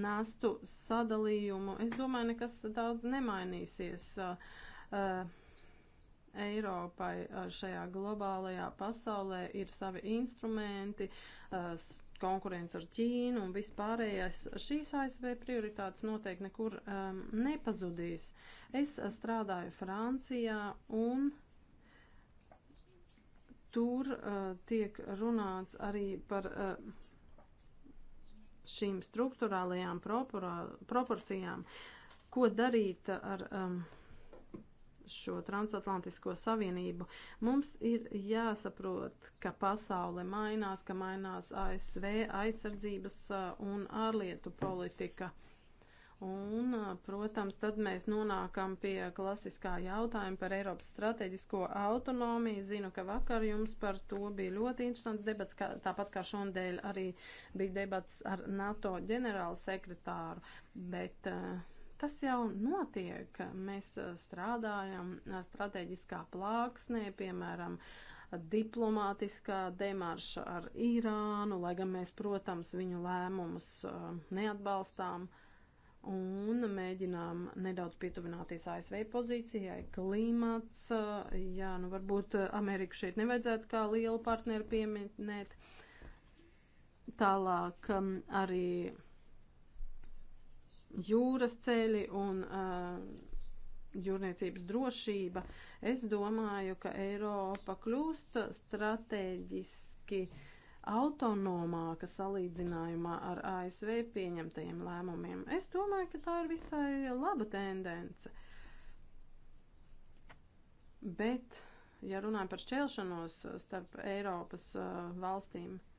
nastu sadalījumu, es domāju, nekas daudz nemainīsies. Uh, Eiropai šajā globālajā pasaulē ir savi instrumenti, konkurence ar Ķīnu un vispārējais. Šīs ASV prioritātes noteikti nekur um, nepazudīs. Es strādāju Francijā un tur uh, tiek runāts arī par. Uh, šīm struktūrālajām proporcijām, ko darīt ar um, šo transatlantisko savienību. Mums ir jāsaprot, ka pasaule mainās, ka mainās ASV aizsardzības un ārlietu politika. Un, protams, tad mēs nonākam pie klasiskā jautājuma par Eiropas strateģisko autonomiju. Zinu, ka vakar jums par to bija ļoti interesants debats, kā, tāpat kā šonadēļ arī bija debats ar NATO ģenerālsekretāru, bet uh, Tas jau notiek. Mēs uh, strādājam uh, strateģiskā plāksnē, piemēram, diplomātiskā demarša ar Irānu, lai gan mēs, protams, viņu lēmumus uh, neatbalstām un mēģinām nedaudz pietuvināties ASV pozīcijai. Klimats, jā, nu varbūt Ameriku šeit nevajadzētu kā lielu partneru pieminēt. Tālāk um, arī jūras ceļi un uh, jūrniecības drošība. Es domāju, ka Eiropa kļūst strateģiski autonomāka salīdzinājumā ar ASV pieņemtajiem lēmumiem. Es domāju, ka tā ir visai laba tendence. Bet, ja runājam par šķelšanos starp Eiropas uh, valstīm, uh,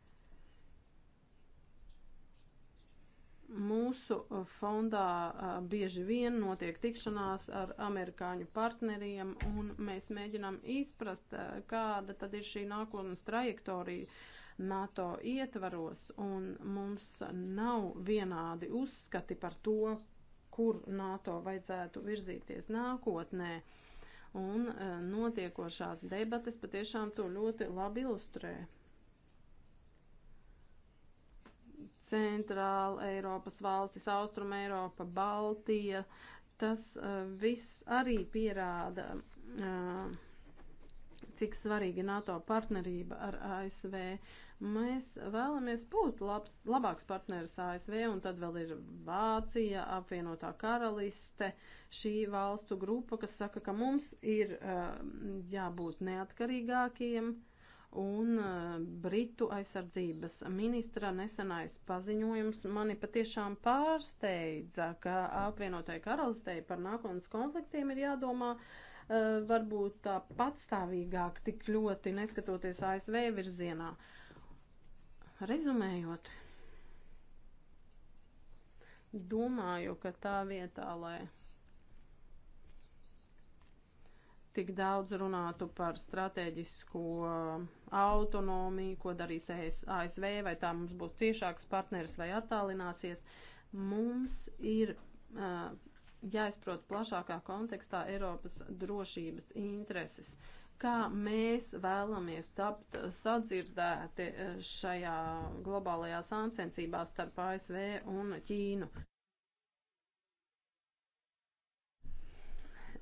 Mūsu uh, fondā uh, bieži vien notiek tikšanās ar amerikāņu partneriem, un mēs mēģinām izprast, uh, kāda tad ir šī nākotnes trajektorija. NATO ietvaros, un mums nav vienādi uzskati par to, kur NATO vajadzētu virzīties nākotnē. Un notiekošās debates patiešām to ļoti labi ilustrē. Centrāla Eiropas valstis, Austrum Eiropa, Baltija. Tas uh, viss arī pierāda, uh, cik svarīga NATO partnerība ar ASV. Mēs vēlamies būt labs, labāks partneris ASV, un tad vēl ir Vācija, apvienotā karaliste, šī valstu grupa, kas saka, ka mums ir uh, jābūt neatkarīgākiem un uh, Britu aizsardzības ministra nesenais paziņojums mani patiešām pārsteidza, ka apvienotai karalistei par nākotnes konfliktiem ir jādomā uh, varbūt tā patstāvīgāk tik ļoti neskatoties ASV virzienā. Rezumējot, domāju, ka tā vietā, lai tik daudz runātu par stratēģisku uh, autonomiju, ko darīs e ASV, vai tā mums būs ciešāks partneris vai attālināsies. Mums ir uh, jāizprot plašākā kontekstā Eiropas drošības intereses, kā mēs vēlamies tapt sadzirdēti uh, šajā globālajā sāncensībā starp ASV un Ķīnu.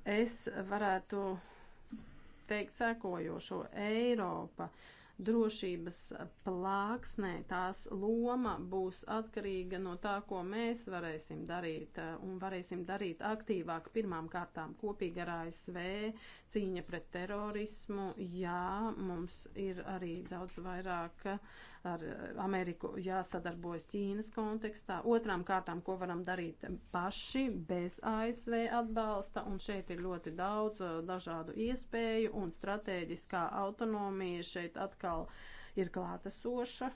es varētu teikt sekojošo Eiropa drošības plāksnē tās loma būs atkarīga no tā, ko mēs varēsim darīt eh, un varēsim darīt aktīvāk pirmām kārtām kopīgi ar ASV cīņa pret terorismu. Jā, mums ir arī daudz vairāk uh, ar eh, Ameriku jāsadarbojas Ķīnas kontekstā. Otrām kārtām, ko varam darīt paši bez ASV atbalsta, un šeit ir ļoti daudz eh, dažādu iespēju, un strateģiskā autonomija šeit atkal ir klātesoša.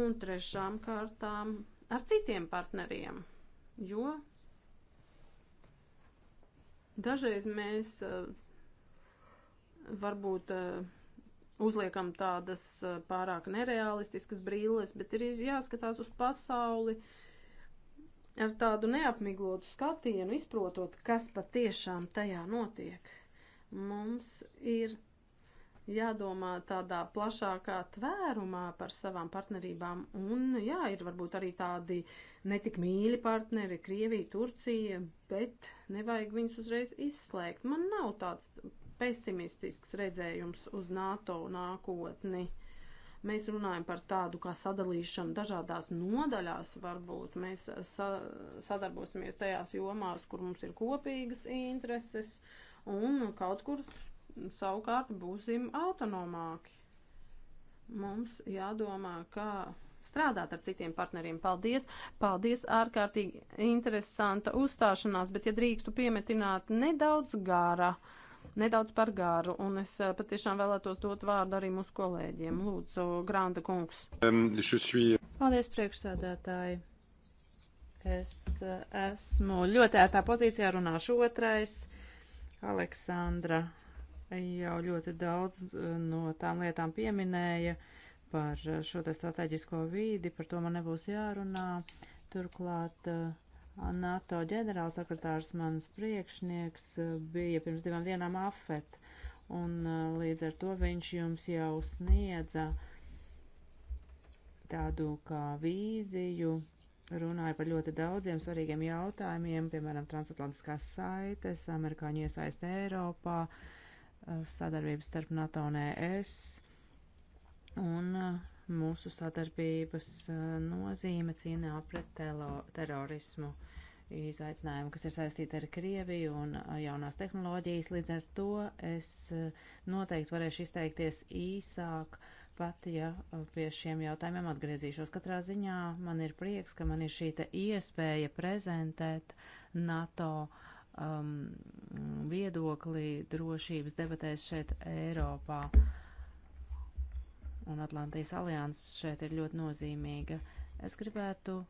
Un trešām kārtām ar citiem partneriem, jo dažreiz mēs eh, varbūt uh, uzliekam tādas eh, pārāk nereālistiskas brīles, bet ir jāskatās uz pasauli ar tādu neapmiglotu skatienu, izprotot, kas patiešām tajā notiek. Mums ir jādomā tādā plašākā tvērumā par savām partnerībām, un jā, ir varbūt arī tādi netik mīļi partneri, Krievija, Turcija, bet nevajag viņus uzreiz izslēgt. Man nav tāds pesimistisks redzējums uz NATO nākotni. Mēs runājam par tādu kā sadalīšanu dažādās nodaļās, varbūt mēs sa sadarbosimies tajās jomās, kur mums ir kopīgas intereses, un kaut kur savukārt būsim autonomāki. Mums jādomā, kā strādāt ar citiem partneriem. Paldies! Paldies! Ārkārtīgi interesanta uzstāšanās, bet, ja drīkstu piemetināt, nedaudz gara. Uh, Nedaudz par gāru, un es eh, patiešām vēlētos dot vārdu arī mūsu kolēģiem. Lūdzu, Grānta kungs. Um, suis... Paldies, priekšsēdētāji. Es eh, esmu ļoti ērtā pozīcijā, runāšu otrais. Aleksandra jau ļoti daudz eh, no tām lietām pieminēja par šo te strateģisko vīdi, par to man nebūs jārunā. Turklāt uh, NATO ģenerālsekretārs, mans priekšnieks, eh, bija pirms divām dienām afet, un eh, līdz ar to viņš jums jau sniedza tādu kā vīziju, runāja par ļoti daudziem svarīgiem jautājumiem, piemēram, transatlantiskās saites, amerikāņu iesaist Eiropā, eh, sadarbības starp NATO un ES, un mūsu sadarbības nozīme cīnā pret terorismu izaicinājumu, kas ir saistīti ar Krieviju un uh, jaunās tehnoloģijas. Līdz ar to es uh, noteikti varēšu izteikties īsāk, pat ja uh, pie šiem jautājumiem atgriezīšos. Katrā ziņā man ir prieks, ka man ir šī iespēja prezentēt NATO um, viedokli drošības debatēs šeit Eiropā. Un Atlantijas alianses šeit ir ļoti nozīmīga. Es gribētu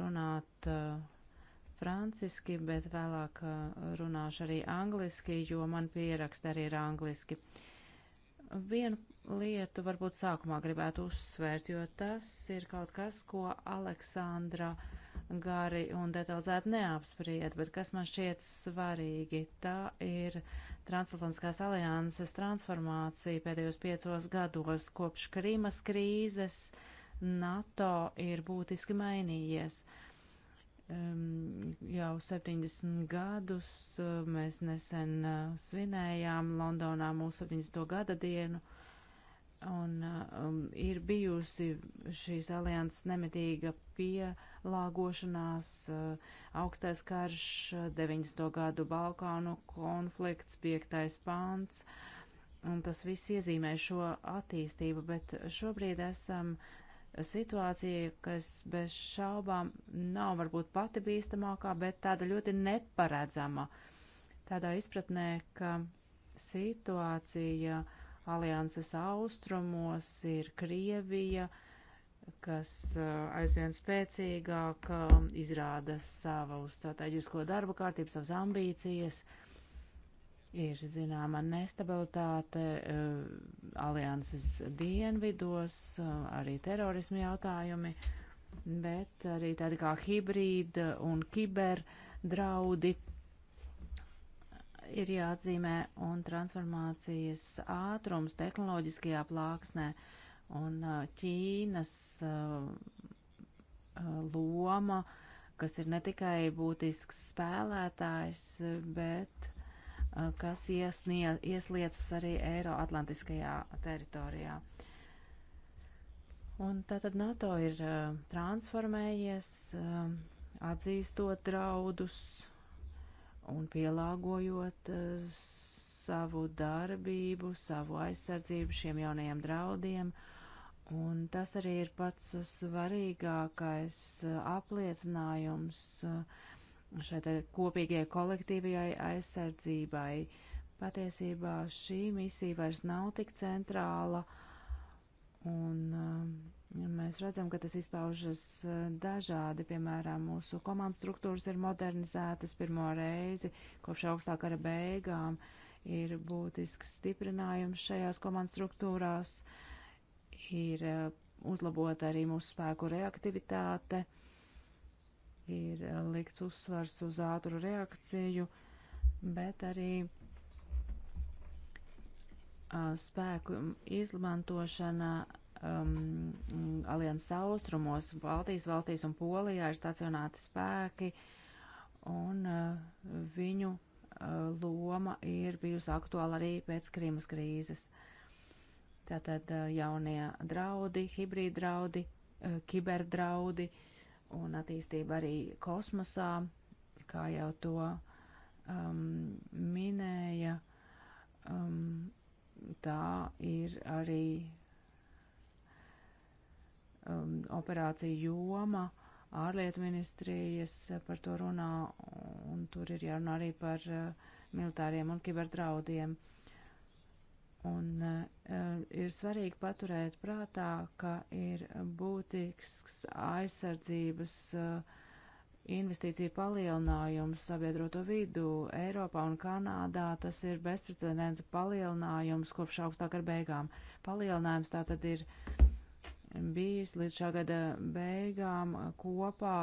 runāt uh, franciski, bet vēlāk uh, runāšu arī angliski, jo man pieraksta arī ir angliski. Vienu lietu varbūt sākumā gribētu uzsvērt, jo tas ir kaut kas, ko Aleksandra gari un detalizēti neapspried, bet kas man šķiet svarīgi, tā ir Transatlantiskās alianses transformācija pēdējos piecos gados kopš Krīmas krīzes. NATO ir būtiski mainījies. Uh, Jau 70 gadus eh, mēs nesen eh, svinējām Londonā mūsu 70. gada dienu, un eh, um, ir bijusi šīs alianses nemitīga pielāgošanās, uh, augstais karš, 90. gadu Balkānu konflikts, 5. pāns, un tas viss iezīmē šo attīstību, bet šobrīd esam situācija, kas bez šaubām nav varbūt pati bīstamākā, bet tāda ļoti neparedzama. Tādā izpratnē, ka situācija alianses austrumos ir Krievija, kas eh, aizvien spēcīgāk eh, izrāda savu strateģisko darba kārtību, savas ambīcijas. Uh, Ir zināma nestabilitāte uh, alianses dienvidos, uh, arī terorismu jautājumi, bet arī tādi kā hibrīda un kiberdraudi ir jāatzīmē un transformācijas ātrums tehnoloģiskajā plāksnē un uh, Ķīnas loma, kas ir ne tikai būtisks spēlētājs, bet Uh, kas iesnie, iesliecas arī Eiroatlantiskajā teritorijā. Un tātad NATO ir uh, transformējies, uh, atzīstot draudus un pielāgojot uh, savu darbību, savu aizsardzību šiem jaunajiem draudiem. Un tas arī ir pats svarīgākais uh, apliecinājums uh, šai kopīgajai kolektīvajai aizsardzībai. Patiesībā šī misija vairs nav tik centrāla, un um, ja mēs redzam, ka tas izpaužas uh, dažādi. Piemēram, mūsu komandas struktūras ir modernizētas pirmo reizi kopš augstākā kara beigām. Ir būtisks stiprinājums šajās komandas struktūrās, ir uh, uzlabota arī mūsu spēku reaktivitāte. Uh, ir eh, likts uzsvars uz ātru reakciju, bet arī uh, spēku izmantošana um, alianses austrumos, Baltijas valstīs un Polijā ir stacionēti spēki, un uh, viņu uh, loma ir bijusi aktuāla arī pēc Krīmas krīzes. Tātad uh, jaunie draudi, hibrīd draudi, uh, kiberdraudi. Uh, un attīstība arī kosmosā, kā jau to um, minēja, um, tā ir arī um, operācija joma, ārlietu ministrijas par to runā, un tur ir jārunā arī par uh, militāriem un kiberdraudiem. Uh, Un uh, ir svarīgi paturēt prātā, ka ir būtisks aizsardzības uh, eh, investīcija palielinājums sabiedroto vidū Eiropā un Kanādā. Tas ir bezprecedenta palielinājums kopš augstākā beigām. Palielinājums tā tad ir bijis līdz šā gada beigām kopā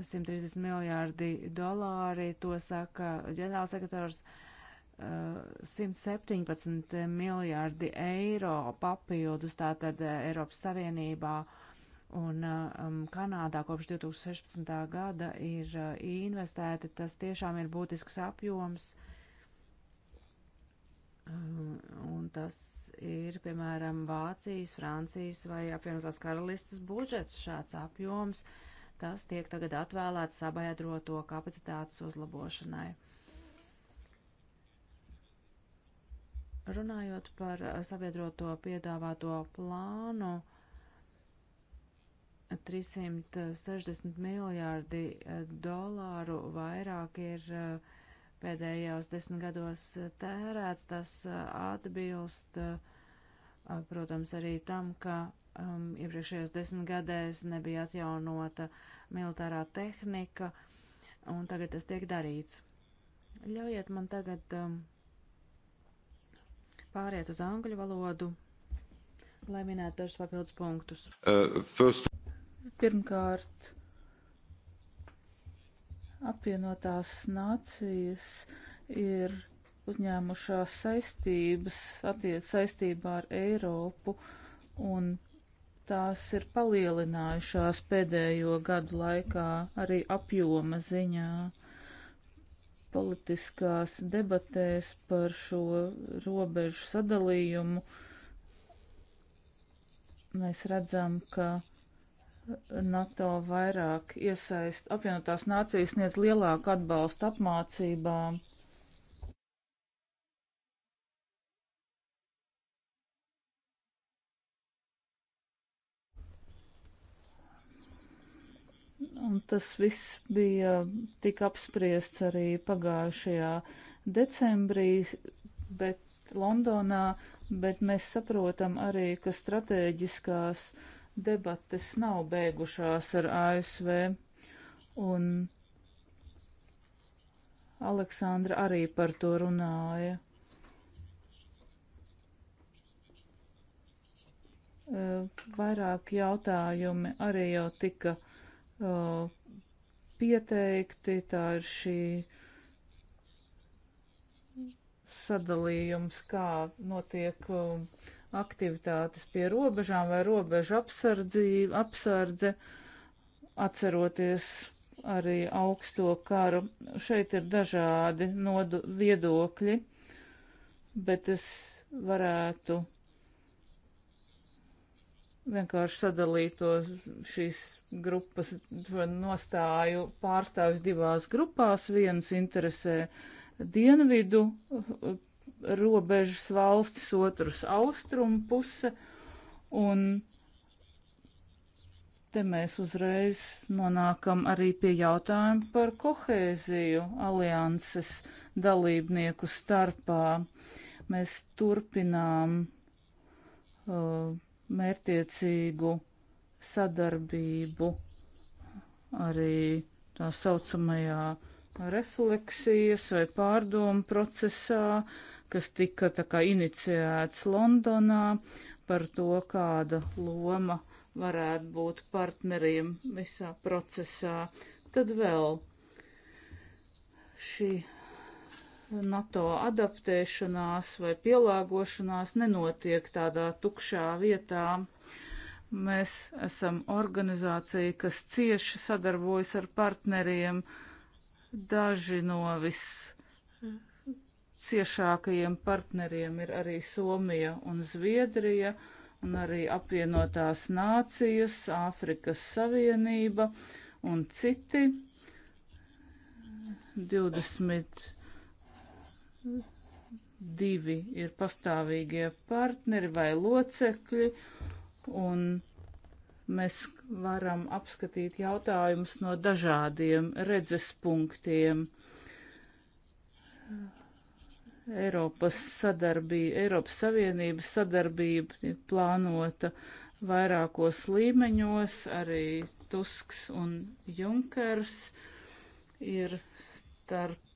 130 miljārdi dolāri. To saka ģenerālsekretārs. Uh, 117 miljārdi eiro papildus tātad Eiropas Savienībā un um, Kanādā kopš 2016. gada ir uh, investēti. Tas tiešām ir būtisks apjoms. Um, un tas ir, piemēram, Vācijas, Francijas vai apvienotās karalistas budžets šāds apjoms. Tas tiek tagad atvēlēts sabiedroto kapacitātes uzlabošanai. Uh, Runājot par eh, sabiedroto piedāvāto plānu, 360 miljārdi eh, dolāru vairāk ir eh, pēdējos desmit gados tērēts. Tas atbilst, protams, arī tam, ka um, iepriekšējos desmit gadēs nebija atjaunota militārā tehnika, un tagad tas tiek darīts. Ļaujiet man tagad um, pāriet uz angļu valodu, lai minētu dažus papildus punktus. Uh, first... Pirmkārt, apvienotās nācijas ir uzņēmušās saistības attiec saistībā ar Eiropu un tās ir palielinājušās pēdējo gadu laikā arī apjoma ziņā politiskās debatēs par šo robežu sadalījumu mēs redzam, ka NATO vairāk iesaist, apvienotās nācijas sniedz lielāku atbalstu apmācībām Un tas viss bija tik apspriests arī pagājušajā decembrī, bet Londonā, bet mēs saprotam arī, ka strateģiskās debates nav beigušās ar ASV. Un Aleksandra arī par to runāja. Vairāk jautājumi arī jau tika uh, pieteikti, tā ir šī sadalījums, kā notiek uh, aktivitātes pie robežām vai robežu apsardze, atceroties arī augsto karu. Šeit ir dažādi viedokļi, bet es varētu vienkārši sadalītos šīs grupas nostāju pārstāvis divās grupās. Viens interesē dienvidu robežas valstis, otrs austrumu puse. Un te mēs uzreiz nonākam arī pie jautājuma par kohēziju alianses dalībnieku starpā. Mēs turpinām uh, mērtiecīgu sadarbību arī tā saucamajā refleksijas vai pārdomu procesā, kas tika tā kā iniciēts Londonā par to, kāda loma varētu būt partneriem visā procesā. Tad vēl šī NATO adaptēšanās vai pielāgošanās nenotiek tādā tukšā vietā. Mēs esam organizācija, kas cieši sadarbojas ar partneriem. Daži no vis ciešākajiem partneriem ir arī Somija un Zviedrija, un arī apvienotās nācijas, Āfrikas Savienība un citi 20 divi ir pastāvīgie partneri vai locekļi, un mēs varam apskatīt jautājumus no dažādiem redzes punktiem. Eiropas, sadarbība, Eiropas Savienības sadarbība tiek plānota vairākos līmeņos, arī Tusks un Junkers ir starp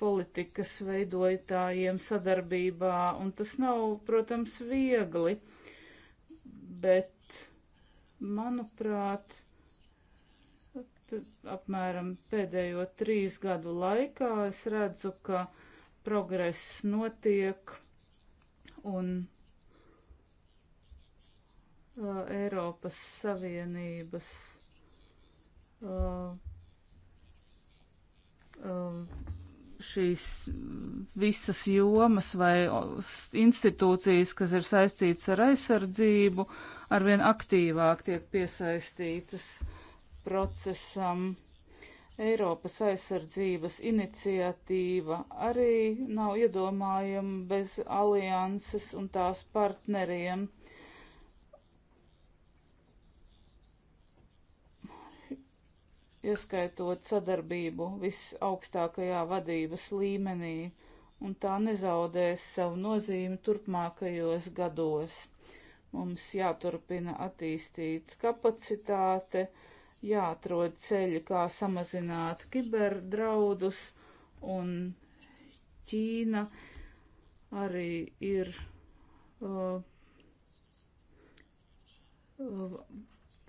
politikas veidojotājiem sadarbībā, un tas nav, protams, viegli, bet, manuprāt, apmēram pēdējo trīs gadu laikā es redzu, ka progress notiek un uh, Eiropas Savienības uh, uh, šīs visas jomas vai institūcijas, kas ir saistītas ar aizsardzību, arvien aktīvāk tiek piesaistītas procesam. Eiropas aizsardzības iniciatīva arī nav iedomājama bez alianses un tās partneriem. ieskaitot sadarbību visaugstākajā vadības līmenī, un tā nezaudēs savu nozīmi turpmākajos gados. Mums jāturpina attīstīt kapacitāte, jāatrod ceļi, kā samazināt kiberdraudus, un Ķīna arī ir. Uh,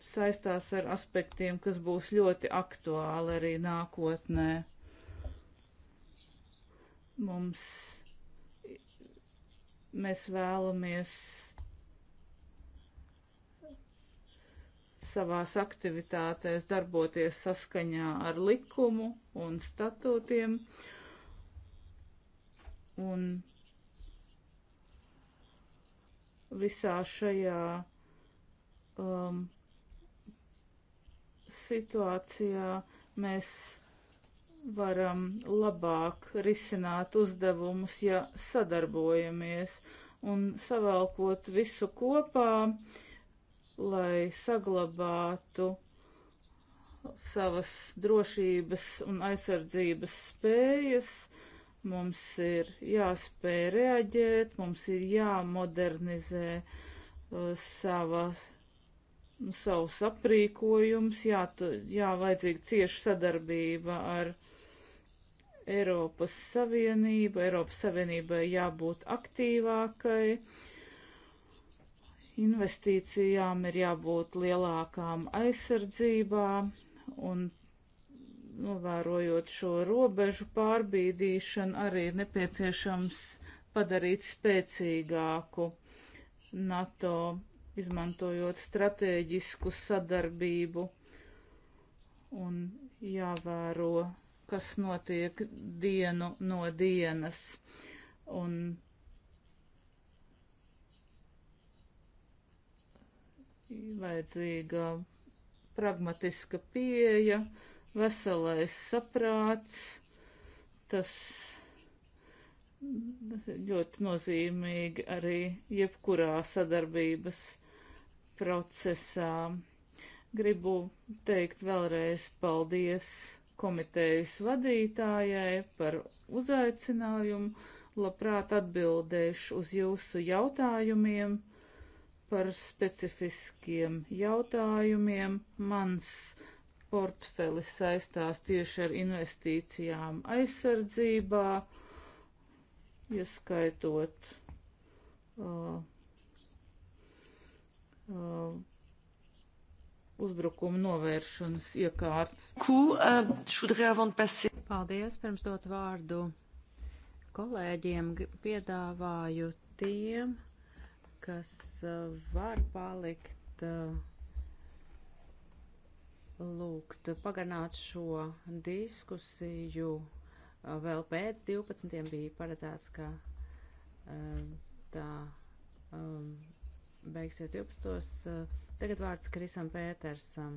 saistās ar aspektiem, kas būs ļoti aktuāli arī nākotnē. Mums mēs vēlamies savās aktivitātēs darboties saskaņā ar likumu un statūtiem. Un visā šajā um, situācijā mēs varam labāk risināt uzdevumus, ja sadarbojamies un savalkot visu kopā, lai saglabātu savas drošības un aizsardzības spējas. Mums ir jāspēj reaģēt, mums ir jāmodernizē uh, savas savus aprīkojums, jā, tu, jā, vajadzīga cieša sadarbība ar Eiropas Savienību, Eiropas Savienībai jābūt aktīvākai, investīcijām ir jābūt lielākām aizsardzībā un novērojot šo robežu pārbīdīšanu, arī ir nepieciešams padarīt spēcīgāku NATO izmantojot stratēģisku sadarbību un jāvēro, kas notiek dienu no dienas. Un vajadzīga pragmatiska pieeja, veselais saprāts, tas Tas ir ļoti nozīmīgi arī jebkurā sadarbības procesā. Gribu teikt vēlreiz paldies komitejas vadītājai par uzaicinājumu. Labprāt atbildēšu uz jūsu jautājumiem par specifiskiem jautājumiem. Mans portfelis saistās tieši ar investīcijām aizsardzībā, ieskaitot uh, uh, uzbrukumu novēršanas iekārtas. Uh, Paldies, pirms dot vārdu kolēģiem, piedāvāju tiem, kas uh, var palikt, uh, lūgt pagarināt šo diskusiju. Uh, vēl pēc 12. bija paredzēts, ka uh, tā um, beigsies 12. Eh, tagad vārds Krisam Pētersam,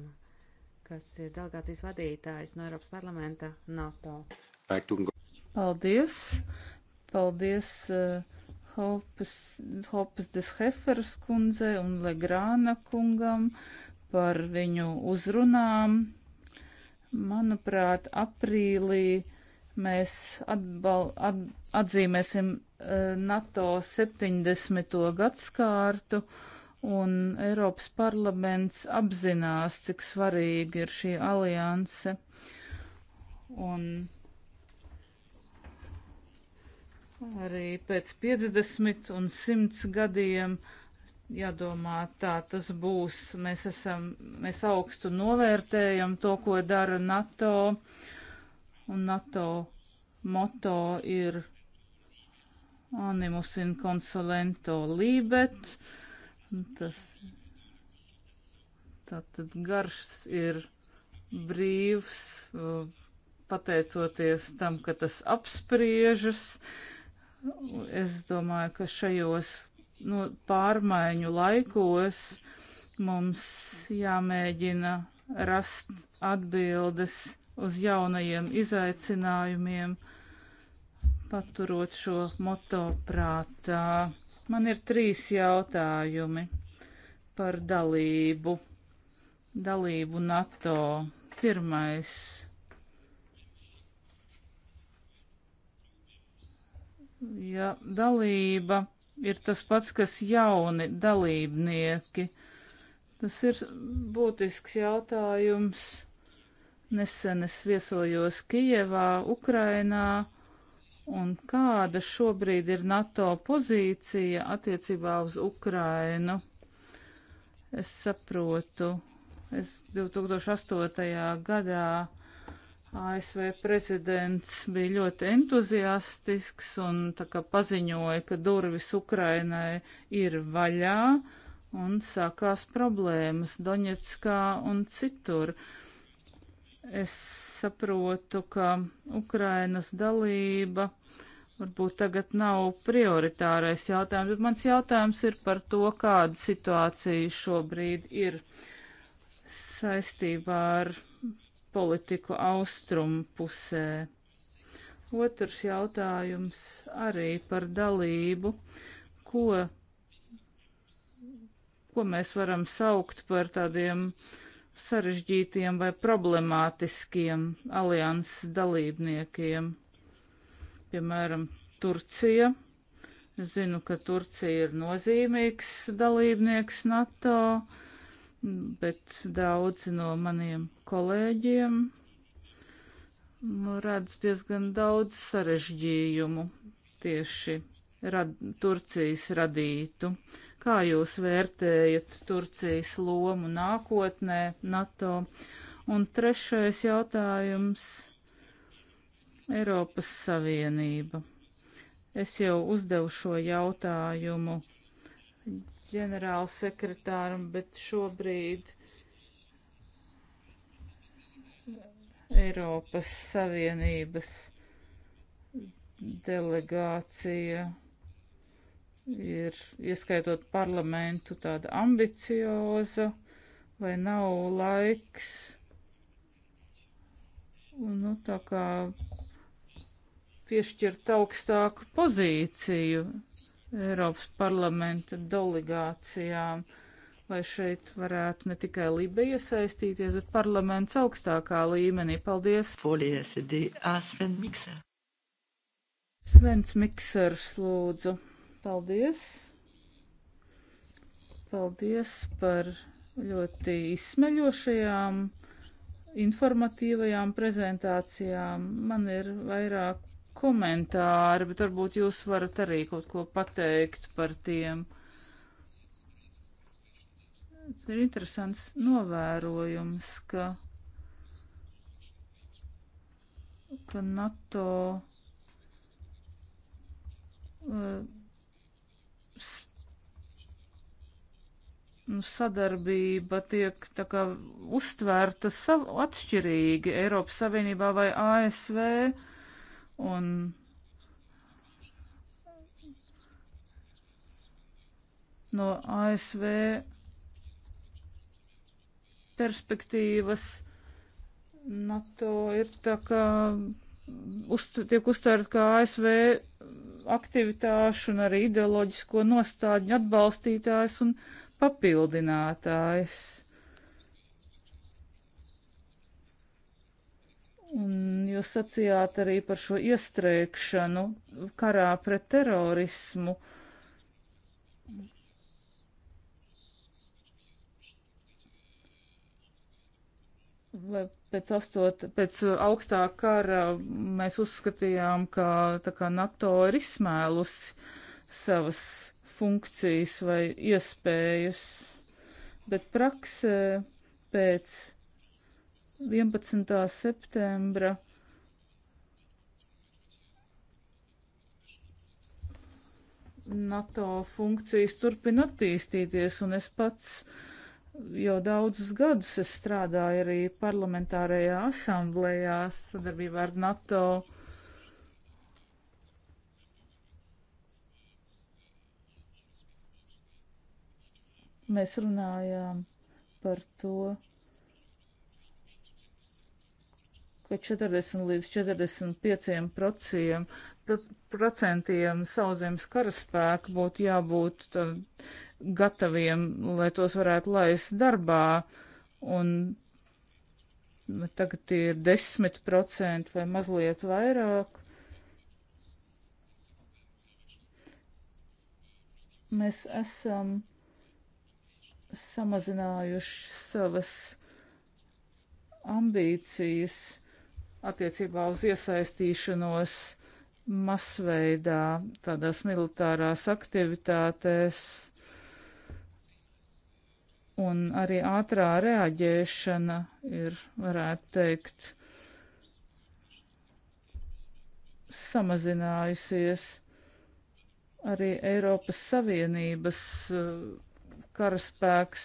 kas ir delegācijas vadītājs no Eiropas parlamenta NATO. Paldies! Paldies uh, eh, Hopas, Hopas Desheferas kundzei un Legrāna kungam par viņu uzrunām. Manuprāt, aprīlī mēs atbal, at, atzīmēsim NATO 70. gadskārtu, un Eiropas parlaments apzinās, cik svarīgi ir šī alianse. Un arī pēc 50 un 100 gadiem jādomā, tā tas būs. Mēs, esam, mēs augstu novērtējam to, ko dara NATO, un NATO moto ir animus in consolento libet. Tas tātad garš ir brīvs, pateicoties tam, ka tas apspriežas. Es domāju, ka šajos nu, pārmaiņu laikos mums jāmēģina rast atbildes uz jaunajiem izaicinājumiem paturot šo moto prātā. Man ir trīs jautājumi par dalību. Dalību NATO. Pirmais. Ja dalība ir tas pats, kas jauni dalībnieki, tas ir būtisks jautājums. Nesen es viesojos Kijevā, Ukrainā Un kāda šobrīd ir NATO pozīcija attiecībā uz Ukrainu? Es saprotu, es 2008. gadā ASV prezidents bija ļoti entuziastisks un tā kā paziņoja, ka durvis Ukrainai ir vaļā un sākās problēmas Doņetskā un citur. Uh, Es saprotu, ka Ukrainas dalība varbūt tagad nav prioritārais jautājums, bet mans jautājums ir par to, kāda situācija šobrīd ir saistībā ar politiku austrumu pusē. Otrs jautājums arī par dalību. Ko, ko mēs varam saukt par tādiem uh, sarežģītiem vai problemātiskiem alianses dalībniekiem. Piemēram, Turcija. Es zinu, ka Turcija ir nozīmīgs dalībnieks NATO, bet daudzi no maniem kolēģiem redz diezgan daudz sarežģījumu tieši rad Turcijas radītu. Uh, Kā jūs vērtējat Turcijas lomu nākotnē NATO? Un trešais jautājums - Eiropas Savienība. Es jau uzdevu šo jautājumu ģenerālsekretāram, bet šobrīd Eiropas Savienības delegācija ir, ieskaitot parlamentu, tāda ambicioza, vai nav laiks. Un, nu, tā kā piešķirt augstāku pozīciju Eiropas parlamenta delegācijām, lai šeit varētu ne tikai Libe iesaistīties, bet parlaments augstākā līmenī. Paldies! Polijas idī, Sven Mikser. Svens Miksers, lūdzu. Paldies! Paldies par ļoti izsmeļošajām, informatīvajām prezentācijām. Man ir vairāk komentāri, bet varbūt jūs varat arī kaut ko pateikt par tiem. Tas ir interesants novērojums, ka, ka NATO. Uh, Nu, sadarbība tiek tā kā uztvērta sav, atšķirīgi Eiropas Savienībā vai ASV. Un no ASV perspektīvas NATO ir tā kā uz, tiek uztvērta kā ASV aktivitāšu un arī ideoloģisko nostādņu atbalstītājs un papildinātājs. Un jūs sacījāt arī par šo iestrēgšanu karā pret terorismu. Vai pēc, astot, pēc augstā kara mēs uzskatījām, ka kā NATO ir izsmēlusi savas funkcijas vai iespējas, bet praksē pēc 11. septembra NATO funkcijas turpina attīstīties, un es pats jau daudzus gadus strādāju arī parlamentārajā asamblējā sadarbībā ar NATO. Uh, Mēs runājām par to, ka 40 līdz 45 procentiem, procentiem sauszemes karaspēku būtu jābūt tad, gataviem, lai tos varētu laist darbā. Un tagad tie ir 10% vai mazliet vairāk. Mēs esam. Um, samazinājuši savas ambīcijas attiecībā uz iesaistīšanos masveidā tādās militārās aktivitātēs un arī ātrā reaģēšana ir, varētu teikt, samazinājusies arī Eiropas Savienības uh, karaspēks.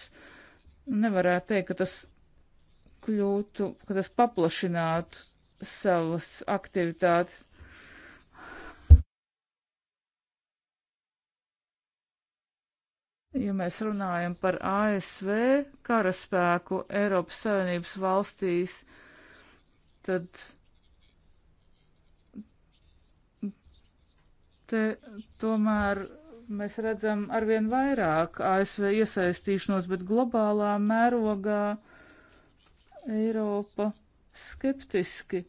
Nevarētu teikt, ka tas kļūtu, ka tas paplašinātu savas aktivitātes. Ja mēs runājam par ASV karaspēku Eiropas Savienības valstīs, tad te tomēr Mēs redzam arvien vairāk ASV iesaistīšanos, bet globālā mērogā Eiropa skeptiski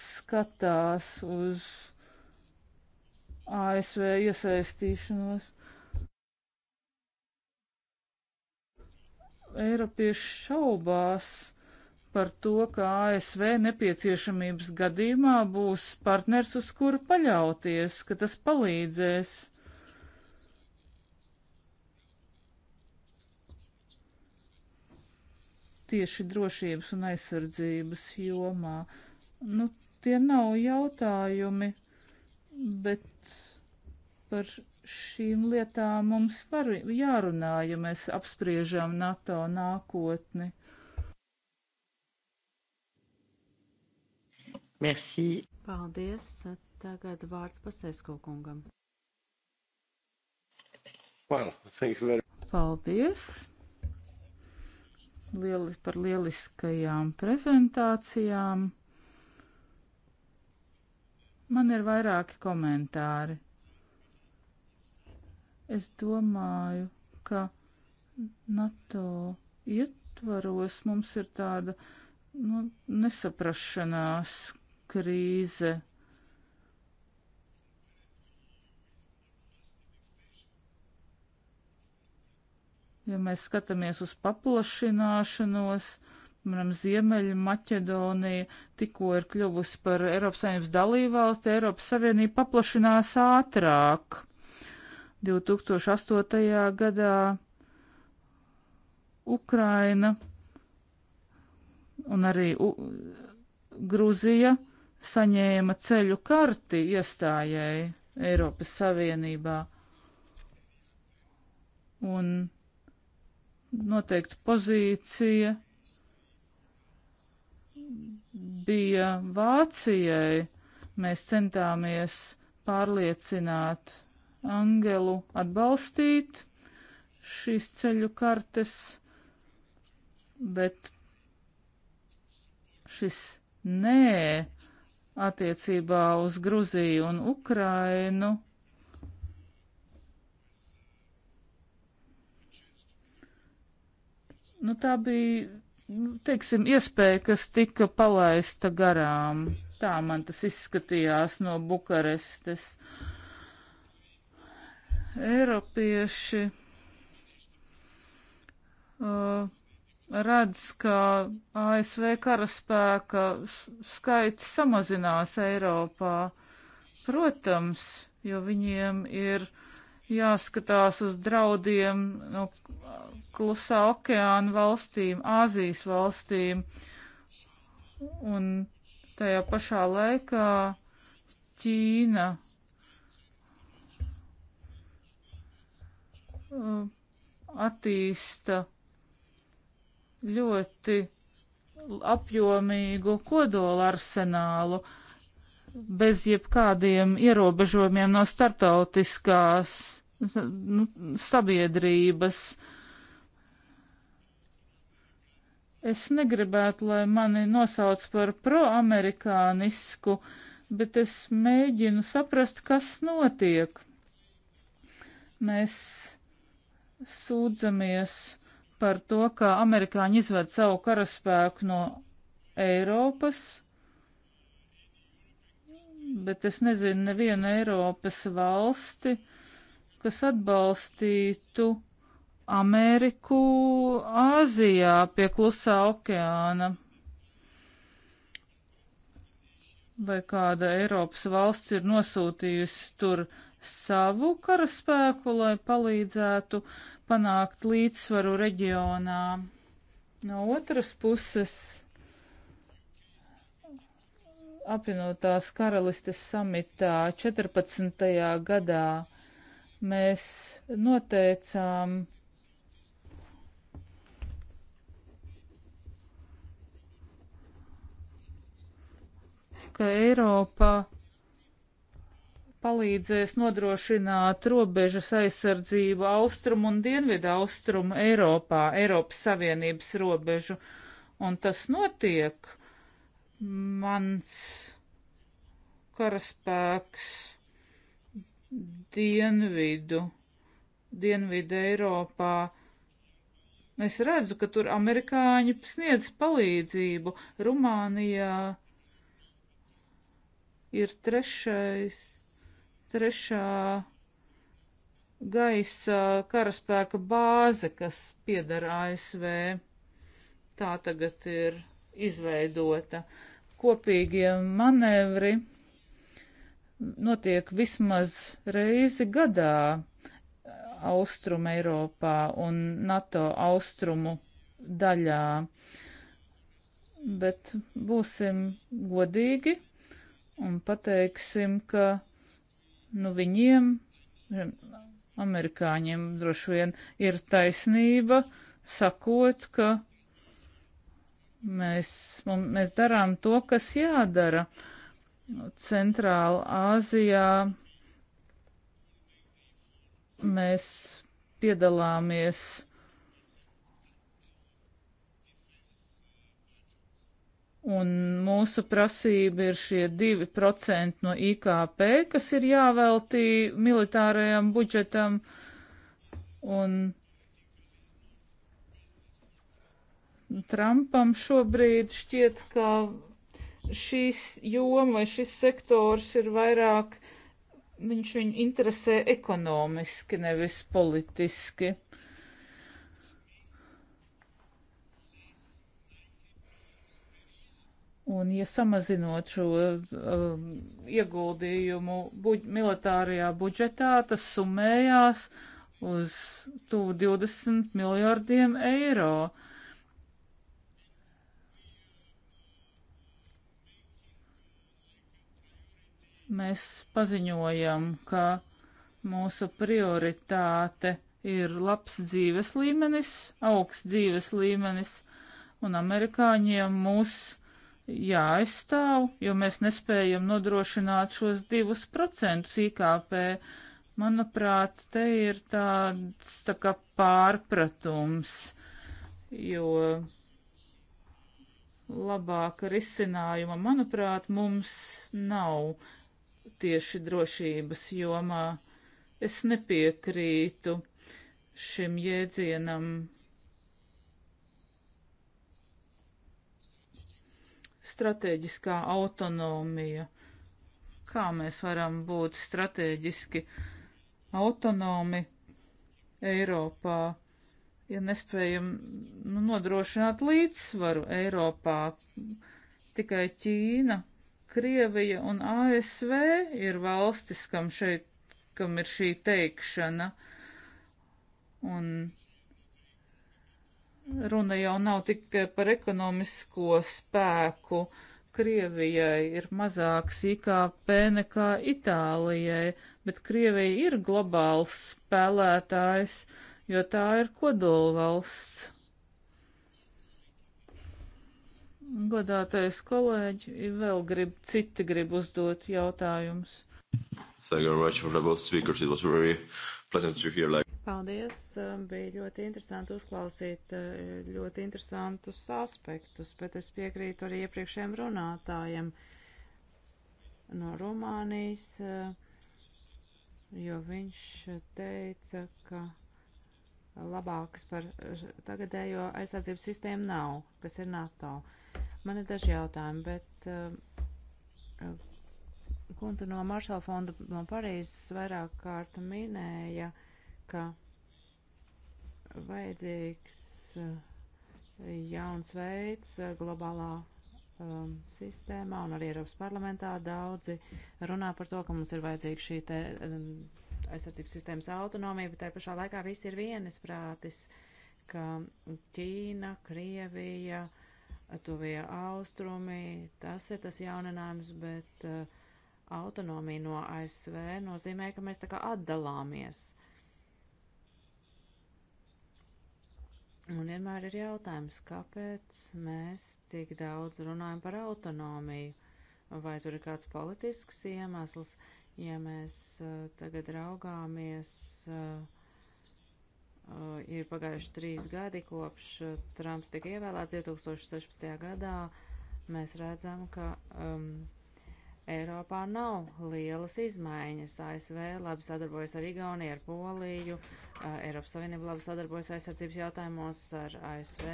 skatās uz ASV iesaistīšanos. Eiropieši šaubās par to, ka ASV nepieciešamības gadījumā būs partners, uz kuru paļauties, ka tas palīdzēs. tieši drošības un aizsardzības jomā. Nu, tie nav jautājumi, bet par šīm lietām mums var jārunā, ja mēs apspriežam NATO nākotni. Merci. Paldies. Tagad vārds Pasēsko kungam. Well, very... Paldies lieli, par lieliskajām prezentācijām. Man ir vairāki komentāri. Es domāju, ka NATO ietvaros mums ir tāda nu, nesaprašanās krīze Ja mēs skatāmies uz paplašināšanos, piemēram, Ziemeļa Maķedonija tikko ir kļuvusi par Eiropas Savienības dalībvalsti, Eiropas Savienība paplašinās ātrāk. 2008. gadā Ukraina un arī U Gruzija saņēma ceļu karti iestājai Eiropas Savienībā. Un noteikta pozīcija bija Vācijai. Mēs centāmies pārliecināt Angelu atbalstīt šīs ceļu kartes, bet šis nē attiecībā uz Gruziju un Ukrainu Nu, tā bija, nu, teiksim, iespēja, kas tika palaista garām. Tā man tas izskatījās no Bukarestes. Eiropieši uh, redz, ka ASV karaspēka skaits samazinās Eiropā. Protams, jo viņiem ir uh, jāskatās uz draudiem no klusā okeāna valstīm, Āzijas valstīm. Un tajā pašā laikā Ķīna uh, attīsta ļoti apjomīgu kodola arsenālu bez jebkādiem ierobežojumiem no startautiskās nu, sabiedrības. Es negribētu, lai mani nosauc par proamerikānisku, bet es mēģinu saprast, kas notiek. Mēs sūdzamies par to, kā amerikāņi izved savu karaspēku no Eiropas bet es nezinu nevienu Eiropas valsti, kas atbalstītu Ameriku Āzijā pie klusā okeāna. Vai kāda Eiropas valsts ir nosūtījusi tur savu karaspēku, lai palīdzētu panākt līdzsvaru reģionā? No otras puses apvienotās karalistes samitā 14. gadā mēs noteicām ka Eiropa palīdzēs nodrošināt robežas aizsardzību austrumu un dienvidu austrumu Eiropā, Eiropas Savienības robežu. Un tas notiek Mans karaspēks dienvidu, dienvidu Eiropā. Es redzu, ka tur amerikāņi sniedz palīdzību. Rumānijā ir trešais, trešā gaisa karaspēka bāze, kas piedara ASV. Tā tagad ir izveidota. Uh, kopīgie manevri notiek vismaz reizi gadā Austrum Eiropā un NATO austrumu daļā. Bet būsim godīgi un pateiksim, ka nu viņiem, amerikāņiem droši vien ir taisnība sakot, ka Mēs, mēs darām to, kas jādara. Centrāla Āzijā mēs piedalāmies un mūsu prasība ir šie 2% no IKP, kas ir jāveltī militārajam budžetam. Un Trumpam šobrīd šķiet, ka šīs joma vai šis sektors ir vairāk, viņš viņu interesē ekonomiski, nevis politiski. Un, ja samazinot šo um, ieguldījumu buģ militārajā budžetā, tas summējās uz tuvu 20 miljardiem eiro. Uh, mēs paziņojam, ka mūsu prioritāte ir labs dzīves līmenis, augsts dzīves līmenis, un amerikāņiem mūs jāaizstāv, jo mēs nespējam nodrošināt šos divus procentus IKP. Manuprāt, te ir tāds tā kā pārpratums, jo labāka risinājuma, manuprāt, mums nav tieši drošības jomā. Es nepiekrītu šim jēdzienam. Stratēģiskā autonomija. Kā mēs varam būt strateģiski autonomi Eiropā, ja nespējam nu, nodrošināt līdzsvaru Eiropā? Tikai Ķīna Krievija un ASV ir valstis, kam šeit, kam ir šī teikšana. Un runa jau nav tikai par ekonomisko spēku. Krievijai ir mazāks IKP nekā Itālijai, bet Krievija ir globāls spēlētājs, jo tā ir kodolvalsts. Godātais kolēģi, vēl grib, citi grib uzdot jautājumus. Like... Paldies, um, bija ļoti interesanti uzklausīt uh, ļoti interesantus aspektus, bet es piekrītu arī iepriekšējiem runātājiem no Rumānijas, uh, jo viņš teica, ka labākas par uh, tagadējo aizsardzības sistēmu nav, kas ir NATO. Uh, Man ir daži jautājumi, bet uh, kundze no Maršala fonda no Parīzes vairāk kārt minēja, ka vajadzīgs eh, jauns veids globālā um, sistēmā un arī Eiropas parlamentā daudzi runā par to, ka mums ir vajadzīga šī te aizsardzības sistēmas autonomija, bet tajā pašā laikā visi ir vienisprātis, ka Ķīna, Krievija, uh, tuvie austrumi, tas ir tas jauninājums, bet uh, autonomija no ASV nozīmē, ka mēs tā kā atdalāmies. Un vienmēr ir jautājums, kāpēc mēs tik daudz runājam par autonomiju, vai tur ir kāds politisks iemesls, ja mēs uh, tagad raugāmies. Uh, Uh, ir pagājuši trīs gadi kopš uh, Trumps tika ievēlēts 2016. gadā. Mēs redzam, ka um, Eiropā nav lielas izmaiņas. ASV labi sadarbojas ar Igauniju, ar Poliju, uh, Eiropas Savienība labi sadarbojas aizsardzības jautājumos ar ASV.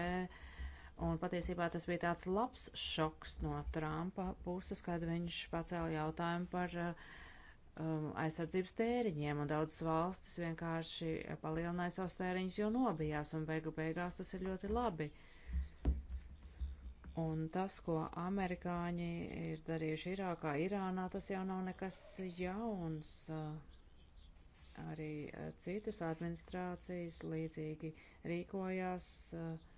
Un patiesībā tas bija tāds labs šoks no Trumpa puses, kad viņš pacēla jautājumu par uh, um, aizsardzības tēriņiem, un daudzas valstis vienkārši palielināja savus tēriņus, jo nobijās, un beigu beigās tas ir ļoti labi. Un tas, ko amerikāņi ir darījuši Irākā, Irānā, tas jau nav nekas jauns. Arī citas administrācijas līdzīgi rīkojās. Uh,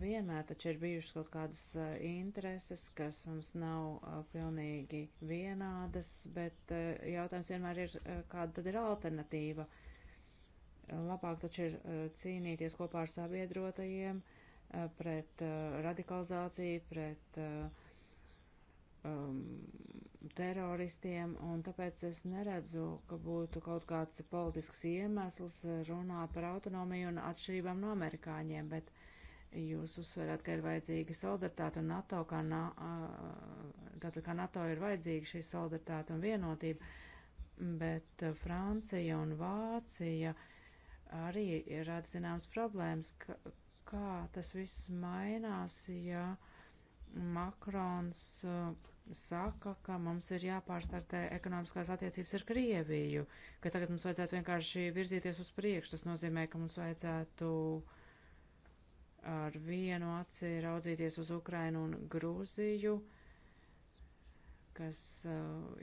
Vienmēr taču ir bijušas kaut kādas eh, intereses, kas mums nav eh, pilnīgi vienādas, bet eh, jautājums vienmēr ir, kāda tad ir alternatīva. Labāk taču ir cīnīties kopā ar sabiedrotajiem pret radikalizāciju, pret um, teroristiem, un tāpēc es neredzu, ka būtu kaut kāds politisks iemesls runāt par autonomiju un atšķirībām no amerikāņiem, bet Jūs uzsverat, ka ir vajadzīga solidaritāte un NATO, kā, na, tātad, kā NATO ir vajadzīga šī solidaritāte un vienotība, bet Francija un Vācija arī rada zināmas problēmas, ka, kā tas viss mainās, ja Makrons saka, ka mums ir jāpārstartē ekonomiskās attiecības ar Krieviju, ka tagad mums vajadzētu vienkārši virzīties uz priekšu. Tas nozīmē, ka mums vajadzētu uh, ar vienu aci raudzīties uz Ukrainu un Grūziju, kas uh,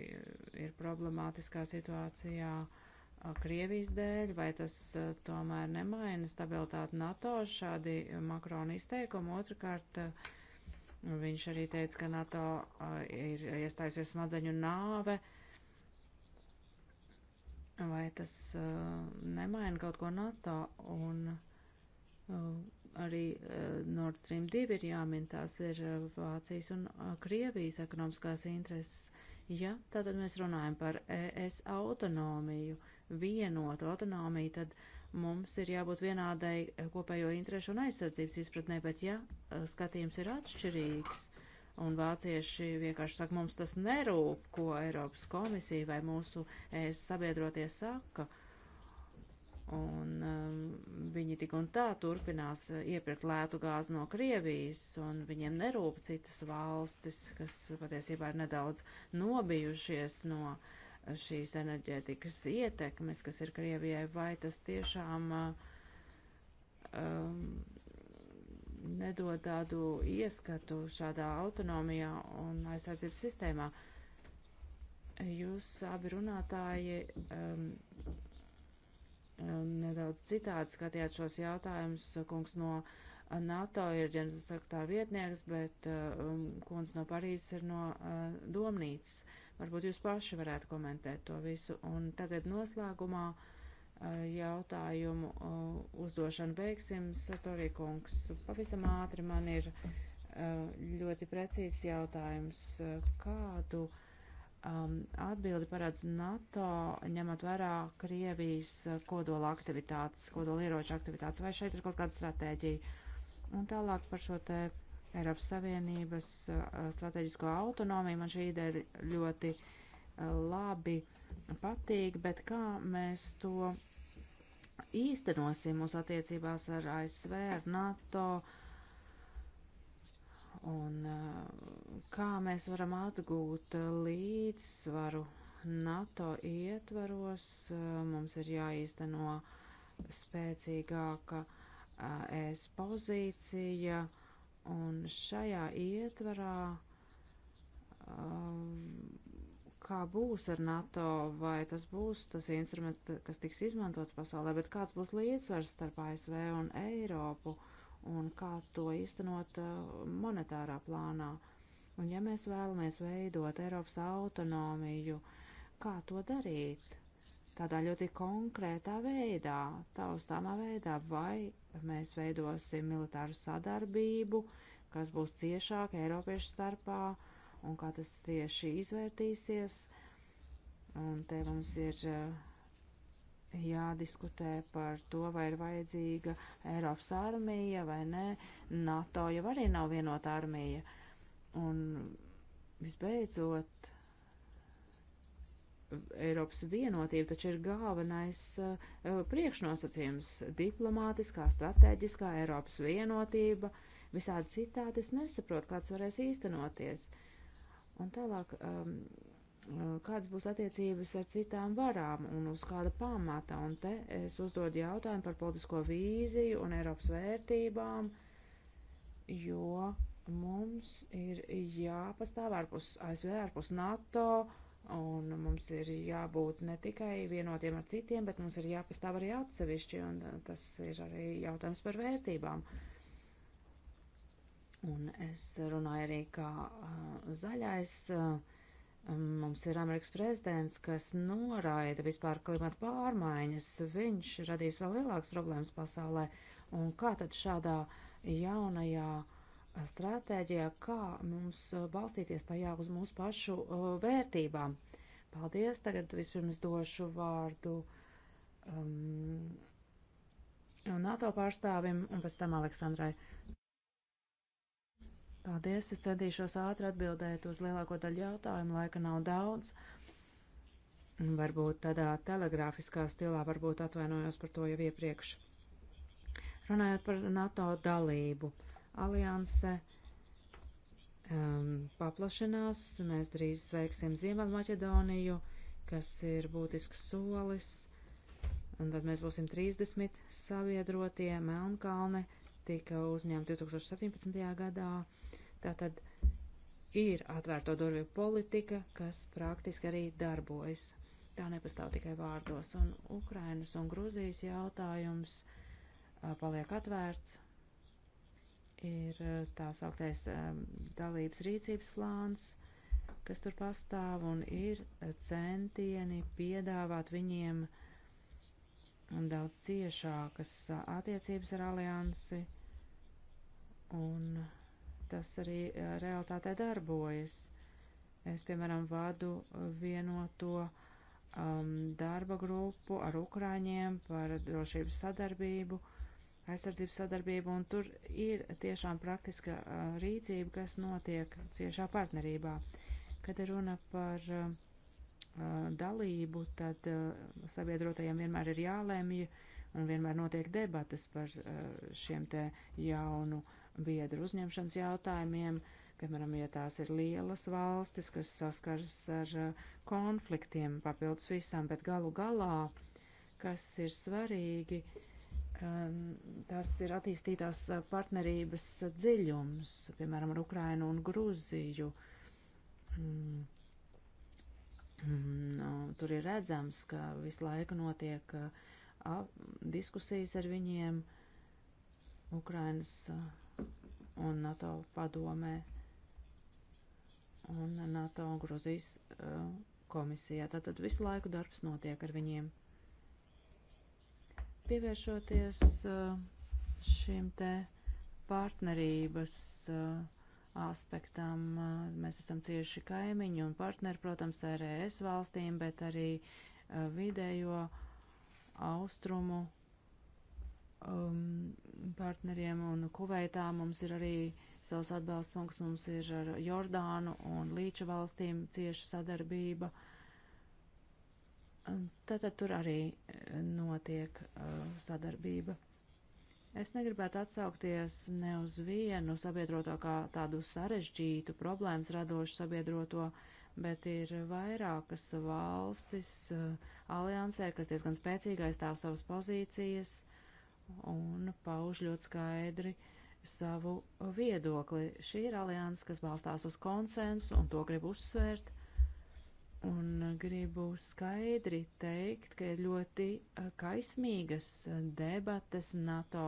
ir problemātiskā situācijā uh, Krievijas dēļ, vai tas uh, tomēr nemaina stabilitāti NATO, šādi Makrona izteikumi. Otrakārt, uh, viņš arī teica, ka NATO uh, ir iestājusies smadzeņu nāve. Vai tas uh, nemaina kaut ko NATO un uh, arī uh, Nord Stream 2 ir jāmin, tās ir uh, Vācijas un uh, Krievijas ekonomiskās intereses. Ja tātad mēs runājam par ES autonomiju, vienotu autonomiju, tad mums ir jābūt vienādai kopējo interešu un aizsardzības izpratnē, bet ja skatījums ir atšķirīgs, un vācieši vienkārši saka, mums tas nerūp, ko Eiropas komisija vai mūsu ES sabiedrotie saka, uh, Un um, viņi tik un tā turpinās uh, iepirkt lētu gāzi no Krievijas, un viņiem nerūp citas valstis, kas patiesībā ir nedaudz nobijušies no uh, šīs enerģētikas ietekmes, kas ir Krievijai, vai tas tiešām uh, um, nedod tādu ieskatu šādā autonomijā un aizsardzības sistēmā. Jūs abi runātāji. Um, nedaudz citādi skatījāt šos jautājumus. Kungs no NATO ir ģenerāls sekretāra vietnieks, bet eh, um, kungs no Parīzes ir no uh, domnīcas. Varbūt jūs paši varētu komentēt to visu. Un tagad noslēgumā uh, jautājumu uh, uzdošanu beigsim. Satorī kungs, pavisam ātri man ir uh, ļoti precīzs jautājums. Uh, kādu uh, um, atbildi parāds NATO, ņemot vērā Krievijas uh, kodola aktivitātes, kodola ieroča aktivitātes, vai šeit ir kaut kāda stratēģija. Un tālāk par šo te Eiropas Savienības uh, uh, strateģisko autonomiju man šī ideja ir ļoti uh, labi patīk, bet kā mēs to īstenosim mūsu attiecībās ar ASV, ar NATO, uh, un eh, kā mēs varam atgūt eh, līdzsvaru NATO ietvaros, eh, mums ir jāīsteno spēcīgāka es pozīcija, un šajā ietvarā kā būs ar NATO, vai tas būs tas instruments, kas tiks izmantots pasaulē, bet kāds būs līdzsvars starp ASV un Eiropu. Uh, un kā to īstenot uh, monetārā plānā. Un ja mēs vēlamies veidot Eiropas autonomiju, kā to darīt? Tādā ļoti konkrētā veidā, taustāmā veidā, vai mēs veidosim militāru sadarbību, kas būs ciešāka Eiropiešu starpā, un kā tas tieši izvērtīsies. Un te mums ir uh, jādiskutē par to, vai ir vajadzīga Eiropas armija vai nē. NATO jau arī nav vienota armija. Un visbeidzot, Eiropas vienotība taču ir galvenais uh, priekšnosacījums - diplomātiskā, strateģiskā Eiropas vienotība. Visādi citādi es nesaprotu, kāds varēs īstenoties. Un tālāk um, Eh, kādas būs attiecības ar citām varām un uz kāda pamata. Un te es uzdodu jautājumu par politisko vīziju un Eiropas vērtībām, jo mums ir jāpastāv ārpus ASV, ārpus NATO, un mums ir jābūt ne tikai vienotiem ar citiem, bet mums ir jāpastāv arī atsevišķi, un tas ir arī jautājums par vērtībām. Un es runāju arī kā uh, zaļais. Uh, Mums ir Amerikas prezidents, kas noraida vispār klimata pārmaiņas. Viņš radīs vēl lielākas problēmas pasaulē. Un kā tad šādā jaunajā stratēģijā, kā mums balstīties tajā uz mūsu pašu uh, vērtībām? Paldies! Tagad vispirms došu vārdu um, NATO pārstāvim un pēc tam Aleksandrai. Uh, Paldies, es centīšos ātri atbildēt uz lielāko daļu jautājumu, laika nav daudz. Varbūt tādā telegrāfiskā stilā, varbūt atvainojos par to jau iepriekš. Runājot par NATO dalību, alianse um, paplašinās, mēs drīz sveiksim Ziemeļmaķedoniju, kas ir būtisks solis, un tad mēs būsim 30 sabiedrotie Melnkalne. Uh, tika uzņemti 2017. gadā. Tātad ir atvērto durvju politika, kas praktiski arī darbojas. Tā nepastāv tikai vārdos, un Ukrainas un Gruzijas jautājums paliek atvērts. Ir tā sauktais dalības rīcības plāns, kas tur pastāv, un ir centieni piedāvāt viņiem uh, daudz ciešākas attiecības ar aliansi, un tas arī realitātē darbojas. Es, piemēram, vadu vienoto um, darba grupu ar Ukrāņiem par drošības sadarbību, aizsardzības sadarbību, un tur ir tiešām praktiska uh, rīcība, kas notiek ciešā partnerībā. Kad ir runa par uh, dalību, tad sabiedrotajiem vienmēr ir jālēmj un vienmēr notiek debatas par šiem te jaunu biedru uzņemšanas jautājumiem. Piemēram, ja tās ir lielas valstis, kas saskaras ar konfliktiem papildus visam, bet galu galā, kas ir svarīgi, tas ir attīstītās partnerības dziļums, piemēram, ar Ukrainu un Gruziju. Mm Nu, tur ir redzams, ka visu laiku notiek uh, a, diskusijas ar viņiem Ukrainas uh, un NATO padomē un NATO un Gruzijas uh, komisijā. Tātad visu laiku darbs notiek ar viņiem. Pievēršoties šim te partnerības uh, aspektam. Mēs esam cieši kaimiņi un partneri, protams, ar ES valstīm, bet arī vidējo austrumu um, partneriem un Kuveitā mums ir arī savs atbalsta punkts, mums ir ar Jordānu un Līča valstīm cieša sadarbība. Tātad tur arī e, notiek uh, sadarbība. Es negribētu atsaukties ne uz vienu sabiedroto kā tādu sarežģītu, problēmas radošu sabiedroto, bet ir vairākas valstis eh, aliansē, kas diezgan spēcīgi aizstāv savas pozīcijas un pauž ļoti skaidri savu viedokli. Šī ir alianses, kas balstās uz konsensu, un to grib uzsvērt. Un uh, gribu skaidri teikt, ka ir ļoti uh, kaismīgas uh, debates NATO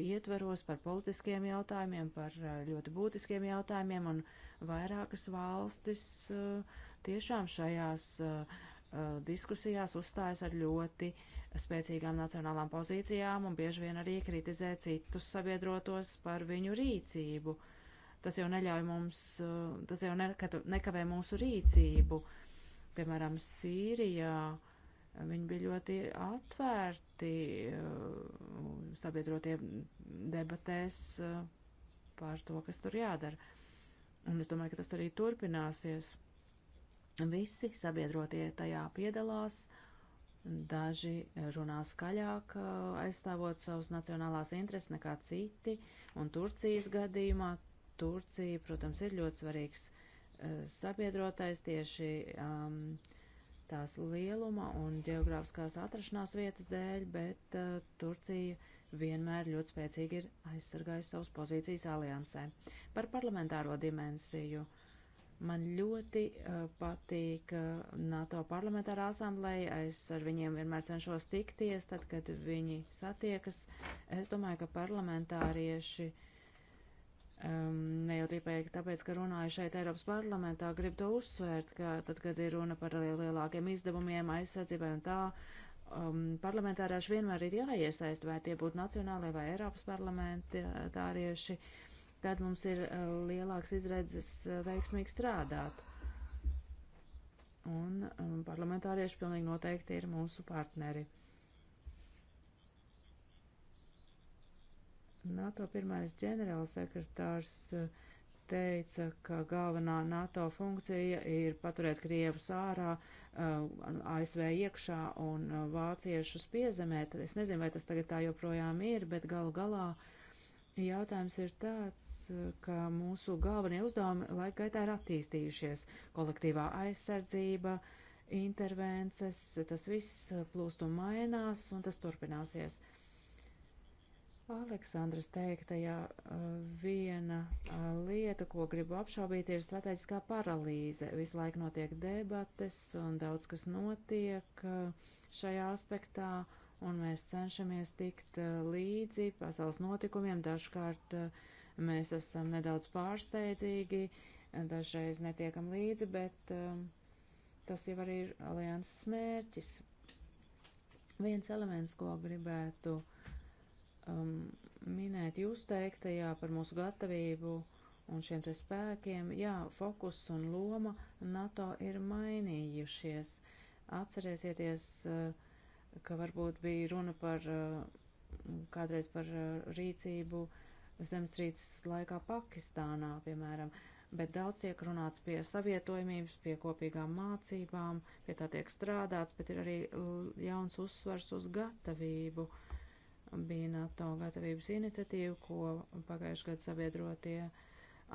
ietveros par politiskiem jautājumiem, par ļoti būtiskiem jautājumiem, un vairākas valstis tiešām šajās diskusijās uzstājas ar ļoti spēcīgām nacionālām pozīcijām un bieži vien arī kritizē citus sabiedrotos par viņu rīcību. Tas jau neļauj mums, tas jau nekavē mūsu rīcību. Uh, Piemēram, Sīrijā viņi bija ļoti atvērti uh, sabiedrotiem debatēs uh, par to, kas tur jādara. Un es domāju, ka tas arī turpināsies. Visi sabiedrotie tajā piedalās, daži runā skaļāk, uh, aizstāvot savus nacionālās intereses nekā citi, un Turcijas gadījumā Turcija, protams, ir ļoti svarīgs sabiedrotais tieši um, tās lieluma un geogrāfiskās atrašanās vietas dēļ, bet uh, Turcija vienmēr ļoti spēcīgi ir aizsargājusi savas pozīcijas aliansē. Par parlamentāro dimensiju. Man ļoti uh, patīk uh, NATO parlamentārā asamblēja. Es ar viņiem vienmēr cenšos tikties, tad, kad viņi satiekas. Es domāju, ka parlamentārieši uh, Um, ne jau tikai tāpēc, ka runāju šeit Eiropas parlamentā, gribu to uzsvērt, ka tad, kad ir runa par lielākiem izdevumiem, aizsardzībai un tā, um, parlamentārieši vienmēr ir jāiesaist, vai tie būtu nacionālai vai Eiropas parlamentārieši, tad mums ir uh, lielāks izredzes uh, veiksmīgi strādāt. Un um, parlamentārieši pilnīgi noteikti ir mūsu partneri. NATO pirmais ģenerālsekretārs eh, teica, ka galvenā NATO funkcija ir paturēt Krievus ārā, eh, ASV iekšā un eh, vāciešus piezemē. Es nezinu, vai tas tagad tā joprojām ir, bet galu galā jautājums ir tāds, ka mūsu galvenie uzdevumi laika gaitā ir attīstījušies. Kolektīvā aizsardzība, intervences, tas viss plūst un mainās, un tas turpināsies. Uh, Aleksandras teiktajā uh, viena uh, lieta, ko gribu apšaubīt, ir strateģiskā paralīze. Visu laiku notiek debates un daudz kas notiek uh, šajā aspektā, un mēs cenšamies tikt līdzi pasaules notikumiem. Dažkārt mēs esam nedaudz pārsteidzīgi, dažreiz netiekam līdzi, bet um, tas jau arī ir alianses mērķis. Viens elements, ko gribētu um, minēt jūs teiktajā par mūsu gatavību un šiem te spēkiem, jā, fokus un loma NATO ir mainījušies. Atcerēsieties, uh, ka varbūt bija runa par uh, kādreiz par uh, rīcību zemstrīces laikā Pakistānā, piemēram, bet daudz tiek runāts pie savietojumības, pie kopīgām mācībām, pie tā tiek strādāts, bet ir arī jauns uzsvars uz gatavību. Uh, bija NATO gatavības iniciatīva, ko pagājušajā gadā sabiedrotie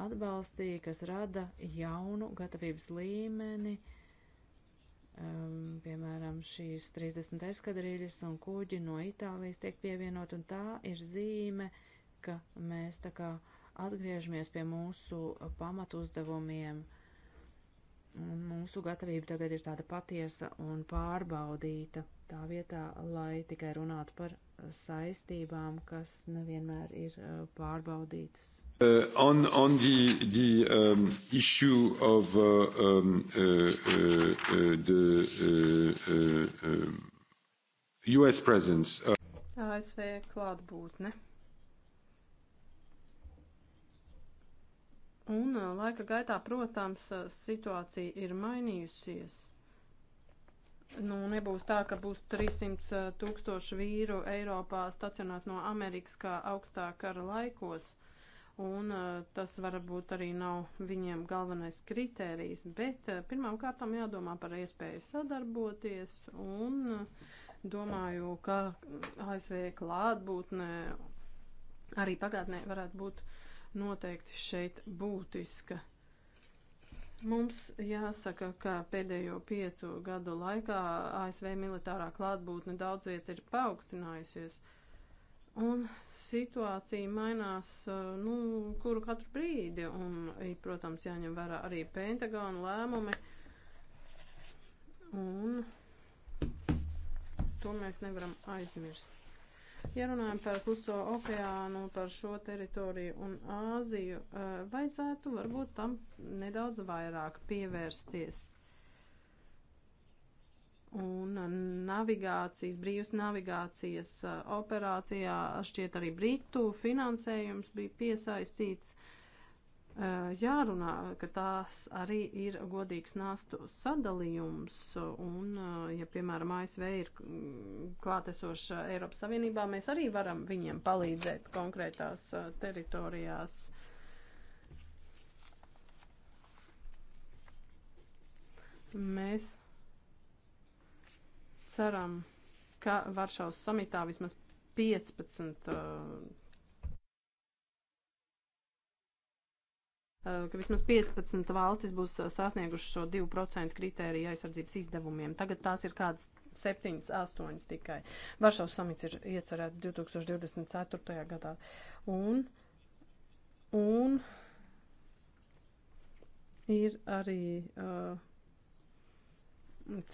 atbalstīja, kas rada jaunu gatavības līmeni, um, piemēram, šīs 30 eskadrīļas un kuģi no Itālijas tiek pievienot, un tā ir zīme, ka mēs tā kā atgriežamies pie mūsu pamatu uzdevumiem. Un mūsu gatavība tagad ir tāda patiesa un pārbaudīta tā vietā, lai tikai runātu par saistībām, kas nevienmēr ir uh, pārbaudītas. Uh, on on the, the um, issue of uh, um, uh, uh, uh, the uh, uh, uh, U.S. presence, uh... ASV klātbūtne. Un uh, laika gaitā, protams, uh, situācija ir mainījusies nu, nebūs tā, ka būs 300 eh, tūkstoši vīru Eiropā stacionēt no Amerikas kā augstā kara laikos. Un eh, tas varbūt arī nav viņiem galvenais kritērijs, bet eh, pirmām kārtām jādomā par iespēju sadarboties un domāju, ka ASV klātbūtnē arī pagātnē varētu būt noteikti šeit būtiska. Mums jāsaka, ka pēdējo piecu gadu laikā ASV militārā klātbūtne daudz viet ir paaugstinājusies, un situācija mainās, nu, kuru katru brīdi, un, protams, jāņem vērā arī Pentagona lēmumi, un to mēs nevaram aizmirst. Ja runājam par kluso okeānu, par šo teritoriju un Āziju, eh, vajadzētu varbūt tam nedaudz vairāk pievērsties. Un navigācijas, brīvas navigācijas eh, operācijā šķiet arī Britu finansējums bija piesaistīts. Uh, Eh, jārunā, ka tās arī ir godīgs nāstu sadalījums, un, eh, ja, piemēram, ASV ir mm, klātesoša Eiropas Savienībā, mēs arī varam viņiem palīdzēt konkrētās eh, teritorijās. Mēs ceram, ka Varšavas samitā vismaz 15 uh, Eh, ka vismaz 15 valstis būs eh, sasniegušas šo 2% kritēriju aizsardzības izdevumiem. Tagad tās ir kādas 7, 8 tikai. Varšavas samits ir iecerēts 2024. gadā. Un, un ir arī uh,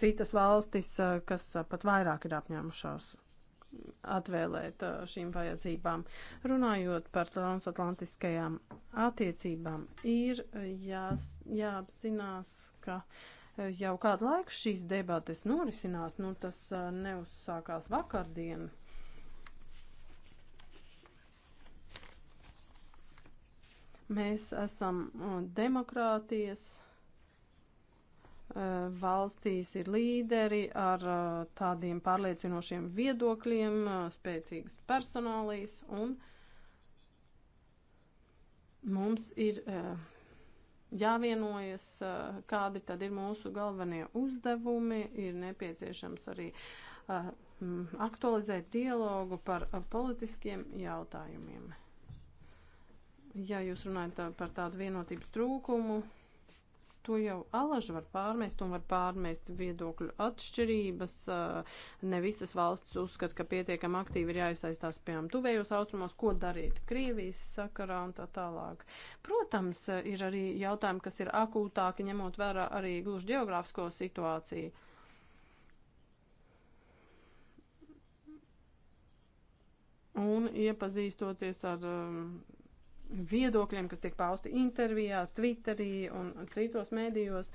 citas valstis, uh, kas uh, pat vairāk ir apņēmušās atvēlēt šīm vajadzībām. Runājot par transatlantiskajām attiecībām, ir jās, jāapzinās, ka jau kādu laiku šīs debates norisinās, nu tas neuzsākās vakardien. Mēs esam demokrātijas Eh, valstīs ir līderi ar eh, tādiem pārliecinošiem viedokļiem, eh, spēcīgas personālijas, un mums ir jāvienojas, kādi tad ir mūsu galvenie uzdevumi, ir nepieciešams arī aktualizēt dialogu par politiskiem jautājumiem. Ja jūs runājat par tādu vienotības trūkumu, to jau alaži var pārmest un var pārmest viedokļu atšķirības. Eh, ne visas valsts uzskata, ka pietiekam aktīvi ir jāiesaistās, piemēram, tuvējos austrumos, ko darīt Krievijas sakarā un tā tālāk. Protams, eh, ir arī jautājumi, kas ir akūtāki, ņemot vērā arī gluži geogrāfisko situāciju. Un iepazīstoties ar um, viedokļiem, kas tiek pausti intervijās, Twitterī un citos mēdījos.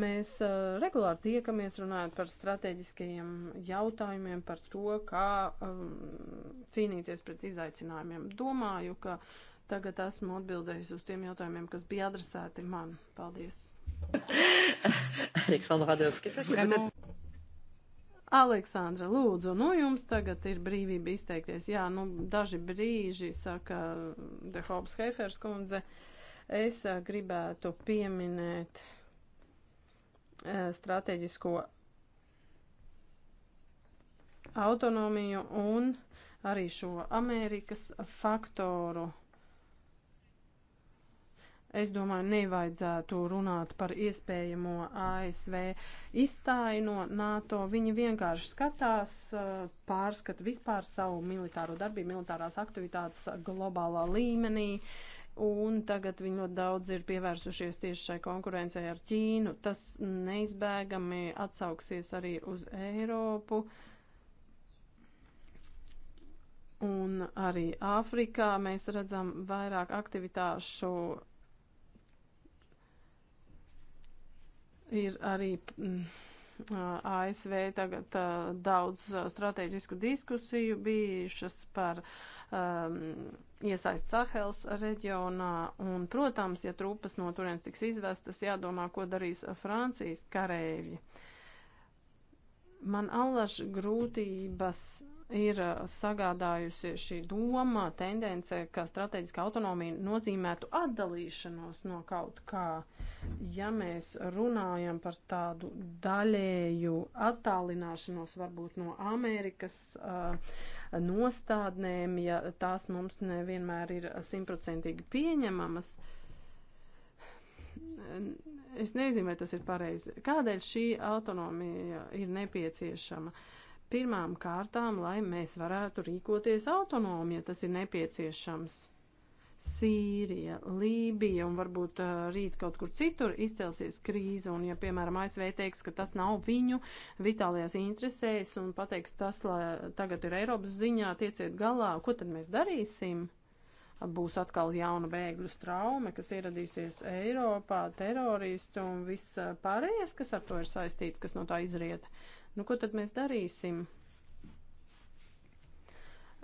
Mēs uh, regulāri tiekamies runājot par strateģiskajiem jautājumiem, par to, kā um, cīnīties pret izaicinājumiem. Domāju, ka tagad esmu atbildējis uz tiem jautājumiem, kas bija adresēti man. Paldies! Aleksandra Radovska, kas ir? Aleksandra, lūdzu, nu jums tagad ir brīvība izteikties. Jā, nu daži brīži, saka Dehobs Heifers kundze, es gribētu pieminēt strateģisko autonomiju un arī šo Amerikas faktoru. Es domāju, nevajadzētu runāt par iespējamo ASV izstāju no NATO. Viņi vienkārši skatās, uh, pārskata vispār savu militāro darbību, militārās aktivitātes globālā līmenī. Un tagad viņi ļoti daudz ir pievērsušies tieši šai konkurencei ar Ķīnu. Tas neizbēgami atsauksies arī uz Eiropu. Un arī Āfrikā mēs redzam vairāk aktivitāšu Ir arī mm, ASV tagad uh, daudz strateģisku diskusiju bijušas par um, iesaist Sahels reģionā, un, protams, ja trupas no turienes tiks izvestas, jādomā, ko darīs Francijas karēvi. Man allaž grūtības ir uh, sagādājusi šī doma, tendence, ka strateģiska autonomija nozīmētu atdalīšanos no kaut kā. Ja mēs runājam par tādu daļēju attālināšanos varbūt no Amerikas uh, nostādnēm, ja tās mums nevienmēr ir simtprocentīgi pieņemamas, es nezinu, vai tas ir pareizi. Kādēļ šī autonomija ir nepieciešama? Uh, Pirmām kārtām, lai mēs varētu rīkoties autonomi, ja tas ir nepieciešams. Sīrija, Lībija un varbūt uh, rīt kaut kur citur izcelsies krīze, un ja, piemēram, ASV teiks, ka tas nav viņu vitālajās interesēs un pateiks tas, lai tagad ir Eiropas ziņā, tieciet galā, ko tad mēs darīsim? Būs atkal jauna bēgļu straume, kas ieradīsies Eiropā, teroristu un viss uh, pārējais, kas ar to ir saistīts, kas no tā izriet. Uh, Nu, ko tad mēs darīsim?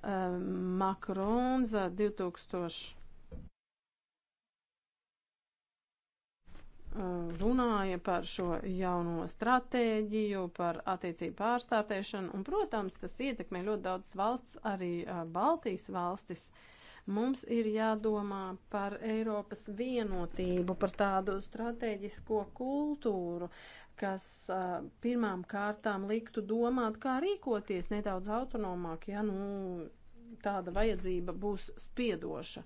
Um, Makronza 2000. runāja par šo jauno stratēģiju, par attiecību pārstātēšanu, un, protams, tas ietekmē ļoti daudz valsts, arī Baltijas valstis. Mums ir jādomā par Eiropas vienotību, par tādu strateģisko kultūru, kas pirmām kārtām liktu domāt, kā rīkoties nedaudz autonomāk, ja nu, tāda vajadzība būs spiedoša.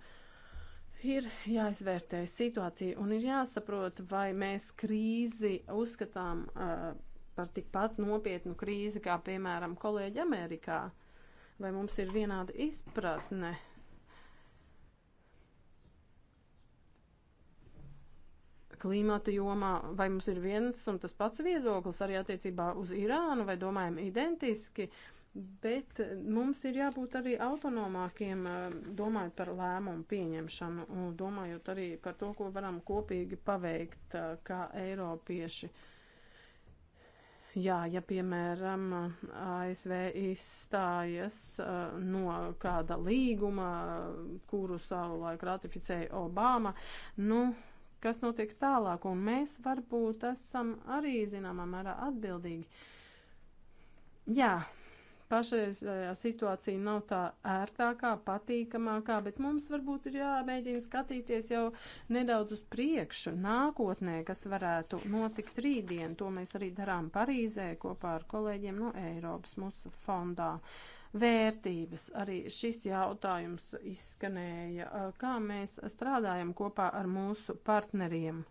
Ir jāizvērtē situācija un ir jāsaprot, vai mēs krīzi uzskatām uh, par tikpat nopietnu krīzi kā, piemēram, kolēģi Amerikā, vai mums ir vienāda izpratne klimata jomā, vai mums ir viens un tas pats viedoklis arī attiecībā uz Irānu, vai domājam identiski, bet mums ir jābūt arī autonomākiem, um, domājot par lēmumu pieņemšanu un domājot arī par to, ko varam kopīgi paveikt uh, kā eiropieši. Jā, ja piemēram ASV izstājas uh, no kāda līguma, kuru savulaik ratificēja Obama, nu, kas notiek tālāk, un mēs varbūt esam arī zināmā mērā atbildīgi. Jā, pašreizējā situācija nav tā ērtākā, patīkamākā, bet mums varbūt ir jāmēģina skatīties jau nedaudz uz priekšu, nākotnē, kas varētu notikt rītdien. To mēs arī darām Parīzē kopā ar kolēģiem no Eiropas mūsu fondā. Uh, vērtības. Arī šis jautājums izskanēja, kā mēs strādājam kopā ar mūsu partneriem.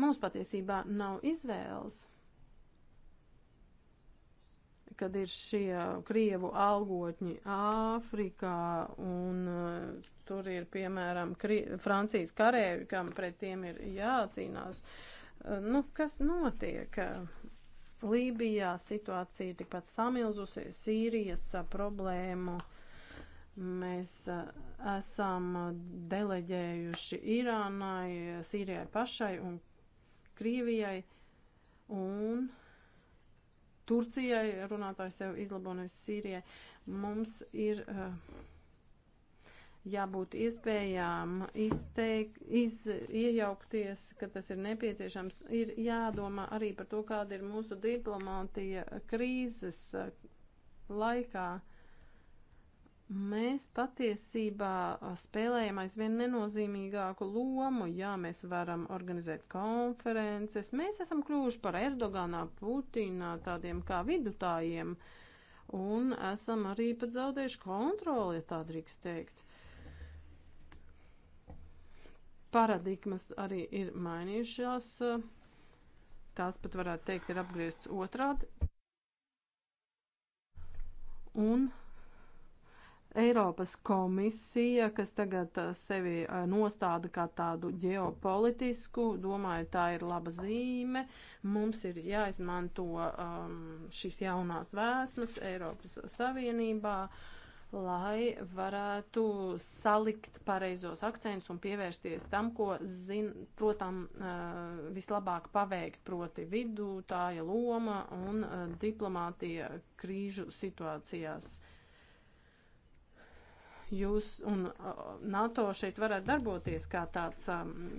Mums patiesībā nav izvēles, kad ir šie krievu algotņi Āfrikā un uh, tur ir, piemēram, kri Francijas karēvi, kam pret tiem ir jācīnās. Uh, nu, kas notiek? Uh, Lībijā situācija tikpat samilzusi, Sīrijas problēmu mēs esam deleģējuši Irānai, Sīrijai pašai un Krievijai. Un Turcijai runātājs jau izlabo nevis Sīrijai. Mums ir uh, jābūt iespējām izteik, iz, iejaukties, ka tas ir nepieciešams. Ir jādomā arī par to, kāda ir mūsu diplomātija krīzes eh, laikā. Mēs patiesībā eh, spēlējam aizvien nenozīmīgāku lomu, jā, mēs varam organizēt konferences, mēs esam kļuvuši par Erdoganā, Putinā, tādiem kā vidutājiem, un esam arī pat zaudējuši kontroli, ja tā drīkst teikt. paradigmas arī ir mainījušās. Tās pat varētu teikt, ir apgriezts otrādi. Un Eiropas komisija, kas tagad uh, sevi uh, nostāda kā tādu ģeopolitisku, domāju, tā ir laba zīme. Mums ir jāizmanto um, šīs jaunās vēsmas Eiropas Savienībā. Uh, lai varētu salikt pareizos akcentus un pievērsties tam, ko, zin, protam, vislabāk paveikt, proti vidutāja loma un diplomātija krīžu situācijās. Jūs un NATO šeit varētu darboties kā tāds um,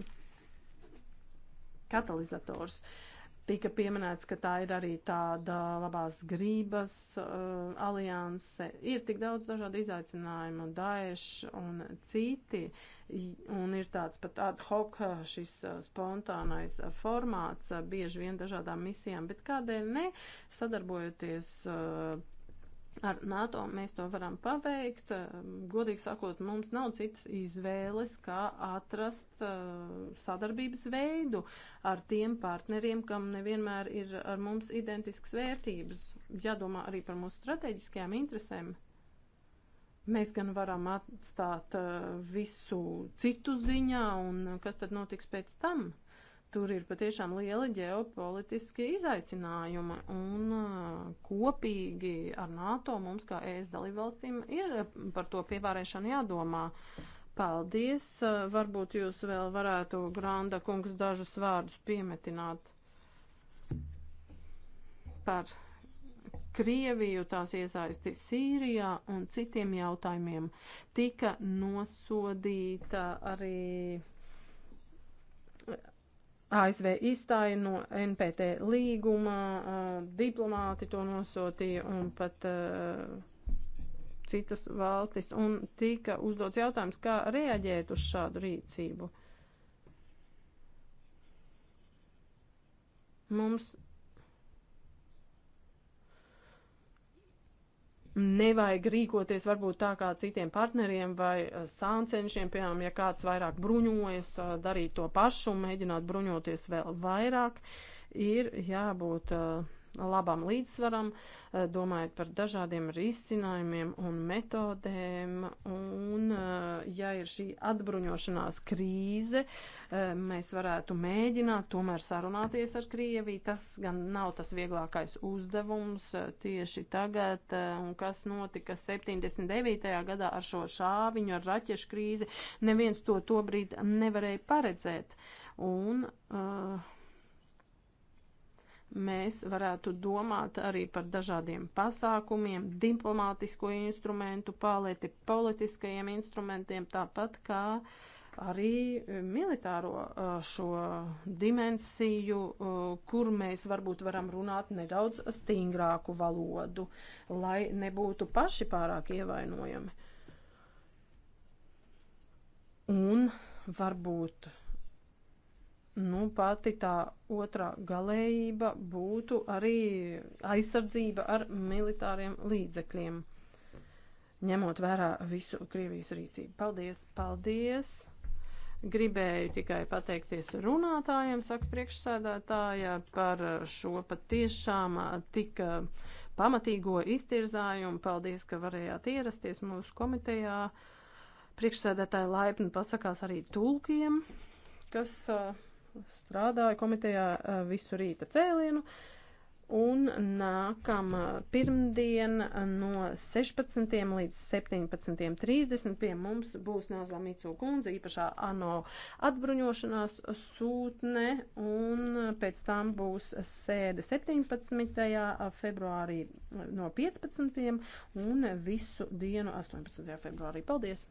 katalizators. Uh, Tika pieminēts, ka tā ir arī tāda labās grības uh, alianse. Ir tik daudz dažādu izaicinājumu, daeši un citi, un ir tāds pat ad hoc uh, šis uh, spontānais uh, formāts, uh, bieži vien dažādām misijām, bet kādēļ ne sadarbojoties. Uh, Ar NATO mēs to varam paveikt. Ehm, godīgi sakot, mums nav citas izvēles, kā atrast ehm, sadarbības veidu ar tiem partneriem, kam nevienmēr ir ar mums identisks vērtības. Jādomā arī par mūsu strateģiskajām interesēm. Mēs gan varam atstāt ehm, visu citu ziņā, un kas tad notiks pēc tam? Tur ir patiešām liela ģeopolitiskie izaicinājumi, un kopīgi ar NATO mums, kā ES dalībvalstīm, ir par to pievērēšanu jādomā. Paldies! Varbūt jūs vēl varētu, Granda kungs, dažus vārdus piemetināt par Krieviju, tās iesaisti Sīrijā un citiem jautājumiem. Tika nosodīta arī ASV izstāja no NPT līguma, diplomāti to nosūtīja un pat citas valstis, un tika uzdots jautājums, kā reaģēt uz šādu rīcību. Mums nevajag rīkoties varbūt tā kā citiem partneriem vai eh, sāncenšiem, piemēram, ja kāds vairāk bruņojas, eh, darīt to pašu un mēģināt bruņoties vēl vairāk, ir jābūt uh, labam līdzsvaram, eh, domājot par dažādiem risinājumiem un metodēm. Un, eh, ja ir šī atbruņošanās krīze, eh, mēs varētu mēģināt tomēr sarunāties ar Krieviju. Tas gan nav tas vieglākais uzdevums tieši tagad, un kas notika 79. gadā ar šo šāviņu, ar raķešu krīzi, neviens to tobrīd nevarēja paredzēt. Un, uh, mēs varētu domāt arī par dažādiem pasākumiem, diplomātisko instrumentu paleti, politiskajiem instrumentiem, tāpat kā arī militāro šo dimensiju, kur mēs varbūt varam runāt nedaudz stingrāku valodu, lai nebūtu paši pārāk ievainojami. Un varbūt nu, pati tā otrā galējība būtu arī aizsardzība ar militāriem līdzekļiem, ņemot vērā visu Krievijas rīcību. Paldies, paldies! Gribēju tikai pateikties runātājiem, saka priekšsēdētāja, par šo patiešām tik pamatīgo iztirzājumu. Paldies, ka varējāt ierasties mūsu komitejā. Priekšsēdētāja laipni pasakās arī tulkiem, kas uh, strādāju komitejā eh, visu rīta cēlienu. Un nākamā eh, pirmdiena eh, no 16. līdz 17.30 pie mums būs Nāzlamīcu kundze, īpašā ANO atbruņošanās sūtne, un pēc tam būs sēde 17. februārī no 15. un visu dienu 18. februārī. Paldies!